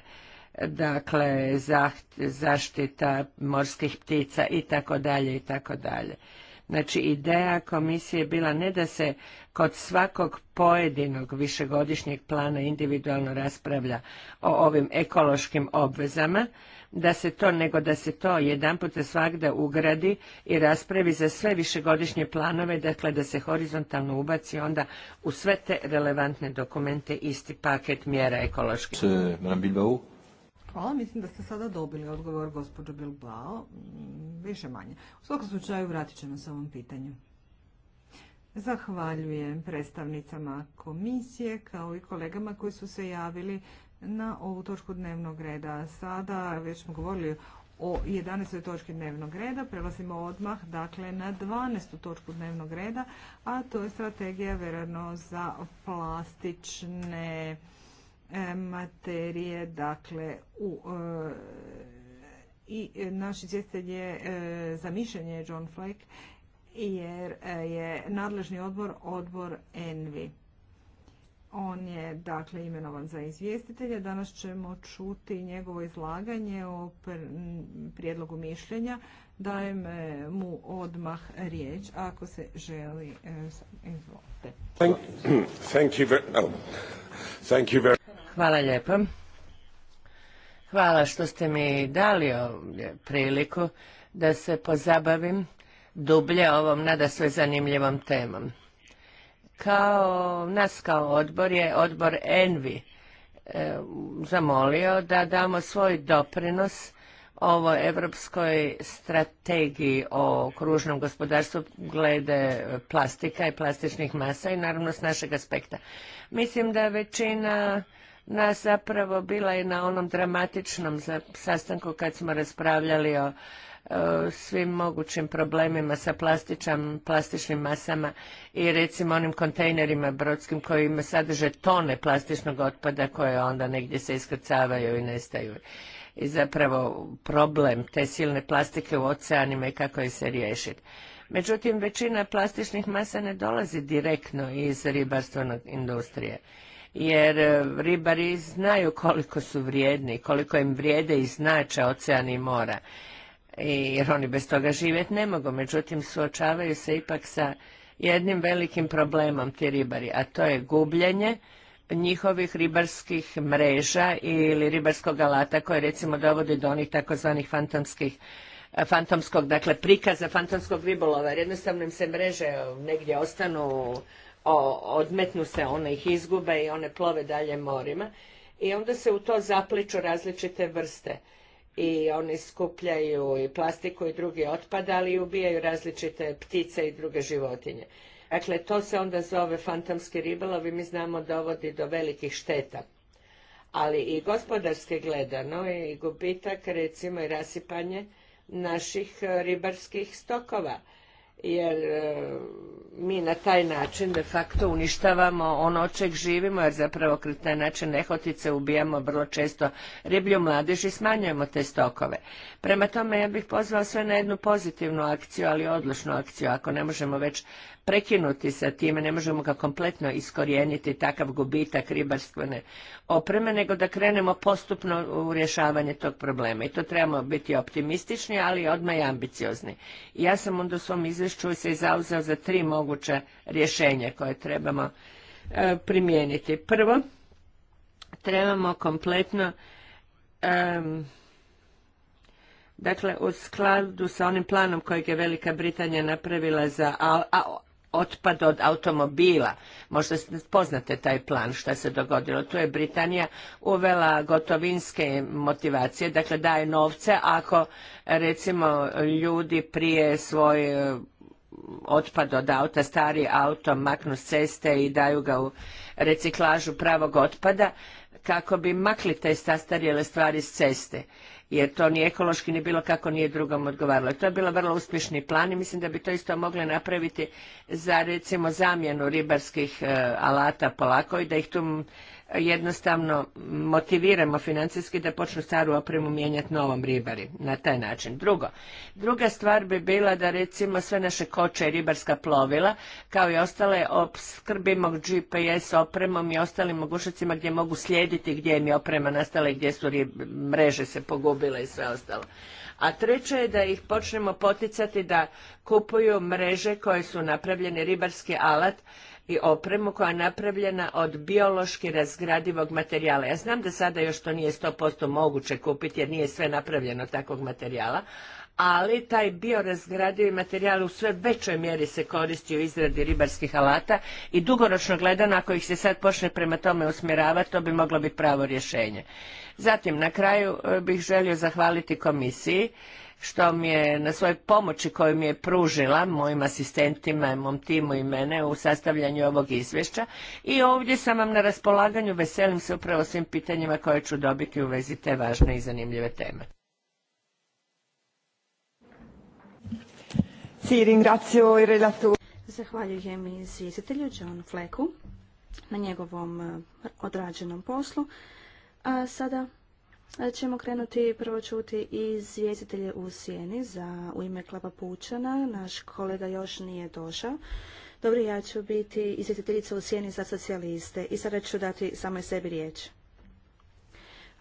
Dakle, zaštita morskih ptica i tako dalje i tako dalje. Znači ideja komisije je bila ne da se kod svakog pojedinog višegodišnjeg plana individualno raspravlja o ovim ekološkim obvezama, da se to, nego da se to jedanput za svakda ugradi i raspravi za sve višegodišnje planove, dakle da se horizontalno ubaci onda u sve te relevantne dokumente isti paket mjera ekoloških mislim da ste sada dobili odgovor gospođo Bilbao, mm, više manje. U svakom slučaju vratit ćemo se ovom pitanju. Zahvaljujem predstavnicama komisije kao i kolegama koji su se javili na ovu točku dnevnog reda. Sada već smo govorili o 11. točki dnevnog reda. Prelazimo odmah dakle, na 12. točku dnevnog reda, a to je strategija vjerno za plastične E, materije, dakle u e, i naš izvjestitelj je e, za mišljenje John Fleck jer je nadležni odbor odbor Envi. On je dakle imenovan za izvjestitelja. Danas ćemo čuti njegovo izlaganje o prijedlogu mišljenja. Dajem mu odmah riječ ako se želi. Izvolite. Oh, Hvala lijepo. Hvala što ste mi dali priliku da se pozabavim dublje ovom nada sve zanimljivom temom. Kao nas kao odbor je odbor Envi e, zamolio da damo svoj doprinos ovoj evropskoj strategiji o kružnom gospodarstvu glede plastika i plastičnih masa i naravno s našeg aspekta. Mislim da većina nas zapravo bila i na onom dramatičnom sastanku kad smo raspravljali o svim mogućim problemima sa plastičnim masama i recimo onim kontejnerima brodskim koji sadrže tone plastičnog otpada koje onda negdje se iskrcavaju i nestaju. I zapravo problem te silne plastike u oceanima i kako je se riješiti. Međutim, većina plastičnih masa ne dolazi direktno iz ribarstvenog industrije jer e, ribari znaju koliko su vrijedni, koliko im vrijede i znače ocean i mora, jer oni bez toga živjeti ne mogu, međutim suočavaju se ipak sa jednim velikim problemom ti ribari, a to je gubljenje njihovih ribarskih mreža ili ribarskog alata koje recimo dovodi do onih takozvanih fantomskih e, fantomskog, dakle prikaza fantomskog ribolova, jer jednostavno im se mreže negdje ostanu odmetnu se, one ih izgube i one plove dalje morima i onda se u to zapliču različite vrste i oni skupljaju i plastiku i drugi otpad, ali i ubijaju različite ptice i druge životinje. Dakle, to se onda zove fantomski ribolov i mi znamo dovodi do velikih šteta. Ali i gospodarski gledano i gubitak, recimo i rasipanje naših e, ribarskih stokova jer e, mi na taj način de facto uništavamo ono od čeg živimo, jer zapravo kroz taj način nehotice ubijamo vrlo često riblju mladež i smanjujemo te stokove. Prema tome ja bih pozvao sve na jednu pozitivnu akciju, ali odlučnu akciju, ako ne možemo već prekinuti sa time, ne možemo ga kompletno iskorijeniti takav gubitak ribarstvene opreme, nego da krenemo postupno u rješavanje tog problema. I to trebamo biti optimistični, ali odmah i ambiciozni. ja sam onda u svom izvješću se i zauzeo za tri moguća rješenja koje trebamo e, primijeniti. Prvo, trebamo kompletno dakle u skladu sa onim planom kojeg je Velika Britanija napravila za otpad od automobila. Možda poznate taj plan što se dogodilo. Tu je Britanija uvela gotovinske motivacije, dakle daje novce ako recimo ljudi prije svoj e, otpad od auta, stari auto maknu s ceste i daju ga u reciklažu pravog otpada kako bi makli te stastarjele stvari s ceste jer to ni ekološki ni bilo kako nije drugom odgovaralo. To je bilo vrlo uspješni plan i mislim da bi to isto mogli napraviti za recimo zamjenu ribarskih e, alata polako i da ih tu jednostavno motiviramo financijski da počnu staru opremu mijenjati novom ribari na taj način. Drugo, druga stvar bi bila da recimo sve naše koče i ribarska plovila kao i ostale opskrbimo GPS opremom i ostalim mogućnostima gdje mogu slijediti gdje im je oprema nastala i gdje su mreže se pogubile i sve ostalo. A treće je da ih počnemo poticati da kupuju mreže koje su napravljene ribarski alat i opremu koja je napravljena od biološki razgradivog materijala. Ja znam da sada još to nije 100% moguće kupiti jer nije sve napravljeno takvog materijala, ali taj biorazgradivi materijal u sve većoj mjeri se koristi u izradi ribarskih alata i dugoročno gledano ako ih se sad počne prema tome usmjeravati to bi moglo biti pravo rješenje. Zatim na kraju eh, bih želio zahvaliti komisiji što mi je na svojoj pomoći koju mi je pružila mojim asistentima, mom timu i mene u sastavljanju ovog izvješća i ovdje sam vam na raspolaganju, veselim se upravo svim pitanjima koje ću dobiti u vezi te važne i zanimljive teme. Zahvaljujem izvjestitelju John Fleku na njegovom eh, odrađenom poslu. sada ćemo krenuti prvo čuti izvjestitelje u sjeni za u ime Klapa Pučana. Naš kolega još nije došao. Dobro, ja ću biti izvjestiteljica u sjeni za socijaliste i sada ću dati samoj sebi riječ.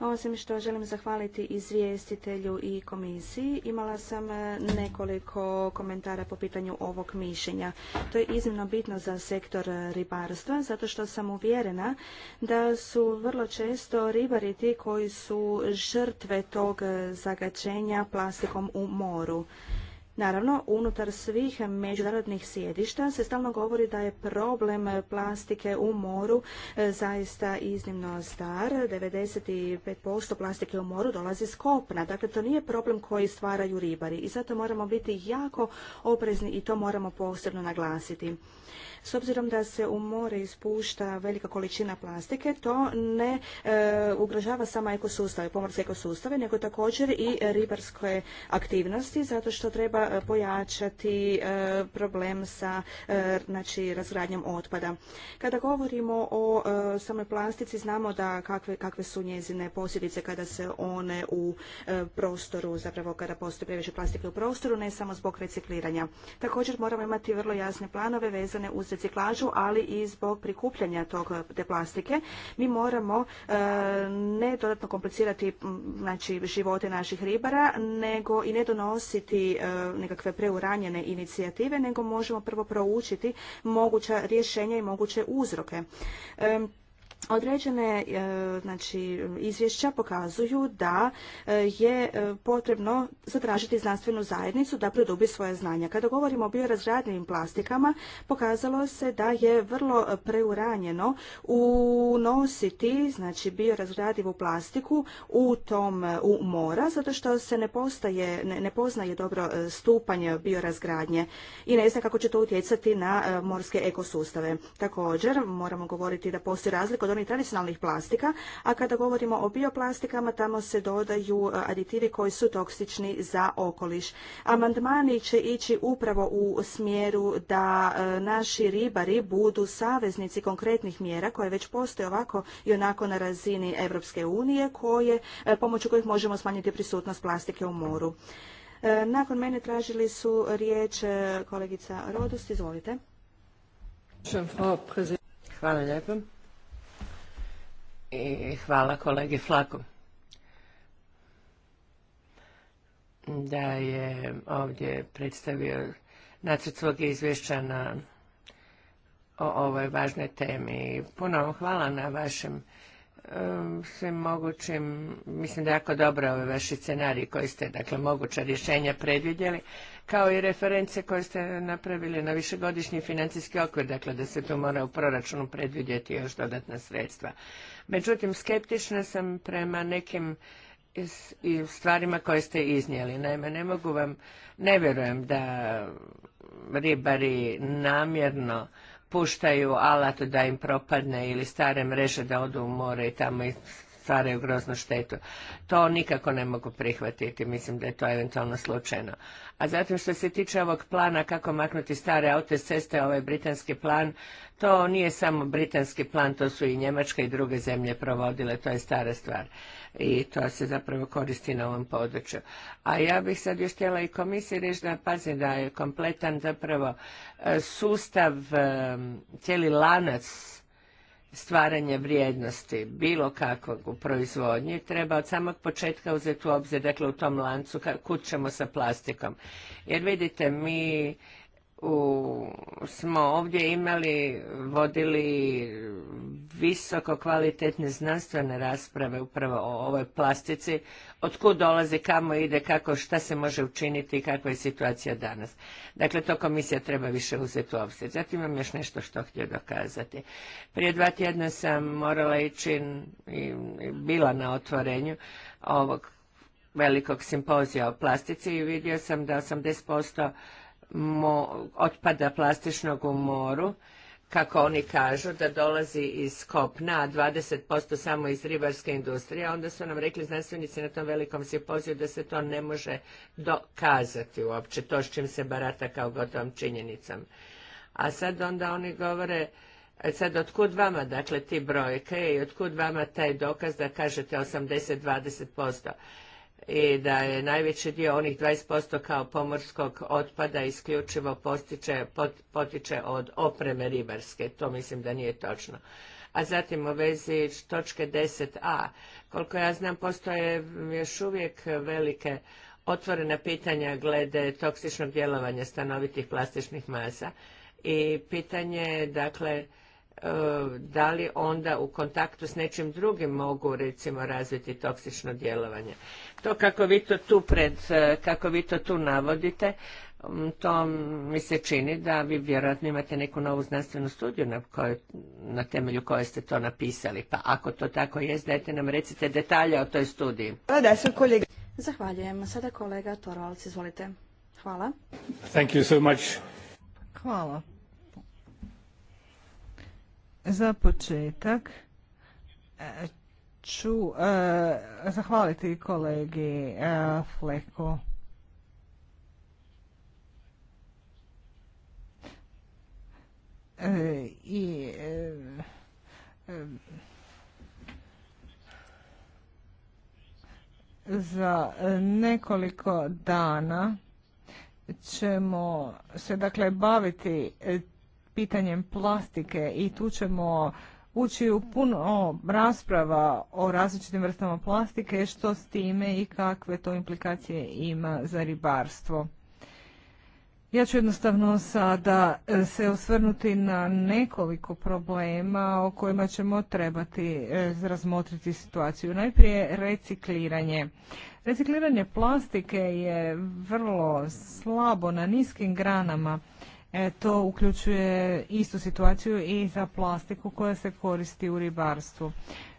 Osim što želim zahvaliti izvjestitelju i komisiji, imala sam e, nekoliko komentara po pitanju ovog mišljenja. To je iznimno bitno za sektor e, ribarstva, zato što sam uvjerena da su vrlo često ribari ti koji su žrtve tog e, zagačenja plastikom u moru. Naravno, unutar svih međunarodnih sjedišta se stalno govori da je problem plastike u moru e, zaista iznimno star. 95% plastike u moru dolazi s kopna. Dakle, to nije problem koji stvaraju ribari i zato moramo biti jako oprezni i to moramo posebno naglasiti. S obzirom da se u more ispušta velika količina plastike, to ne e, ugrožava samo ekosustave, pomorske ekosustave, nego također i ribarske aktivnosti, zato što treba e, pojačati e, problem sa e, znači, razgradnjom otpada. Kada govorimo o samoj plastici, znamo da kakve, kakve su njezine posljedice kada se one u prostoru, zapravo kada postoje previše plastike u prostoru, ne samo zbog recikliranja. Također moramo imati vrlo jasne planove vezane vezane uz reciklažu, ali i zbog prikupljanja tog, te plastike. Mi moramo e, ne dodatno komplicirati znači, živote naših ribara, nego i ne donositi e, nekakve preuranjene inicijative, nego možemo prvo proučiti moguća rješenja i moguće uzroke. Određene e, znači, izvješća pokazuju da e, je e, potrebno zatražiti znanstvenu zajednicu da produbi svoje znanja. Kada govorimo o biorazgradljivim plastikama, pokazalo se da je vrlo preuranjeno unositi znači, biorazgradivu plastiku u, tom, u mora, zato što se ne, postaje, ne, poznaje dobro stupanje biorazgradnje i ne zna kako će to utjecati na morske ekosustave. Također, moramo govoriti da postoji razlika od i tradicionalnih plastika, a kada govorimo o bioplastikama, tamo se dodaju e, aditivi koji su toksični za okoliš. Amandmani će ići upravo u smjeru da e, naši ribari budu saveznici konkretnih mjera koje već postoje ovako i onako na razini Europske unije, koje, e, pomoću kojih možemo smanjiti prisutnost plastike u moru. Nakon mene tražili su riječ kolegica Rodust. Izvolite. Hvala lijepo i hvala kolegi Flaku da je ovdje predstavio nacrt svog izvješća na, o ovoj važnoj temi. Puno vam hvala na vašem um, svim mogućim, mislim da jako dobro ove ovaj vaši scenariji koji ste, dakle, moguća rješenja predvidjeli, kao i reference koje ste napravili na višegodišnji financijski okvir, dakle, da se tu mora u proračunu predvidjeti još dodatna sredstva. Međutim, skeptična sam prema nekim stvarima koje ste iznijeli. Naime, ne mogu vam, ne vjerujem da ribari namjerno puštaju alat da im propadne ili stare mreže da odu u more i tamo stvaraju groznu štetu. To nikako ne mogu prihvatiti, mislim da je to eventualno slučajno. A zatim što se tiče ovog plana kako maknuti stare aute ceste, ovaj britanski plan, to nije samo britanski plan, to su i Njemačka i druge zemlje provodile, to je stara stvar i to se zapravo koristi na ovom području. A ja bih sad još htjela i komisiji reći da pazim da je kompletan zapravo e, sustav, e, cijeli lanac stvaranja vrijednosti bilo kakvog u proizvodnji treba od samog početka uzeti u obzir, dakle u tom lancu kud ćemo sa plastikom. Jer vidite, mi u, smo ovdje imali, vodili visoko kvalitetne znanstvene rasprave upravo o ovoj plastici, kud dolazi, kamo ide, kako, šta se može učiniti i kakva je situacija danas. Dakle, to komisija treba više uzeti u obzir. Zatim imam još nešto što htio dokazati. Prije dva tjedna sam morala ići i bila na otvorenju ovog velikog simpozija o plastici i vidio sam da 80% otpada plastičnog u moru, kako oni kažu, da dolazi iz kopna, a 20% samo iz ribarske industrije, onda su nam rekli znanstvenici na tom velikom sipoziju da se to ne može dokazati uopće, to s čim se barata kao gotovom činjenicom. A sad onda oni govore, e, sad otkud vama dakle ti brojke i otkud vama taj dokaz da kažete 80-20% i da je najveći dio onih 20% kao pomorskog otpada isključivo postiče, potiče od opreme ribarske. To mislim da nije točno. A zatim u vezi točke 10a. Koliko ja znam, postoje još uvijek velike otvorena pitanja glede toksičnog djelovanja stanovitih plastičnih masa i pitanje je, dakle, E, da li onda u kontaktu s nečim drugim mogu recimo razviti toksično djelovanje. To kako vi to tu pred, e, kako vi to tu navodite, to mi se čini da vi vjerojatno imate neku novu znanstvenu studiju na, na temelju koje ste to napisali. Pa ako to tako jest, dajte nam recite detalje o toj studiji. Zahvaljujem. Sada kolega Torvalc, izvolite. Hvala. Thank you so much. Hvala. Za početak e, ću e, zahvaliti kolegi Fleko. Fleku. E, I za nekoliko dana ćemo se dakle baviti pitanjem plastike i tu ćemo ući u puno rasprava o različitim vrstama plastike, što s time i kakve to implikacije ima za ribarstvo. Ja ću jednostavno sada e, se osvrnuti na nekoliko problema o kojima ćemo trebati e, razmotriti situaciju. Najprije recikliranje. Recikliranje plastike je vrlo slabo na niskim granama E, to uključuje istu situaciju i za plastiku koja se koristi u ribarstvu.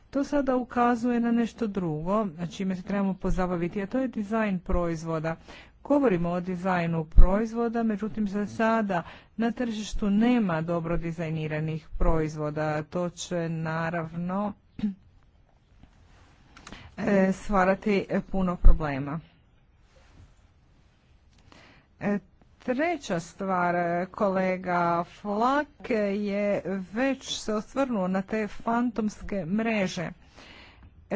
To sada ukazuje na nešto drugo, čime se trebamo pozabaviti, a to je dizajn proizvoda. Govorimo o dizajnu proizvoda, međutim za sada na tržištu nema dobro dizajniranih proizvoda. To će naravno e, stvarati puno problema. E, Treća stvar, e, kolega Flak je već se osvrnuo na te fantomske mreže.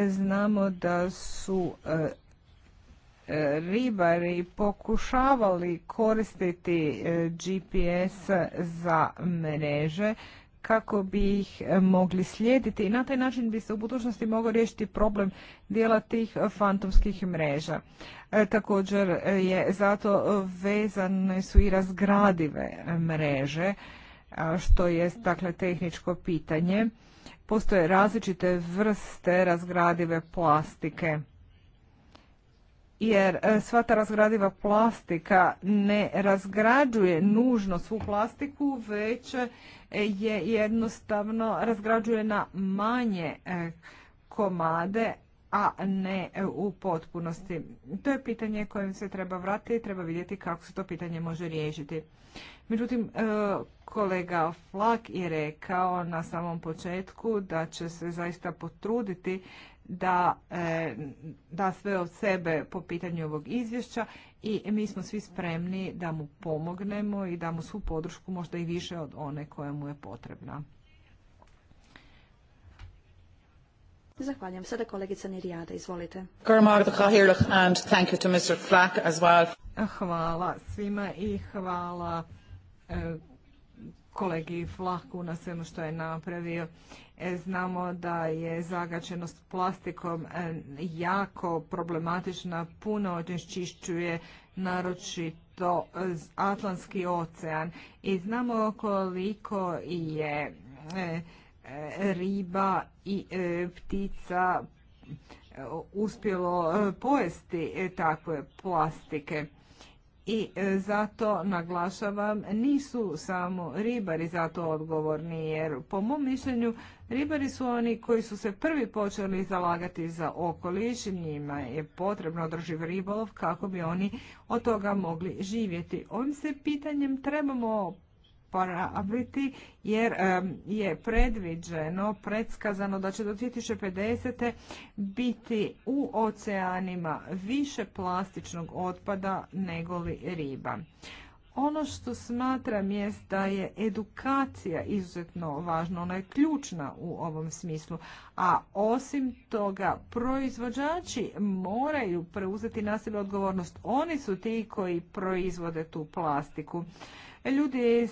Znamo da su e, e, ribari pokušavali koristiti GPS za mreže kako bi ih e, mogli slijediti i na taj način bi se u budućnosti mogao riješiti problem dijela tih fantomskih mreža. E, također e, je zato vezane su i razgradive mreže, što je dakle tehničko pitanje. Postoje različite vrste razgradive plastike jer e, sva ta razgradiva plastika ne razgrađuje nužno svu plastiku, već e, je jednostavno razgrađuje na manje e, komade, a ne u potpunosti. To je pitanje kojim se treba vratiti i treba vidjeti kako se to pitanje može riješiti. Međutim, kolega Flak je rekao na samom početku da će se zaista potruditi da e, da sve od sebe po pitanju ovog izvješća i mi smo svi spremni da mu pomognemo i da mu svu podršku možda i više od one koja mu je potrebna. Zahvaljujem. Sada kolegica Nirijada, izvolite. Hvala svima i hvala e, kolegi Flaku na svemu što je napravio. E, znamo da je zagačenost plastikom e, jako problematična, puno onečišćuje naročito e, Atlantski ocean i znamo koliko je riba i ptica uspjelo pojesti takve plastike i e, zato naglašavam nisu samo ribari zato odgovorni jer po mom mišljenju ribari su oni koji su se prvi počeli zalagati za okoliš njima je potrebno održiv ribolov kako bi oni od toga mogli živjeti ovim se pitanjem trebamo jer je predviđeno, predskazano da će do 2050. biti u oceanima više plastičnog otpada nego li riba. Ono što smatram je da je edukacija izuzetno važna, ona je ključna u ovom smislu, a osim toga proizvođači moraju preuzeti na sebe odgovornost. Oni su ti koji proizvode tu plastiku. Ljudi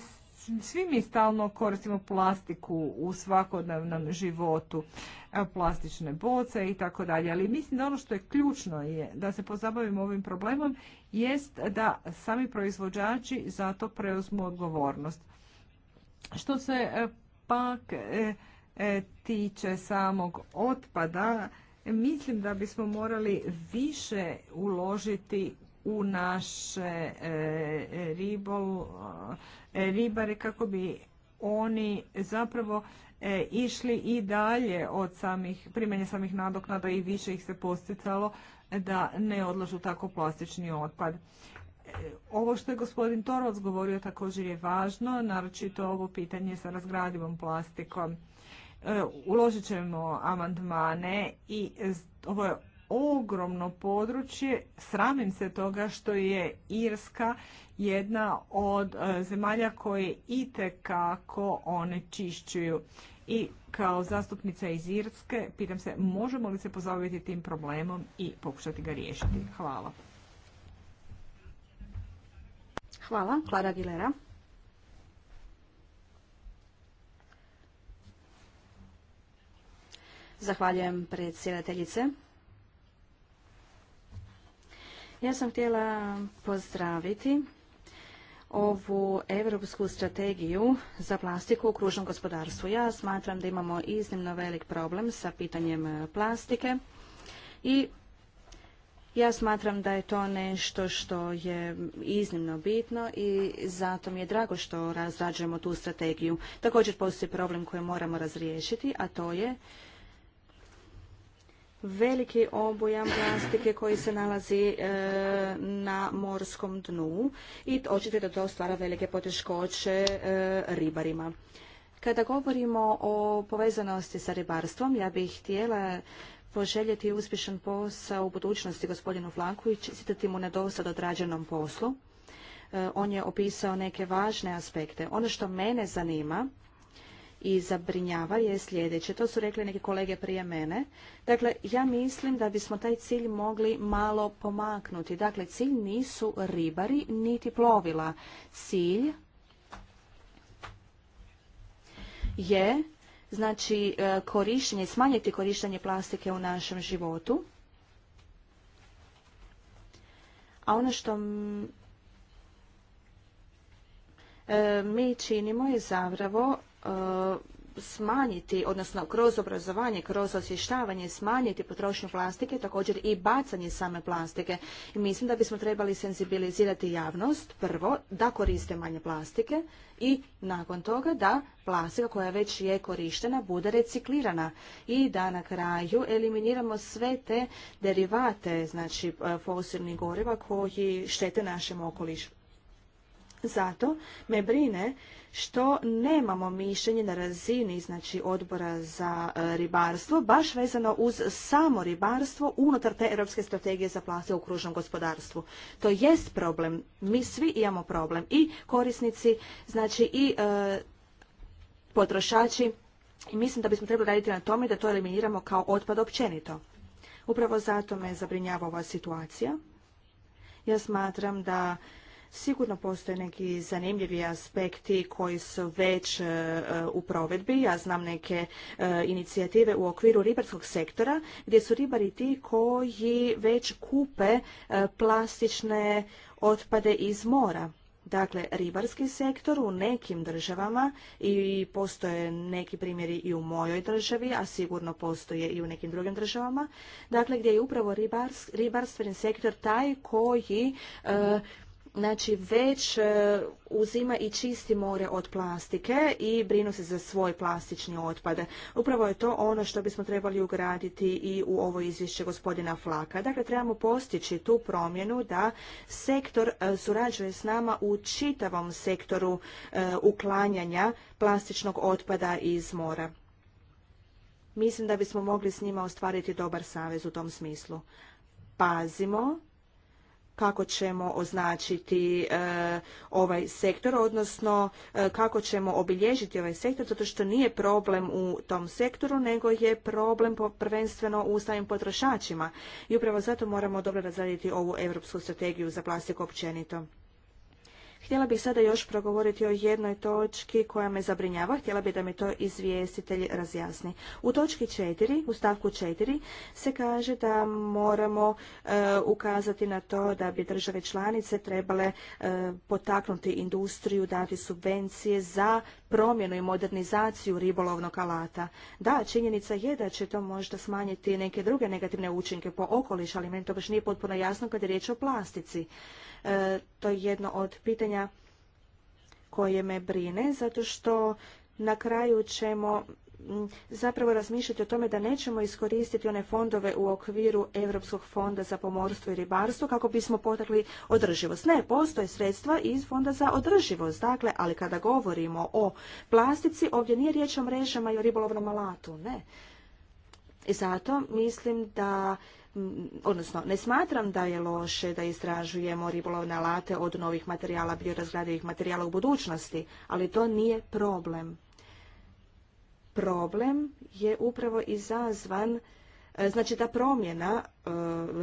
svi mi stalno koristimo plastiku u svakodnevnom životu, e, plastične boce i tako dalje. Ali mislim da ono što je ključno je da se pozabavimo ovim problemom jest da sami proizvođači za to preuzmu odgovornost. Što se e, pak e, tiče samog otpada, mislim da bismo morali više uložiti u naše e, ribol, e, ribare kako bi oni zapravo e, išli i dalje od samih primanja samih nadoknada i više ih se posticalo da ne odlažu tako plastični otpad. Ovo što je gospodin Torovac govorio također je važno, naročito ovo pitanje sa razgradivom plastikom. Uložit ćemo amandmane i ovo je ogromno područje. Sramim se toga što je Irska jedna od e, zemalja koje itekako onečišćuju. I kao zastupnica iz Irske pitam se možemo li se pozabaviti tim problemom i pokušati ga riješiti. Hvala. Hvala. Klara Vilera. Zahvaljujem predsjedateljice. Ja sam htjela pozdraviti ovu europsku strategiju za plastiku u kružnom gospodarstvu. Ja smatram da imamo iznimno velik problem sa pitanjem plastike i ja smatram da je to nešto što je iznimno bitno i zato mi je drago što razrađujemo tu strategiju. Također postoji problem koji moramo razriješiti, a to je veliki obujam plastike koji se nalazi e, na morskom dnu i očito da to stvara velike poteškoće e, ribarima. Kada govorimo o povezanosti sa ribarstvom, ja bih htjela poželjeti uspješan posao u budućnosti gospodinu Flanku i čestitati mu na dosad odrađenom poslu. E, on je opisao neke važne aspekte. Ono što mene zanima i zabrinjava je sljedeće. To su rekli neki kolege prije mene. Dakle, ja mislim da bismo taj cilj mogli malo pomaknuti. Dakle, cilj nisu ribari niti plovila. Cilj je znači e, korištenje, smanjiti korištenje plastike u našem životu. A ono što e, mi činimo je zavravo E, smanjiti, odnosno kroz obrazovanje, kroz osvještavanje smanjiti potrošnju plastike, također i bacanje same plastike. I mislim da bismo trebali senzibilizirati javnost, prvo, da koriste manje plastike i nakon toga da plastika koja već je korištena bude reciklirana i da na kraju eliminiramo sve te derivate, znači e, fosilnih goriva koji štete našem okolišu. Zato me brine što nemamo mišljenje na razini znači odbora za e, ribarstvo baš vezano uz samo ribarstvo unutar te europske strategije za plase u kružnom gospodarstvu. To jest problem. Mi svi imamo problem i korisnici znači i e, potrošači i mislim da bismo trebali raditi na tome da to eliminiramo kao otpad općenito. Upravo zato me zabrinjava ova situacija. Ja smatram da Sigurno postoje neki zanimljivi aspekti koji su već e, u provedbi. Ja znam neke e, inicijative u okviru ribarskog sektora gdje su ribari ti koji već kupe e, plastične otpade iz mora. Dakle, ribarski sektor u nekim državama i postoje neki primjeri i u mojoj državi, a sigurno postoje i u nekim drugim državama, dakle gdje je upravo ribarstveni sektor taj koji znači već e, uzima i čisti more od plastike i brinu se za svoj plastični otpad. Upravo je to ono što bismo trebali ugraditi i u ovo izvješće gospodina Flaka. Dakle, trebamo postići tu promjenu da sektor e, surađuje s nama u čitavom sektoru e, uklanjanja plastičnog otpada iz mora. Mislim da bismo mogli s njima ostvariti dobar savez u tom smislu. Pazimo kako ćemo označiti e, ovaj sektor, odnosno e, kako ćemo obilježiti ovaj sektor, zato što nije problem u tom sektoru, nego je problem prvenstveno u samim potrošačima. I upravo zato moramo dobro razraditi ovu europsku strategiju za plastiku općenito. Htjela bih sada još progovoriti o jednoj točki koja me zabrinjava. Htjela bih da mi to izvjestitelj razjasni. U točki četiri, u stavku četiri, se kaže da moramo e, ukazati na to da bi države članice trebale e, potaknuti industriju, dati subvencije za promjenu i modernizaciju ribolovnog alata. Da, činjenica je da će to možda smanjiti neke druge negativne učinke po okoliš, ali meni to baš nije potpuno jasno kad je riječ o plastici. E, to je jedno od pitanja koje me brine, zato što na kraju ćemo zapravo razmišljati o tome da nećemo iskoristiti one fondove u okviru Europskog fonda za pomorstvo i ribarstvo kako bismo potakli održivost. Ne, postoje sredstva iz fonda za održivost. Dakle, ali kada govorimo o plastici, ovdje nije riječ o mrežama i o ribolovnom alatu. Ne. I zato mislim da odnosno ne smatram da je loše da istražujemo ribolovne alate od novih materijala, biorazgradivih materijala u budućnosti, ali to nije problem problem je upravo izazvan e, Znači ta promjena e,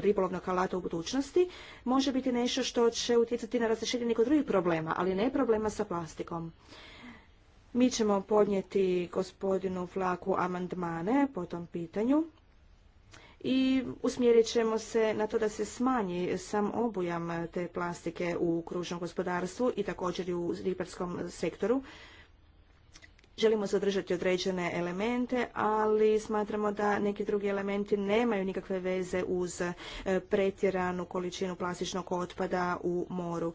ribolovnog alata u budućnosti može biti nešto što će utjecati na razrešenje nekog drugih problema, ali ne problema sa plastikom. Mi ćemo podnijeti gospodinu Flaku amandmane po tom pitanju i usmjerit ćemo se na to da se smanji sam obujam te plastike u kružnom gospodarstvu i također i u ribarskom sektoru želimo zadržati određene elemente, ali smatramo da neki drugi elementi nemaju nikakve veze uz e, pretjeranu količinu plastičnog otpada u moru.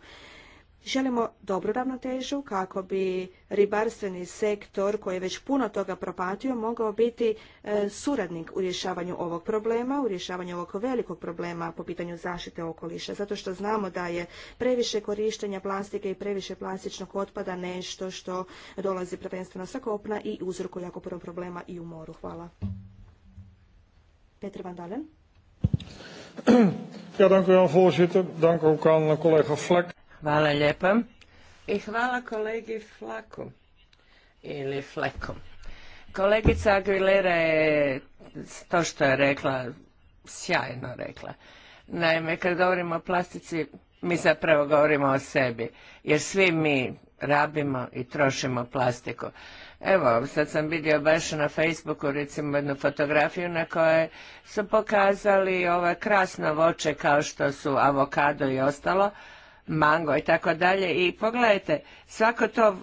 Želimo dobru ravnotežu kako bi ribarstveni sektor koji je već puno toga propatio mogao biti e, suradnik u rješavanju ovog problema, u rješavanju ovog velikog problema po pitanju zaštite okoliša. Zato što znamo da je previše korištenja plastike i previše plastičnog otpada nešto što dolazi prvenstveno sa kopna i uzrokuje jako puno problema i u moru. Hvala. Peter Van Ja, dank u voorzitter. Dank eh, collega Hvala lijepa. I hvala kolegi Flaku. Ili Fleku. Kolegica Aguilera je to što je rekla, sjajno rekla. Naime, kad govorimo o plastici, mi zapravo govorimo o sebi. Jer svi mi rabimo i trošimo plastiku. Evo, sad sam vidio baš na Facebooku recimo jednu fotografiju na kojoj su pokazali ova krasno voće kao što su avokado i ostalo, mango i tako dalje. I pogledajte, svako to,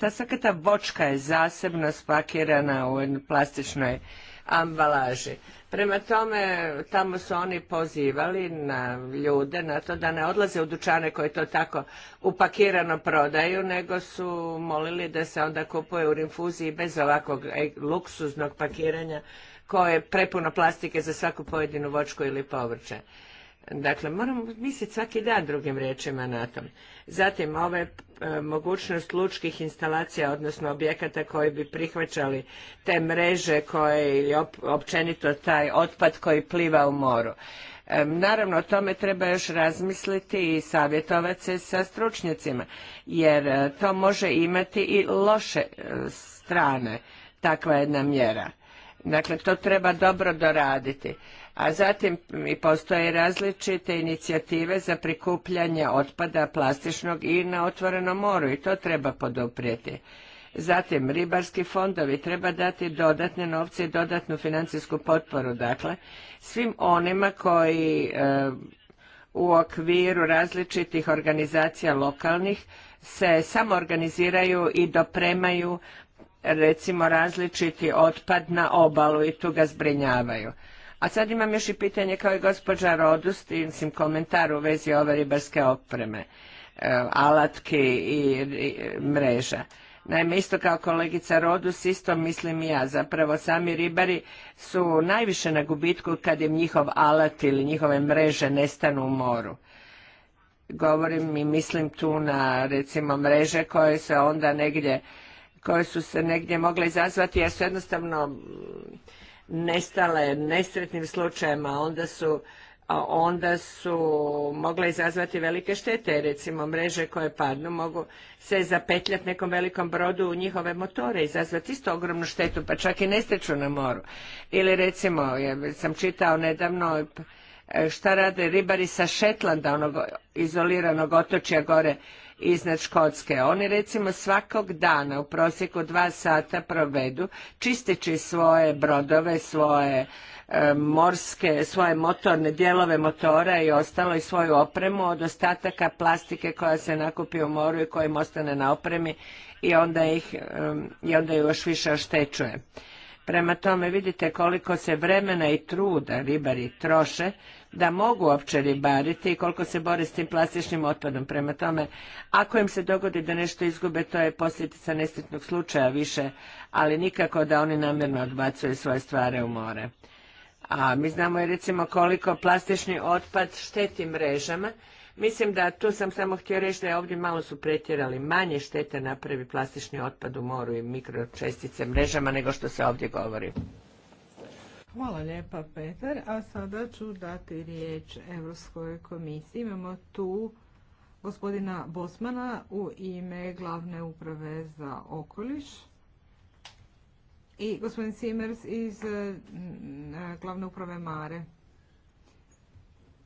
ta, svaka ta bočka je zasebno spakirana u plastičnoj ambalaži. Prema tome, tamo su oni pozivali na ljude na to da ne odlaze u dučane koji to tako upakirano prodaju, nego su molili da se onda kupuje u rinfuziji bez ovakvog e, luksuznog pakiranja koje je prepuno plastike za svaku pojedinu vočku ili povrće. Dakle, moramo misliti svaki dan drugim riječima na tom. Zatim, ove mogućnost lučkih instalacija, odnosno objekata koji bi prihvaćali te mreže koje ili općenito taj otpad koji pliva u moru. E, naravno, o tome treba još razmisliti i savjetovati se sa stručnjacima, jer e, to može imati i loše e, strane, takva jedna mjera. Dakle, to treba dobro doraditi a zatim i postoje različite inicijative za prikupljanje otpada plastičnog i na otvorenom moru i to treba poduprijeti. Zatim, ribarski fondovi treba dati dodatne novce i dodatnu financijsku potporu, dakle, svim onima koji e, u okviru različitih organizacija lokalnih se samoorganiziraju i dopremaju recimo različiti otpad na obalu i tu ga zbrinjavaju. A sad imam još i pitanje kao i gospođa Rodust, i mislim komentar u vezi ove ribarske opreme, e, alatki i, mreža. Naime, isto kao kolegica Rodus, isto mislim i ja. Zapravo sami ribari su najviše na gubitku kad im njihov alat ili njihove mreže nestanu u moru. Govorim i mislim tu na recimo mreže koje se onda negdje, koje su se negdje mogle izazvati jer su jednostavno nestale nesretnim slučajevima, onda su onda su mogle izazvati velike štete. Recimo, mreže koje padnu mogu se zapetljati nekom velikom brodu u njihove motore, izazvati isto ogromnu štetu, pa čak i nestreću na moru. Ili recimo, ja sam čitao nedavno e, šta rade ribari sa Šetlanda, onog izoliranog otočja gore iznad Škotske. Oni recimo svakog dana u prosjeku dva sata provedu čisteći svoje brodove, svoje e, morske, svoje motorne dijelove motora i ostalo i svoju opremu od ostataka plastike koja se nakupi u moru i kojim ostane na opremi i onda ih e, i onda još više oštećuje. Prema tome vidite koliko se vremena i truda ribari troše da mogu uopće ribariti i koliko se bore s tim plastičnim otpadom. Prema tome, ako im se dogodi da nešto izgube, to je posljedica nesretnog slučaja više, ali nikako da oni namjerno odbacuju svoje stvari u more. A mi znamo je recimo koliko plastični otpad šteti mrežama Mislim da tu sam samo htio reći da je ovdje malo su pretjerali manje štete napravi plastični otpad u moru i mikročestice mrežama nego što se ovdje govori. Hvala lijepa Petar, a sada ću dati riječ Europskoj komisiji. Imamo tu gospodina Bosmana u ime glavne uprave za okoliš i gospodin Simers iz mm, glavne uprave Mare.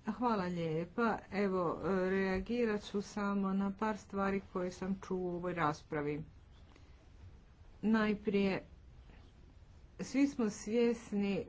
Hvala lijepa. Evo, reagirat ću samo na par stvari koje sam čuo u ovoj raspravi. Najprije, svi smo svjesni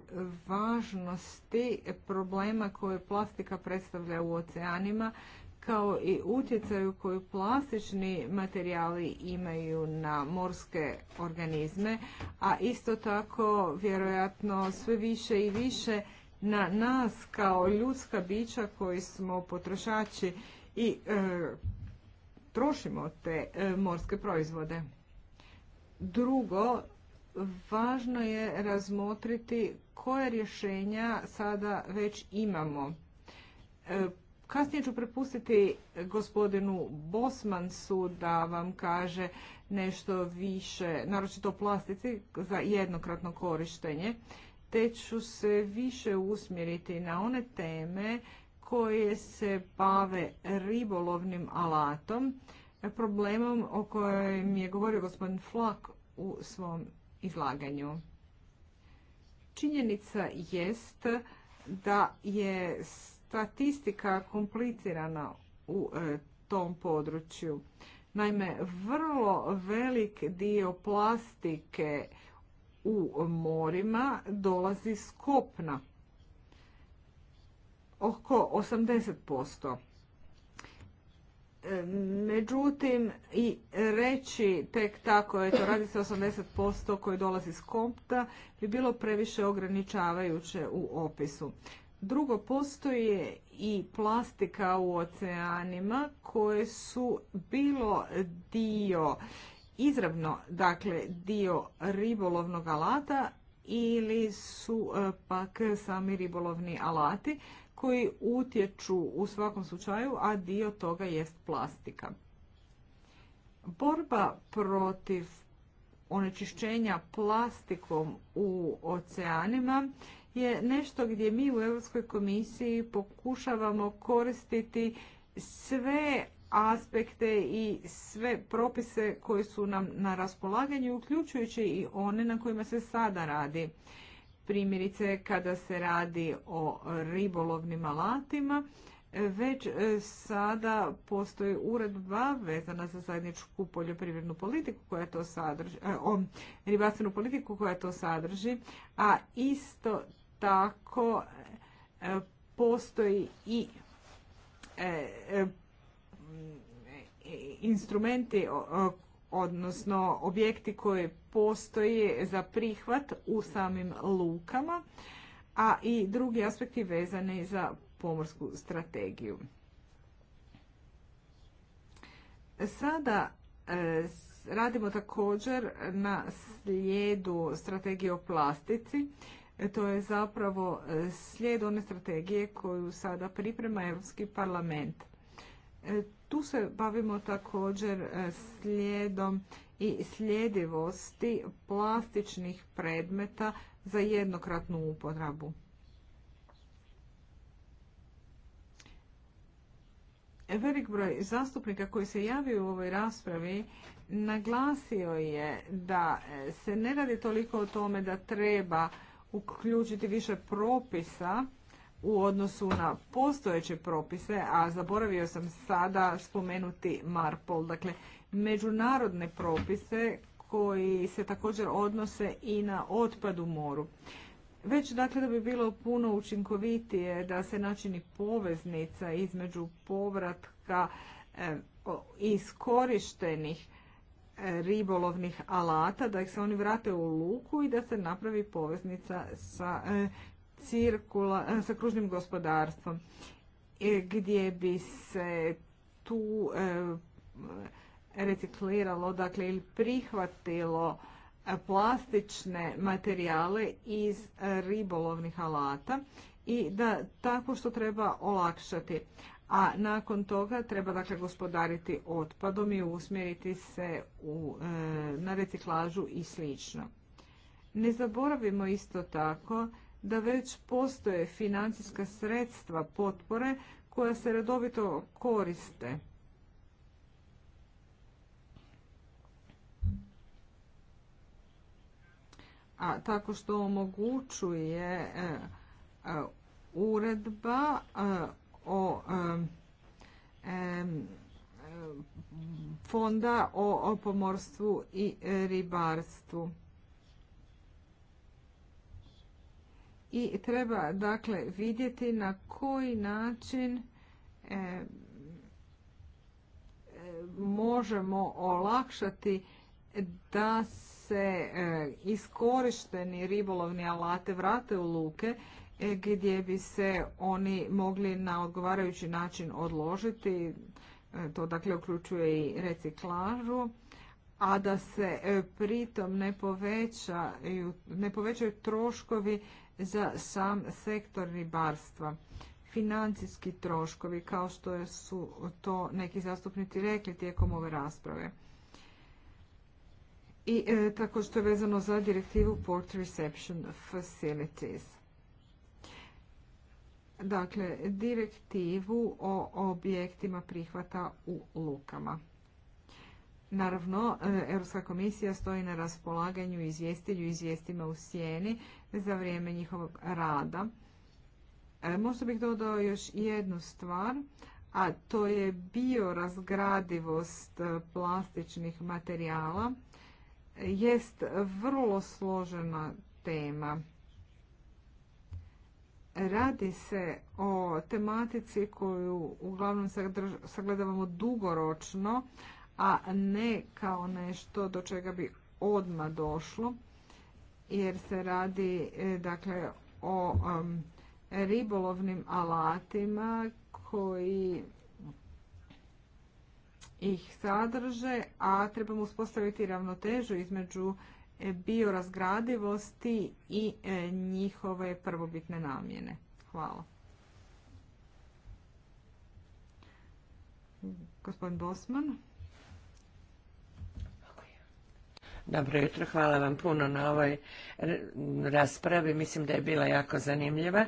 važnosti problema koje plastika predstavlja u oceanima, kao i utjecaju koju plastični materijali imaju na morske organizme, a isto tako vjerojatno sve više i više na nas kao ljudska bića koji smo potrošači i e, trošimo te e, morske proizvode. Drugo, važno je razmotriti koje rješenja sada već imamo. E, kasnije ću prepustiti gospodinu Bosmansu da vam kaže nešto više, naročito plastici za jednokratno korištenje te ću se više usmjeriti na one teme koje se bave ribolovnim alatom, problemom o kojem je govorio gospodin Flak u svom izlaganju. Činjenica jest da je statistika komplicirana u e, tom području. Naime, vrlo velik dio plastike u morima dolazi s kopna. Oko 80%. E, međutim, i reći tek tako, eto, radi se 80% koji dolazi s kopta, bi bilo previše ograničavajuće u opisu. Drugo, postoji i plastika u oceanima koje su bilo dio izravno dakle dio ribolovnog alata ili su e, pak sami ribolovni alati koji utječu u svakom slučaju, a dio toga jest plastika. Borba protiv onečišćenja plastikom u oceanima je nešto gdje mi u Europskoj komisiji pokušavamo koristiti sve aspekte i sve propise koji su nam na raspolaganju, uključujući i one na kojima se sada radi. Primjerice, kada se radi o ribolovnim alatima, već e, sada postoji uredba vezana za zajedničku poljoprivrednu politiku koja to sadrži, e, o, ribarstvenu politiku koja to sadrži, a isto tako e, postoji i instrumenti odnosno objekti koji postoje za prihvat u samim lukama, a i drugi aspekti vezani za pomorsku strategiju. Sada e, radimo također na slijedu strategije o plastici. E, to je zapravo e, slijed one strategije koju sada priprema Europski parlament. Tu se bavimo također e, slijedom i sljedivosti plastičnih predmeta za jednokratnu upotrebu. Velik broj zastupnika koji se javio u ovoj raspravi naglasio je da e, se ne radi toliko o tome da treba uključiti više propisa u odnosu na postojeće propise, a zaboravio sam sada spomenuti Marpol, dakle međunarodne propise koji se također odnose i na otpad u moru. Već dakle da bi bilo puno učinkovitije da se načini poveznica između povratka e, iskorištenih e, ribolovnih alata, da ih se oni vrate u luku i da se napravi poveznica sa e, cirkula, eh, sa kružnim gospodarstvom eh, gdje bi se tu eh, recikliralo dakle ili prihvatilo plastične materijale iz ribolovnih alata i da tako što treba olakšati. A nakon toga treba dakle gospodariti otpadom i usmjeriti se u, na reciklažu i slično. Ne zaboravimo isto tako da već postoje financijska sredstva potpore koja se redovito koriste. A tako što omogućuje e, e, uredba e, o fonda o pomorstvu i ribarstvu. i treba dakle vidjeti na koji način e, e, možemo olakšati da se e, iskorišteni ribolovni alate vrate u luke e, gdje bi se oni mogli na odgovarajući način odložiti, e, to dakle uključuje i reciklažu, a da se pritom ne, ne povećaju troškovi za sam sektor ribarstva. Financijski troškovi, kao što su to neki zastupnici rekli tijekom ove rasprave. I e, tako što je vezano za direktivu Port Reception Facilities. Dakle, direktivu o objektima prihvata u lukama. Naravno, e, Europska komisija stoji na raspolaganju izvjestilju izvjestima u sjeni za vrijeme njihovog rada. E, možda bih dodao još jednu stvar, a to je biorazgradivost e, plastičnih materijala. E, jest vrlo složena tema. Radi se o tematici koju uglavnom sagledavamo dugoročno, a ne kao nešto do čega bi odmah došlo jer se radi e, dakle o ribolovnim alatima koji ih sadrže, a trebamo uspostaviti ravnotežu između e, biorazgradivosti i e, njihove prvobitne namjene. Hvala. Gospodin Bosman. Dobro jutro, hvala vam puno na ovoj raspravi, mislim da je bila jako zanimljiva.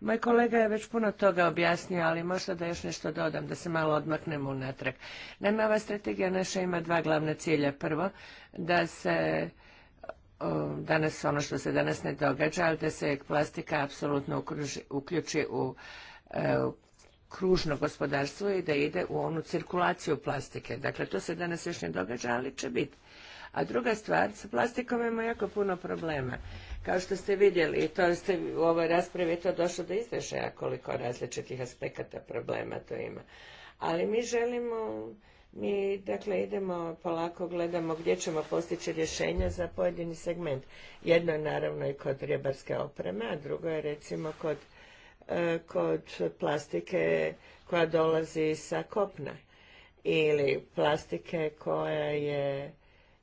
Moj kolega je već puno toga objasnio, ali možda da još nešto dodam, da se malo odmaknemo unatrag. Naime, ova strategija naša ima dva glavna cilja. Prvo, da se danas ono što se danas ne događa, ali da se plastika apsolutno uključi e, u kružno gospodarstvo i da ide u onu cirkulaciju plastike. Dakle, to se danas još ne događa, ali će biti. A druga stvar, sa plastikom imamo jako puno problema. Kao što ste vidjeli, i to ste u ovoj raspravi je to došlo do izražaja koliko različitih aspekata problema to ima. Ali mi želimo, mi dakle idemo polako, gledamo gdje ćemo postići rješenja za pojedini segment. Jedno je naravno i kod ribarske opreme, a drugo je recimo kod, e, kod plastike koja dolazi sa kopna ili plastike koja je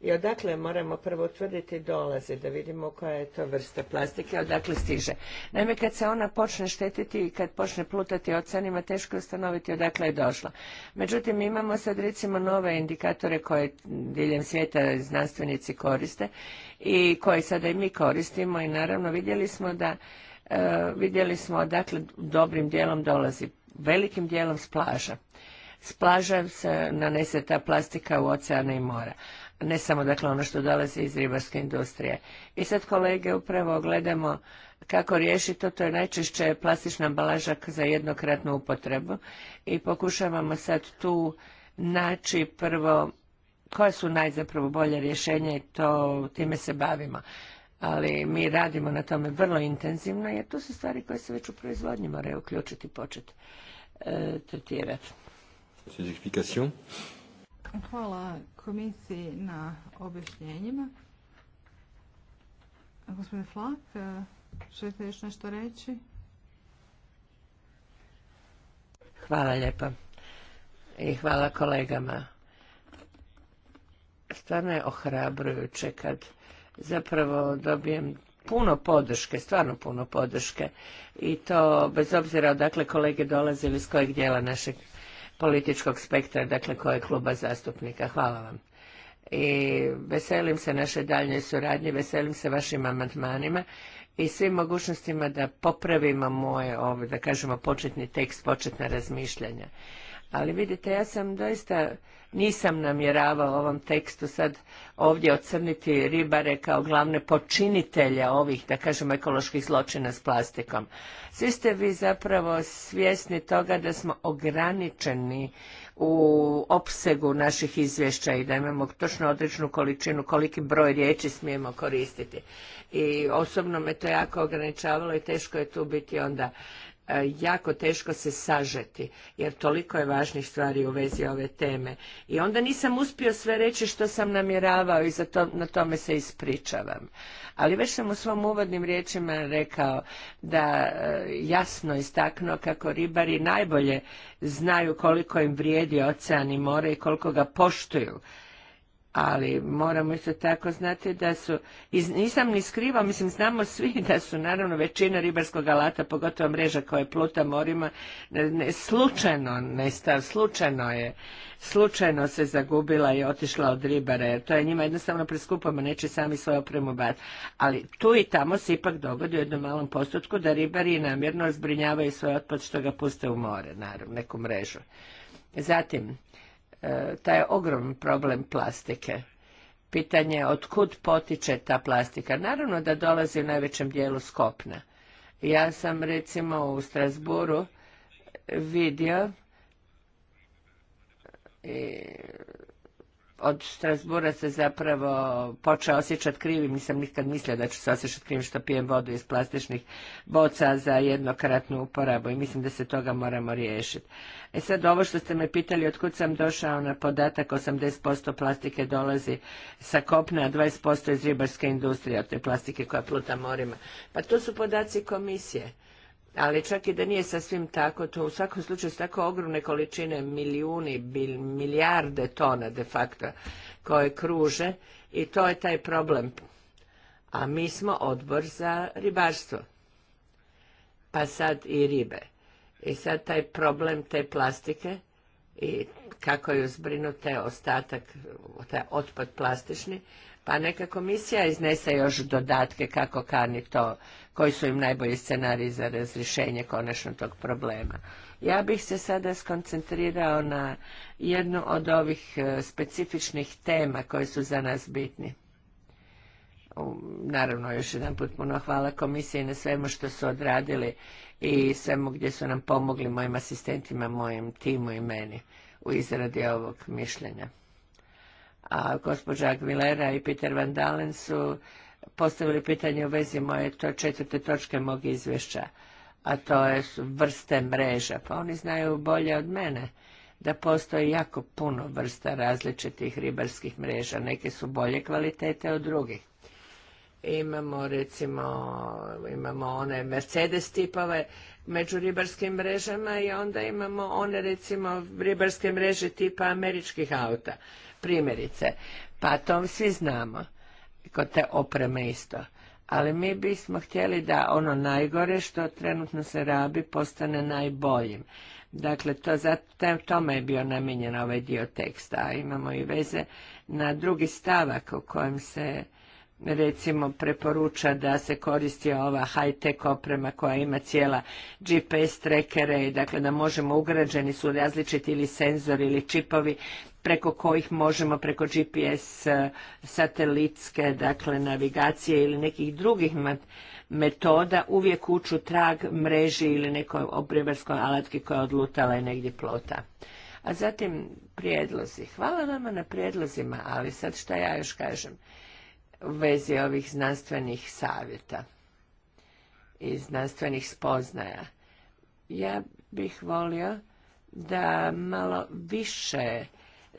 i odakle moramo prvo utvrditi dolaze, da vidimo koja je to vrsta plastike, odakle stiže. Naime, kad se ona počne štetiti i kad počne plutati oceanima, teško je ustanoviti odakle je došla. Međutim, imamo sad recimo nove indikatore koje diljem svijeta znanstvenici koriste i koje sada i mi koristimo i naravno vidjeli smo da e, vidjeli smo odakle dobrim dijelom dolazi, velikim dijelom s plaža. S plaža se nanese ta plastika u oceane i mora ne samo dakle ono što dolazi iz ribarske industrije. I sad kolege upravo gledamo kako riješiti to, to je najčešće plastična ambalaža za jednokratnu upotrebu i pokušavamo sad tu naći prvo koja su najzapravo bolje rješenja i to time se bavimo. Ali mi radimo na tome vrlo intenzivno jer tu su stvari koje se već u proizvodnji moraju uključiti i početi e, tretirati. Hvala komisiji na objašnjenjima. Gospodin Flak, želite još nešto reći? Hvala lijepa. I hvala kolegama. Stvarno je ohrabrujuće kad zapravo dobijem puno podrške, stvarno puno podrške. I to bez obzira odakle kolege ili iz kojeg dijela našeg političkog spektra, dakle koje kluba zastupnika. Hvala vam. I veselim se naše daljnjoj suradnje, veselim se vašim amandmanima i svim mogućnostima da popravimo moje, ovaj, da kažemo, početni tekst, početna razmišljanja. Ali vidite, ja sam doista, nisam namjeravao ovom tekstu sad ovdje ocrniti ribare kao glavne počinitelje ovih, da kažem, ekoloških zločina s plastikom. Svi ste vi zapravo svjesni toga da smo ograničeni u opsegu naših izvješća i da imamo točno određenu količinu, koliki broj riječi smijemo koristiti. I osobno me to jako ograničavalo i teško je tu biti onda E, jako teško se sažeti, jer toliko je važnih stvari u vezi ove teme. I onda nisam uspio sve reći što sam namjeravao i na tome se ispričavam. Ali već sam u svom uvodnim riječima rekao da e, jasno istaknuo kako ribari najbolje znaju koliko im vrijedi ocean i more i koliko ga poštuju ali moramo isto tako znati da su, nisam ni skrivao, mislim znamo svi da su naravno većina ribarskog alata, pogotovo mreža koja pluta morima, ne, ne, slučajno nestav, slučajno je, slučajno se zagubila i otišla od ribara, jer to je njima jednostavno preskupamo, neće sami svoju opremu bat. Ali tu i tamo se ipak dogodi u jednom malom postotku da ribari namjerno zbrinjavaju svoj otpad što ga puste u more, naravno, neku mrežu. Zatim, E, taj ogroman problem plastike. Pitanje je otkud potiče ta plastika. Naravno da dolazi u najvećem dijelu Skopna. Ja sam recimo u Strasburu vidio od Strasbura se zapravo počeo osjećati krivim, nisam nikad mislio da ću se osjećati krivim što pijem vodu iz plastičnih boca za jednokratnu uporabu i mislim da se toga moramo riješiti. E sad ovo što ste me pitali otkud sam došao na podatak 80% plastike dolazi sa kopna, a 20% iz ribarske industrije od te plastike koja pluta morima. Pa to su podaci komisije ali čak i da nije sasvim tako, to u svakom slučaju su tako ogromne količine, milijuni, bil, milijarde tona de facto koje kruže i to je taj problem. A mi smo odbor za ribarstvo, pa sad i ribe. I sad taj problem te plastike i kako ju zbrinu, te ostatak, taj otpad plastični, pa neka komisija iznese još dodatke kako kani to, koji su im najbolji scenariji za razrješenje konačno tog problema. Ja bih se sada skoncentrirao na jednu od ovih e, specifičnih tema koje su za nas bitni. Naravno, još jedan put puno hvala komisiji na svemu što su odradili i svemu gdje su nam pomogli mojim asistentima, mojem timu i meni u izradi ovog mišljenja a gospođa Aguilera i Peter Van Dalen su postavili pitanje u vezi moje to četvrte točke mog izvješća, a to je vrste mreža. Pa oni znaju bolje od mene da postoji jako puno vrsta različitih ribarskih mreža. Neke su bolje kvalitete od drugih. Imamo recimo, imamo one Mercedes tipove među ribarskim mrežama i onda imamo one recimo ribarske mreže tipa američkih auta primjerice. Pa to svi znamo, kod te opreme isto. Ali mi bismo htjeli da ono najgore što trenutno se rabi postane najboljim. Dakle, to, za, tome je bio namijenjen ovaj dio teksta, a imamo i veze na drugi stavak u kojem se recimo preporuča da se koristi ova high-tech oprema koja ima cijela GPS trekere i dakle da možemo ugrađeni su različiti ili senzori ili čipovi preko kojih možemo preko GPS eh, satelitske dakle navigacije ili nekih drugih metoda uvijek uču trag mreži ili nekoj obrivarskoj alatki koja je odlutala i negdje plota. A zatim prijedlozi. Hvala vama na prijedlozima, ali sad šta ja još kažem u vezi ovih znanstvenih savjeta i znanstvenih spoznaja. Ja bih volio da malo više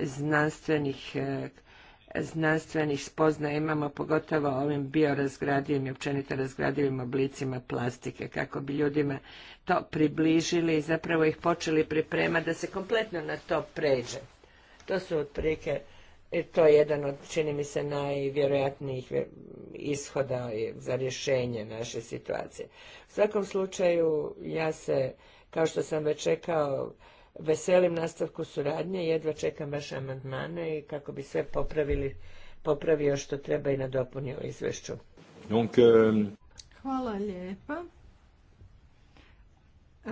znanstvenih e, znanstvenih spoznaja imamo pogotovo ovim biorazgradivim i općenito razgradivim oblicima plastike kako bi ljudima to približili i zapravo ih počeli priprema da se kompletno na to pređe. To su otprilike, e, to je jedan od čini mi se najvjerojatnijih e, ishoda za rješenje naše situacije. U svakom slučaju ja se, kao što sam već rekao, veselim nastavku suradnje, jedva čekam vaše amandmane i kako bi sve popravili, popravio što treba i nadopunio izvješću. Donc, euh, Hvala lijepa. E,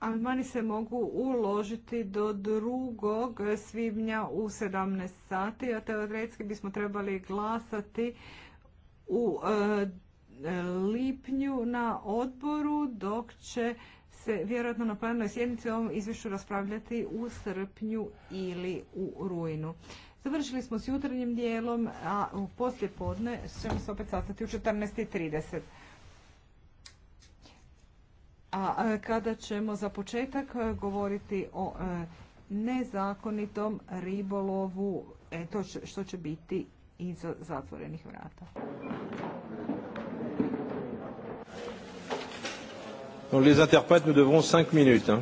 amandmani se mogu uložiti do 2. svibnja u 17 sati, a teoretski bismo trebali glasati u e, lipnju na odboru, dok će se vjerojatno na plenarnoj sjednici o ovom izvješću raspravljati u srpnju ili u rujnu. Završili smo s jutarnjim dijelom, a u poslije podne ćemo se opet sastati u 14.30. A e, kada ćemo za početak e, govoriti o e, nezakonitom ribolovu, to što će biti iza zatvorenih vrata. Donc les interprètes nous devront cinq minutes. Hein.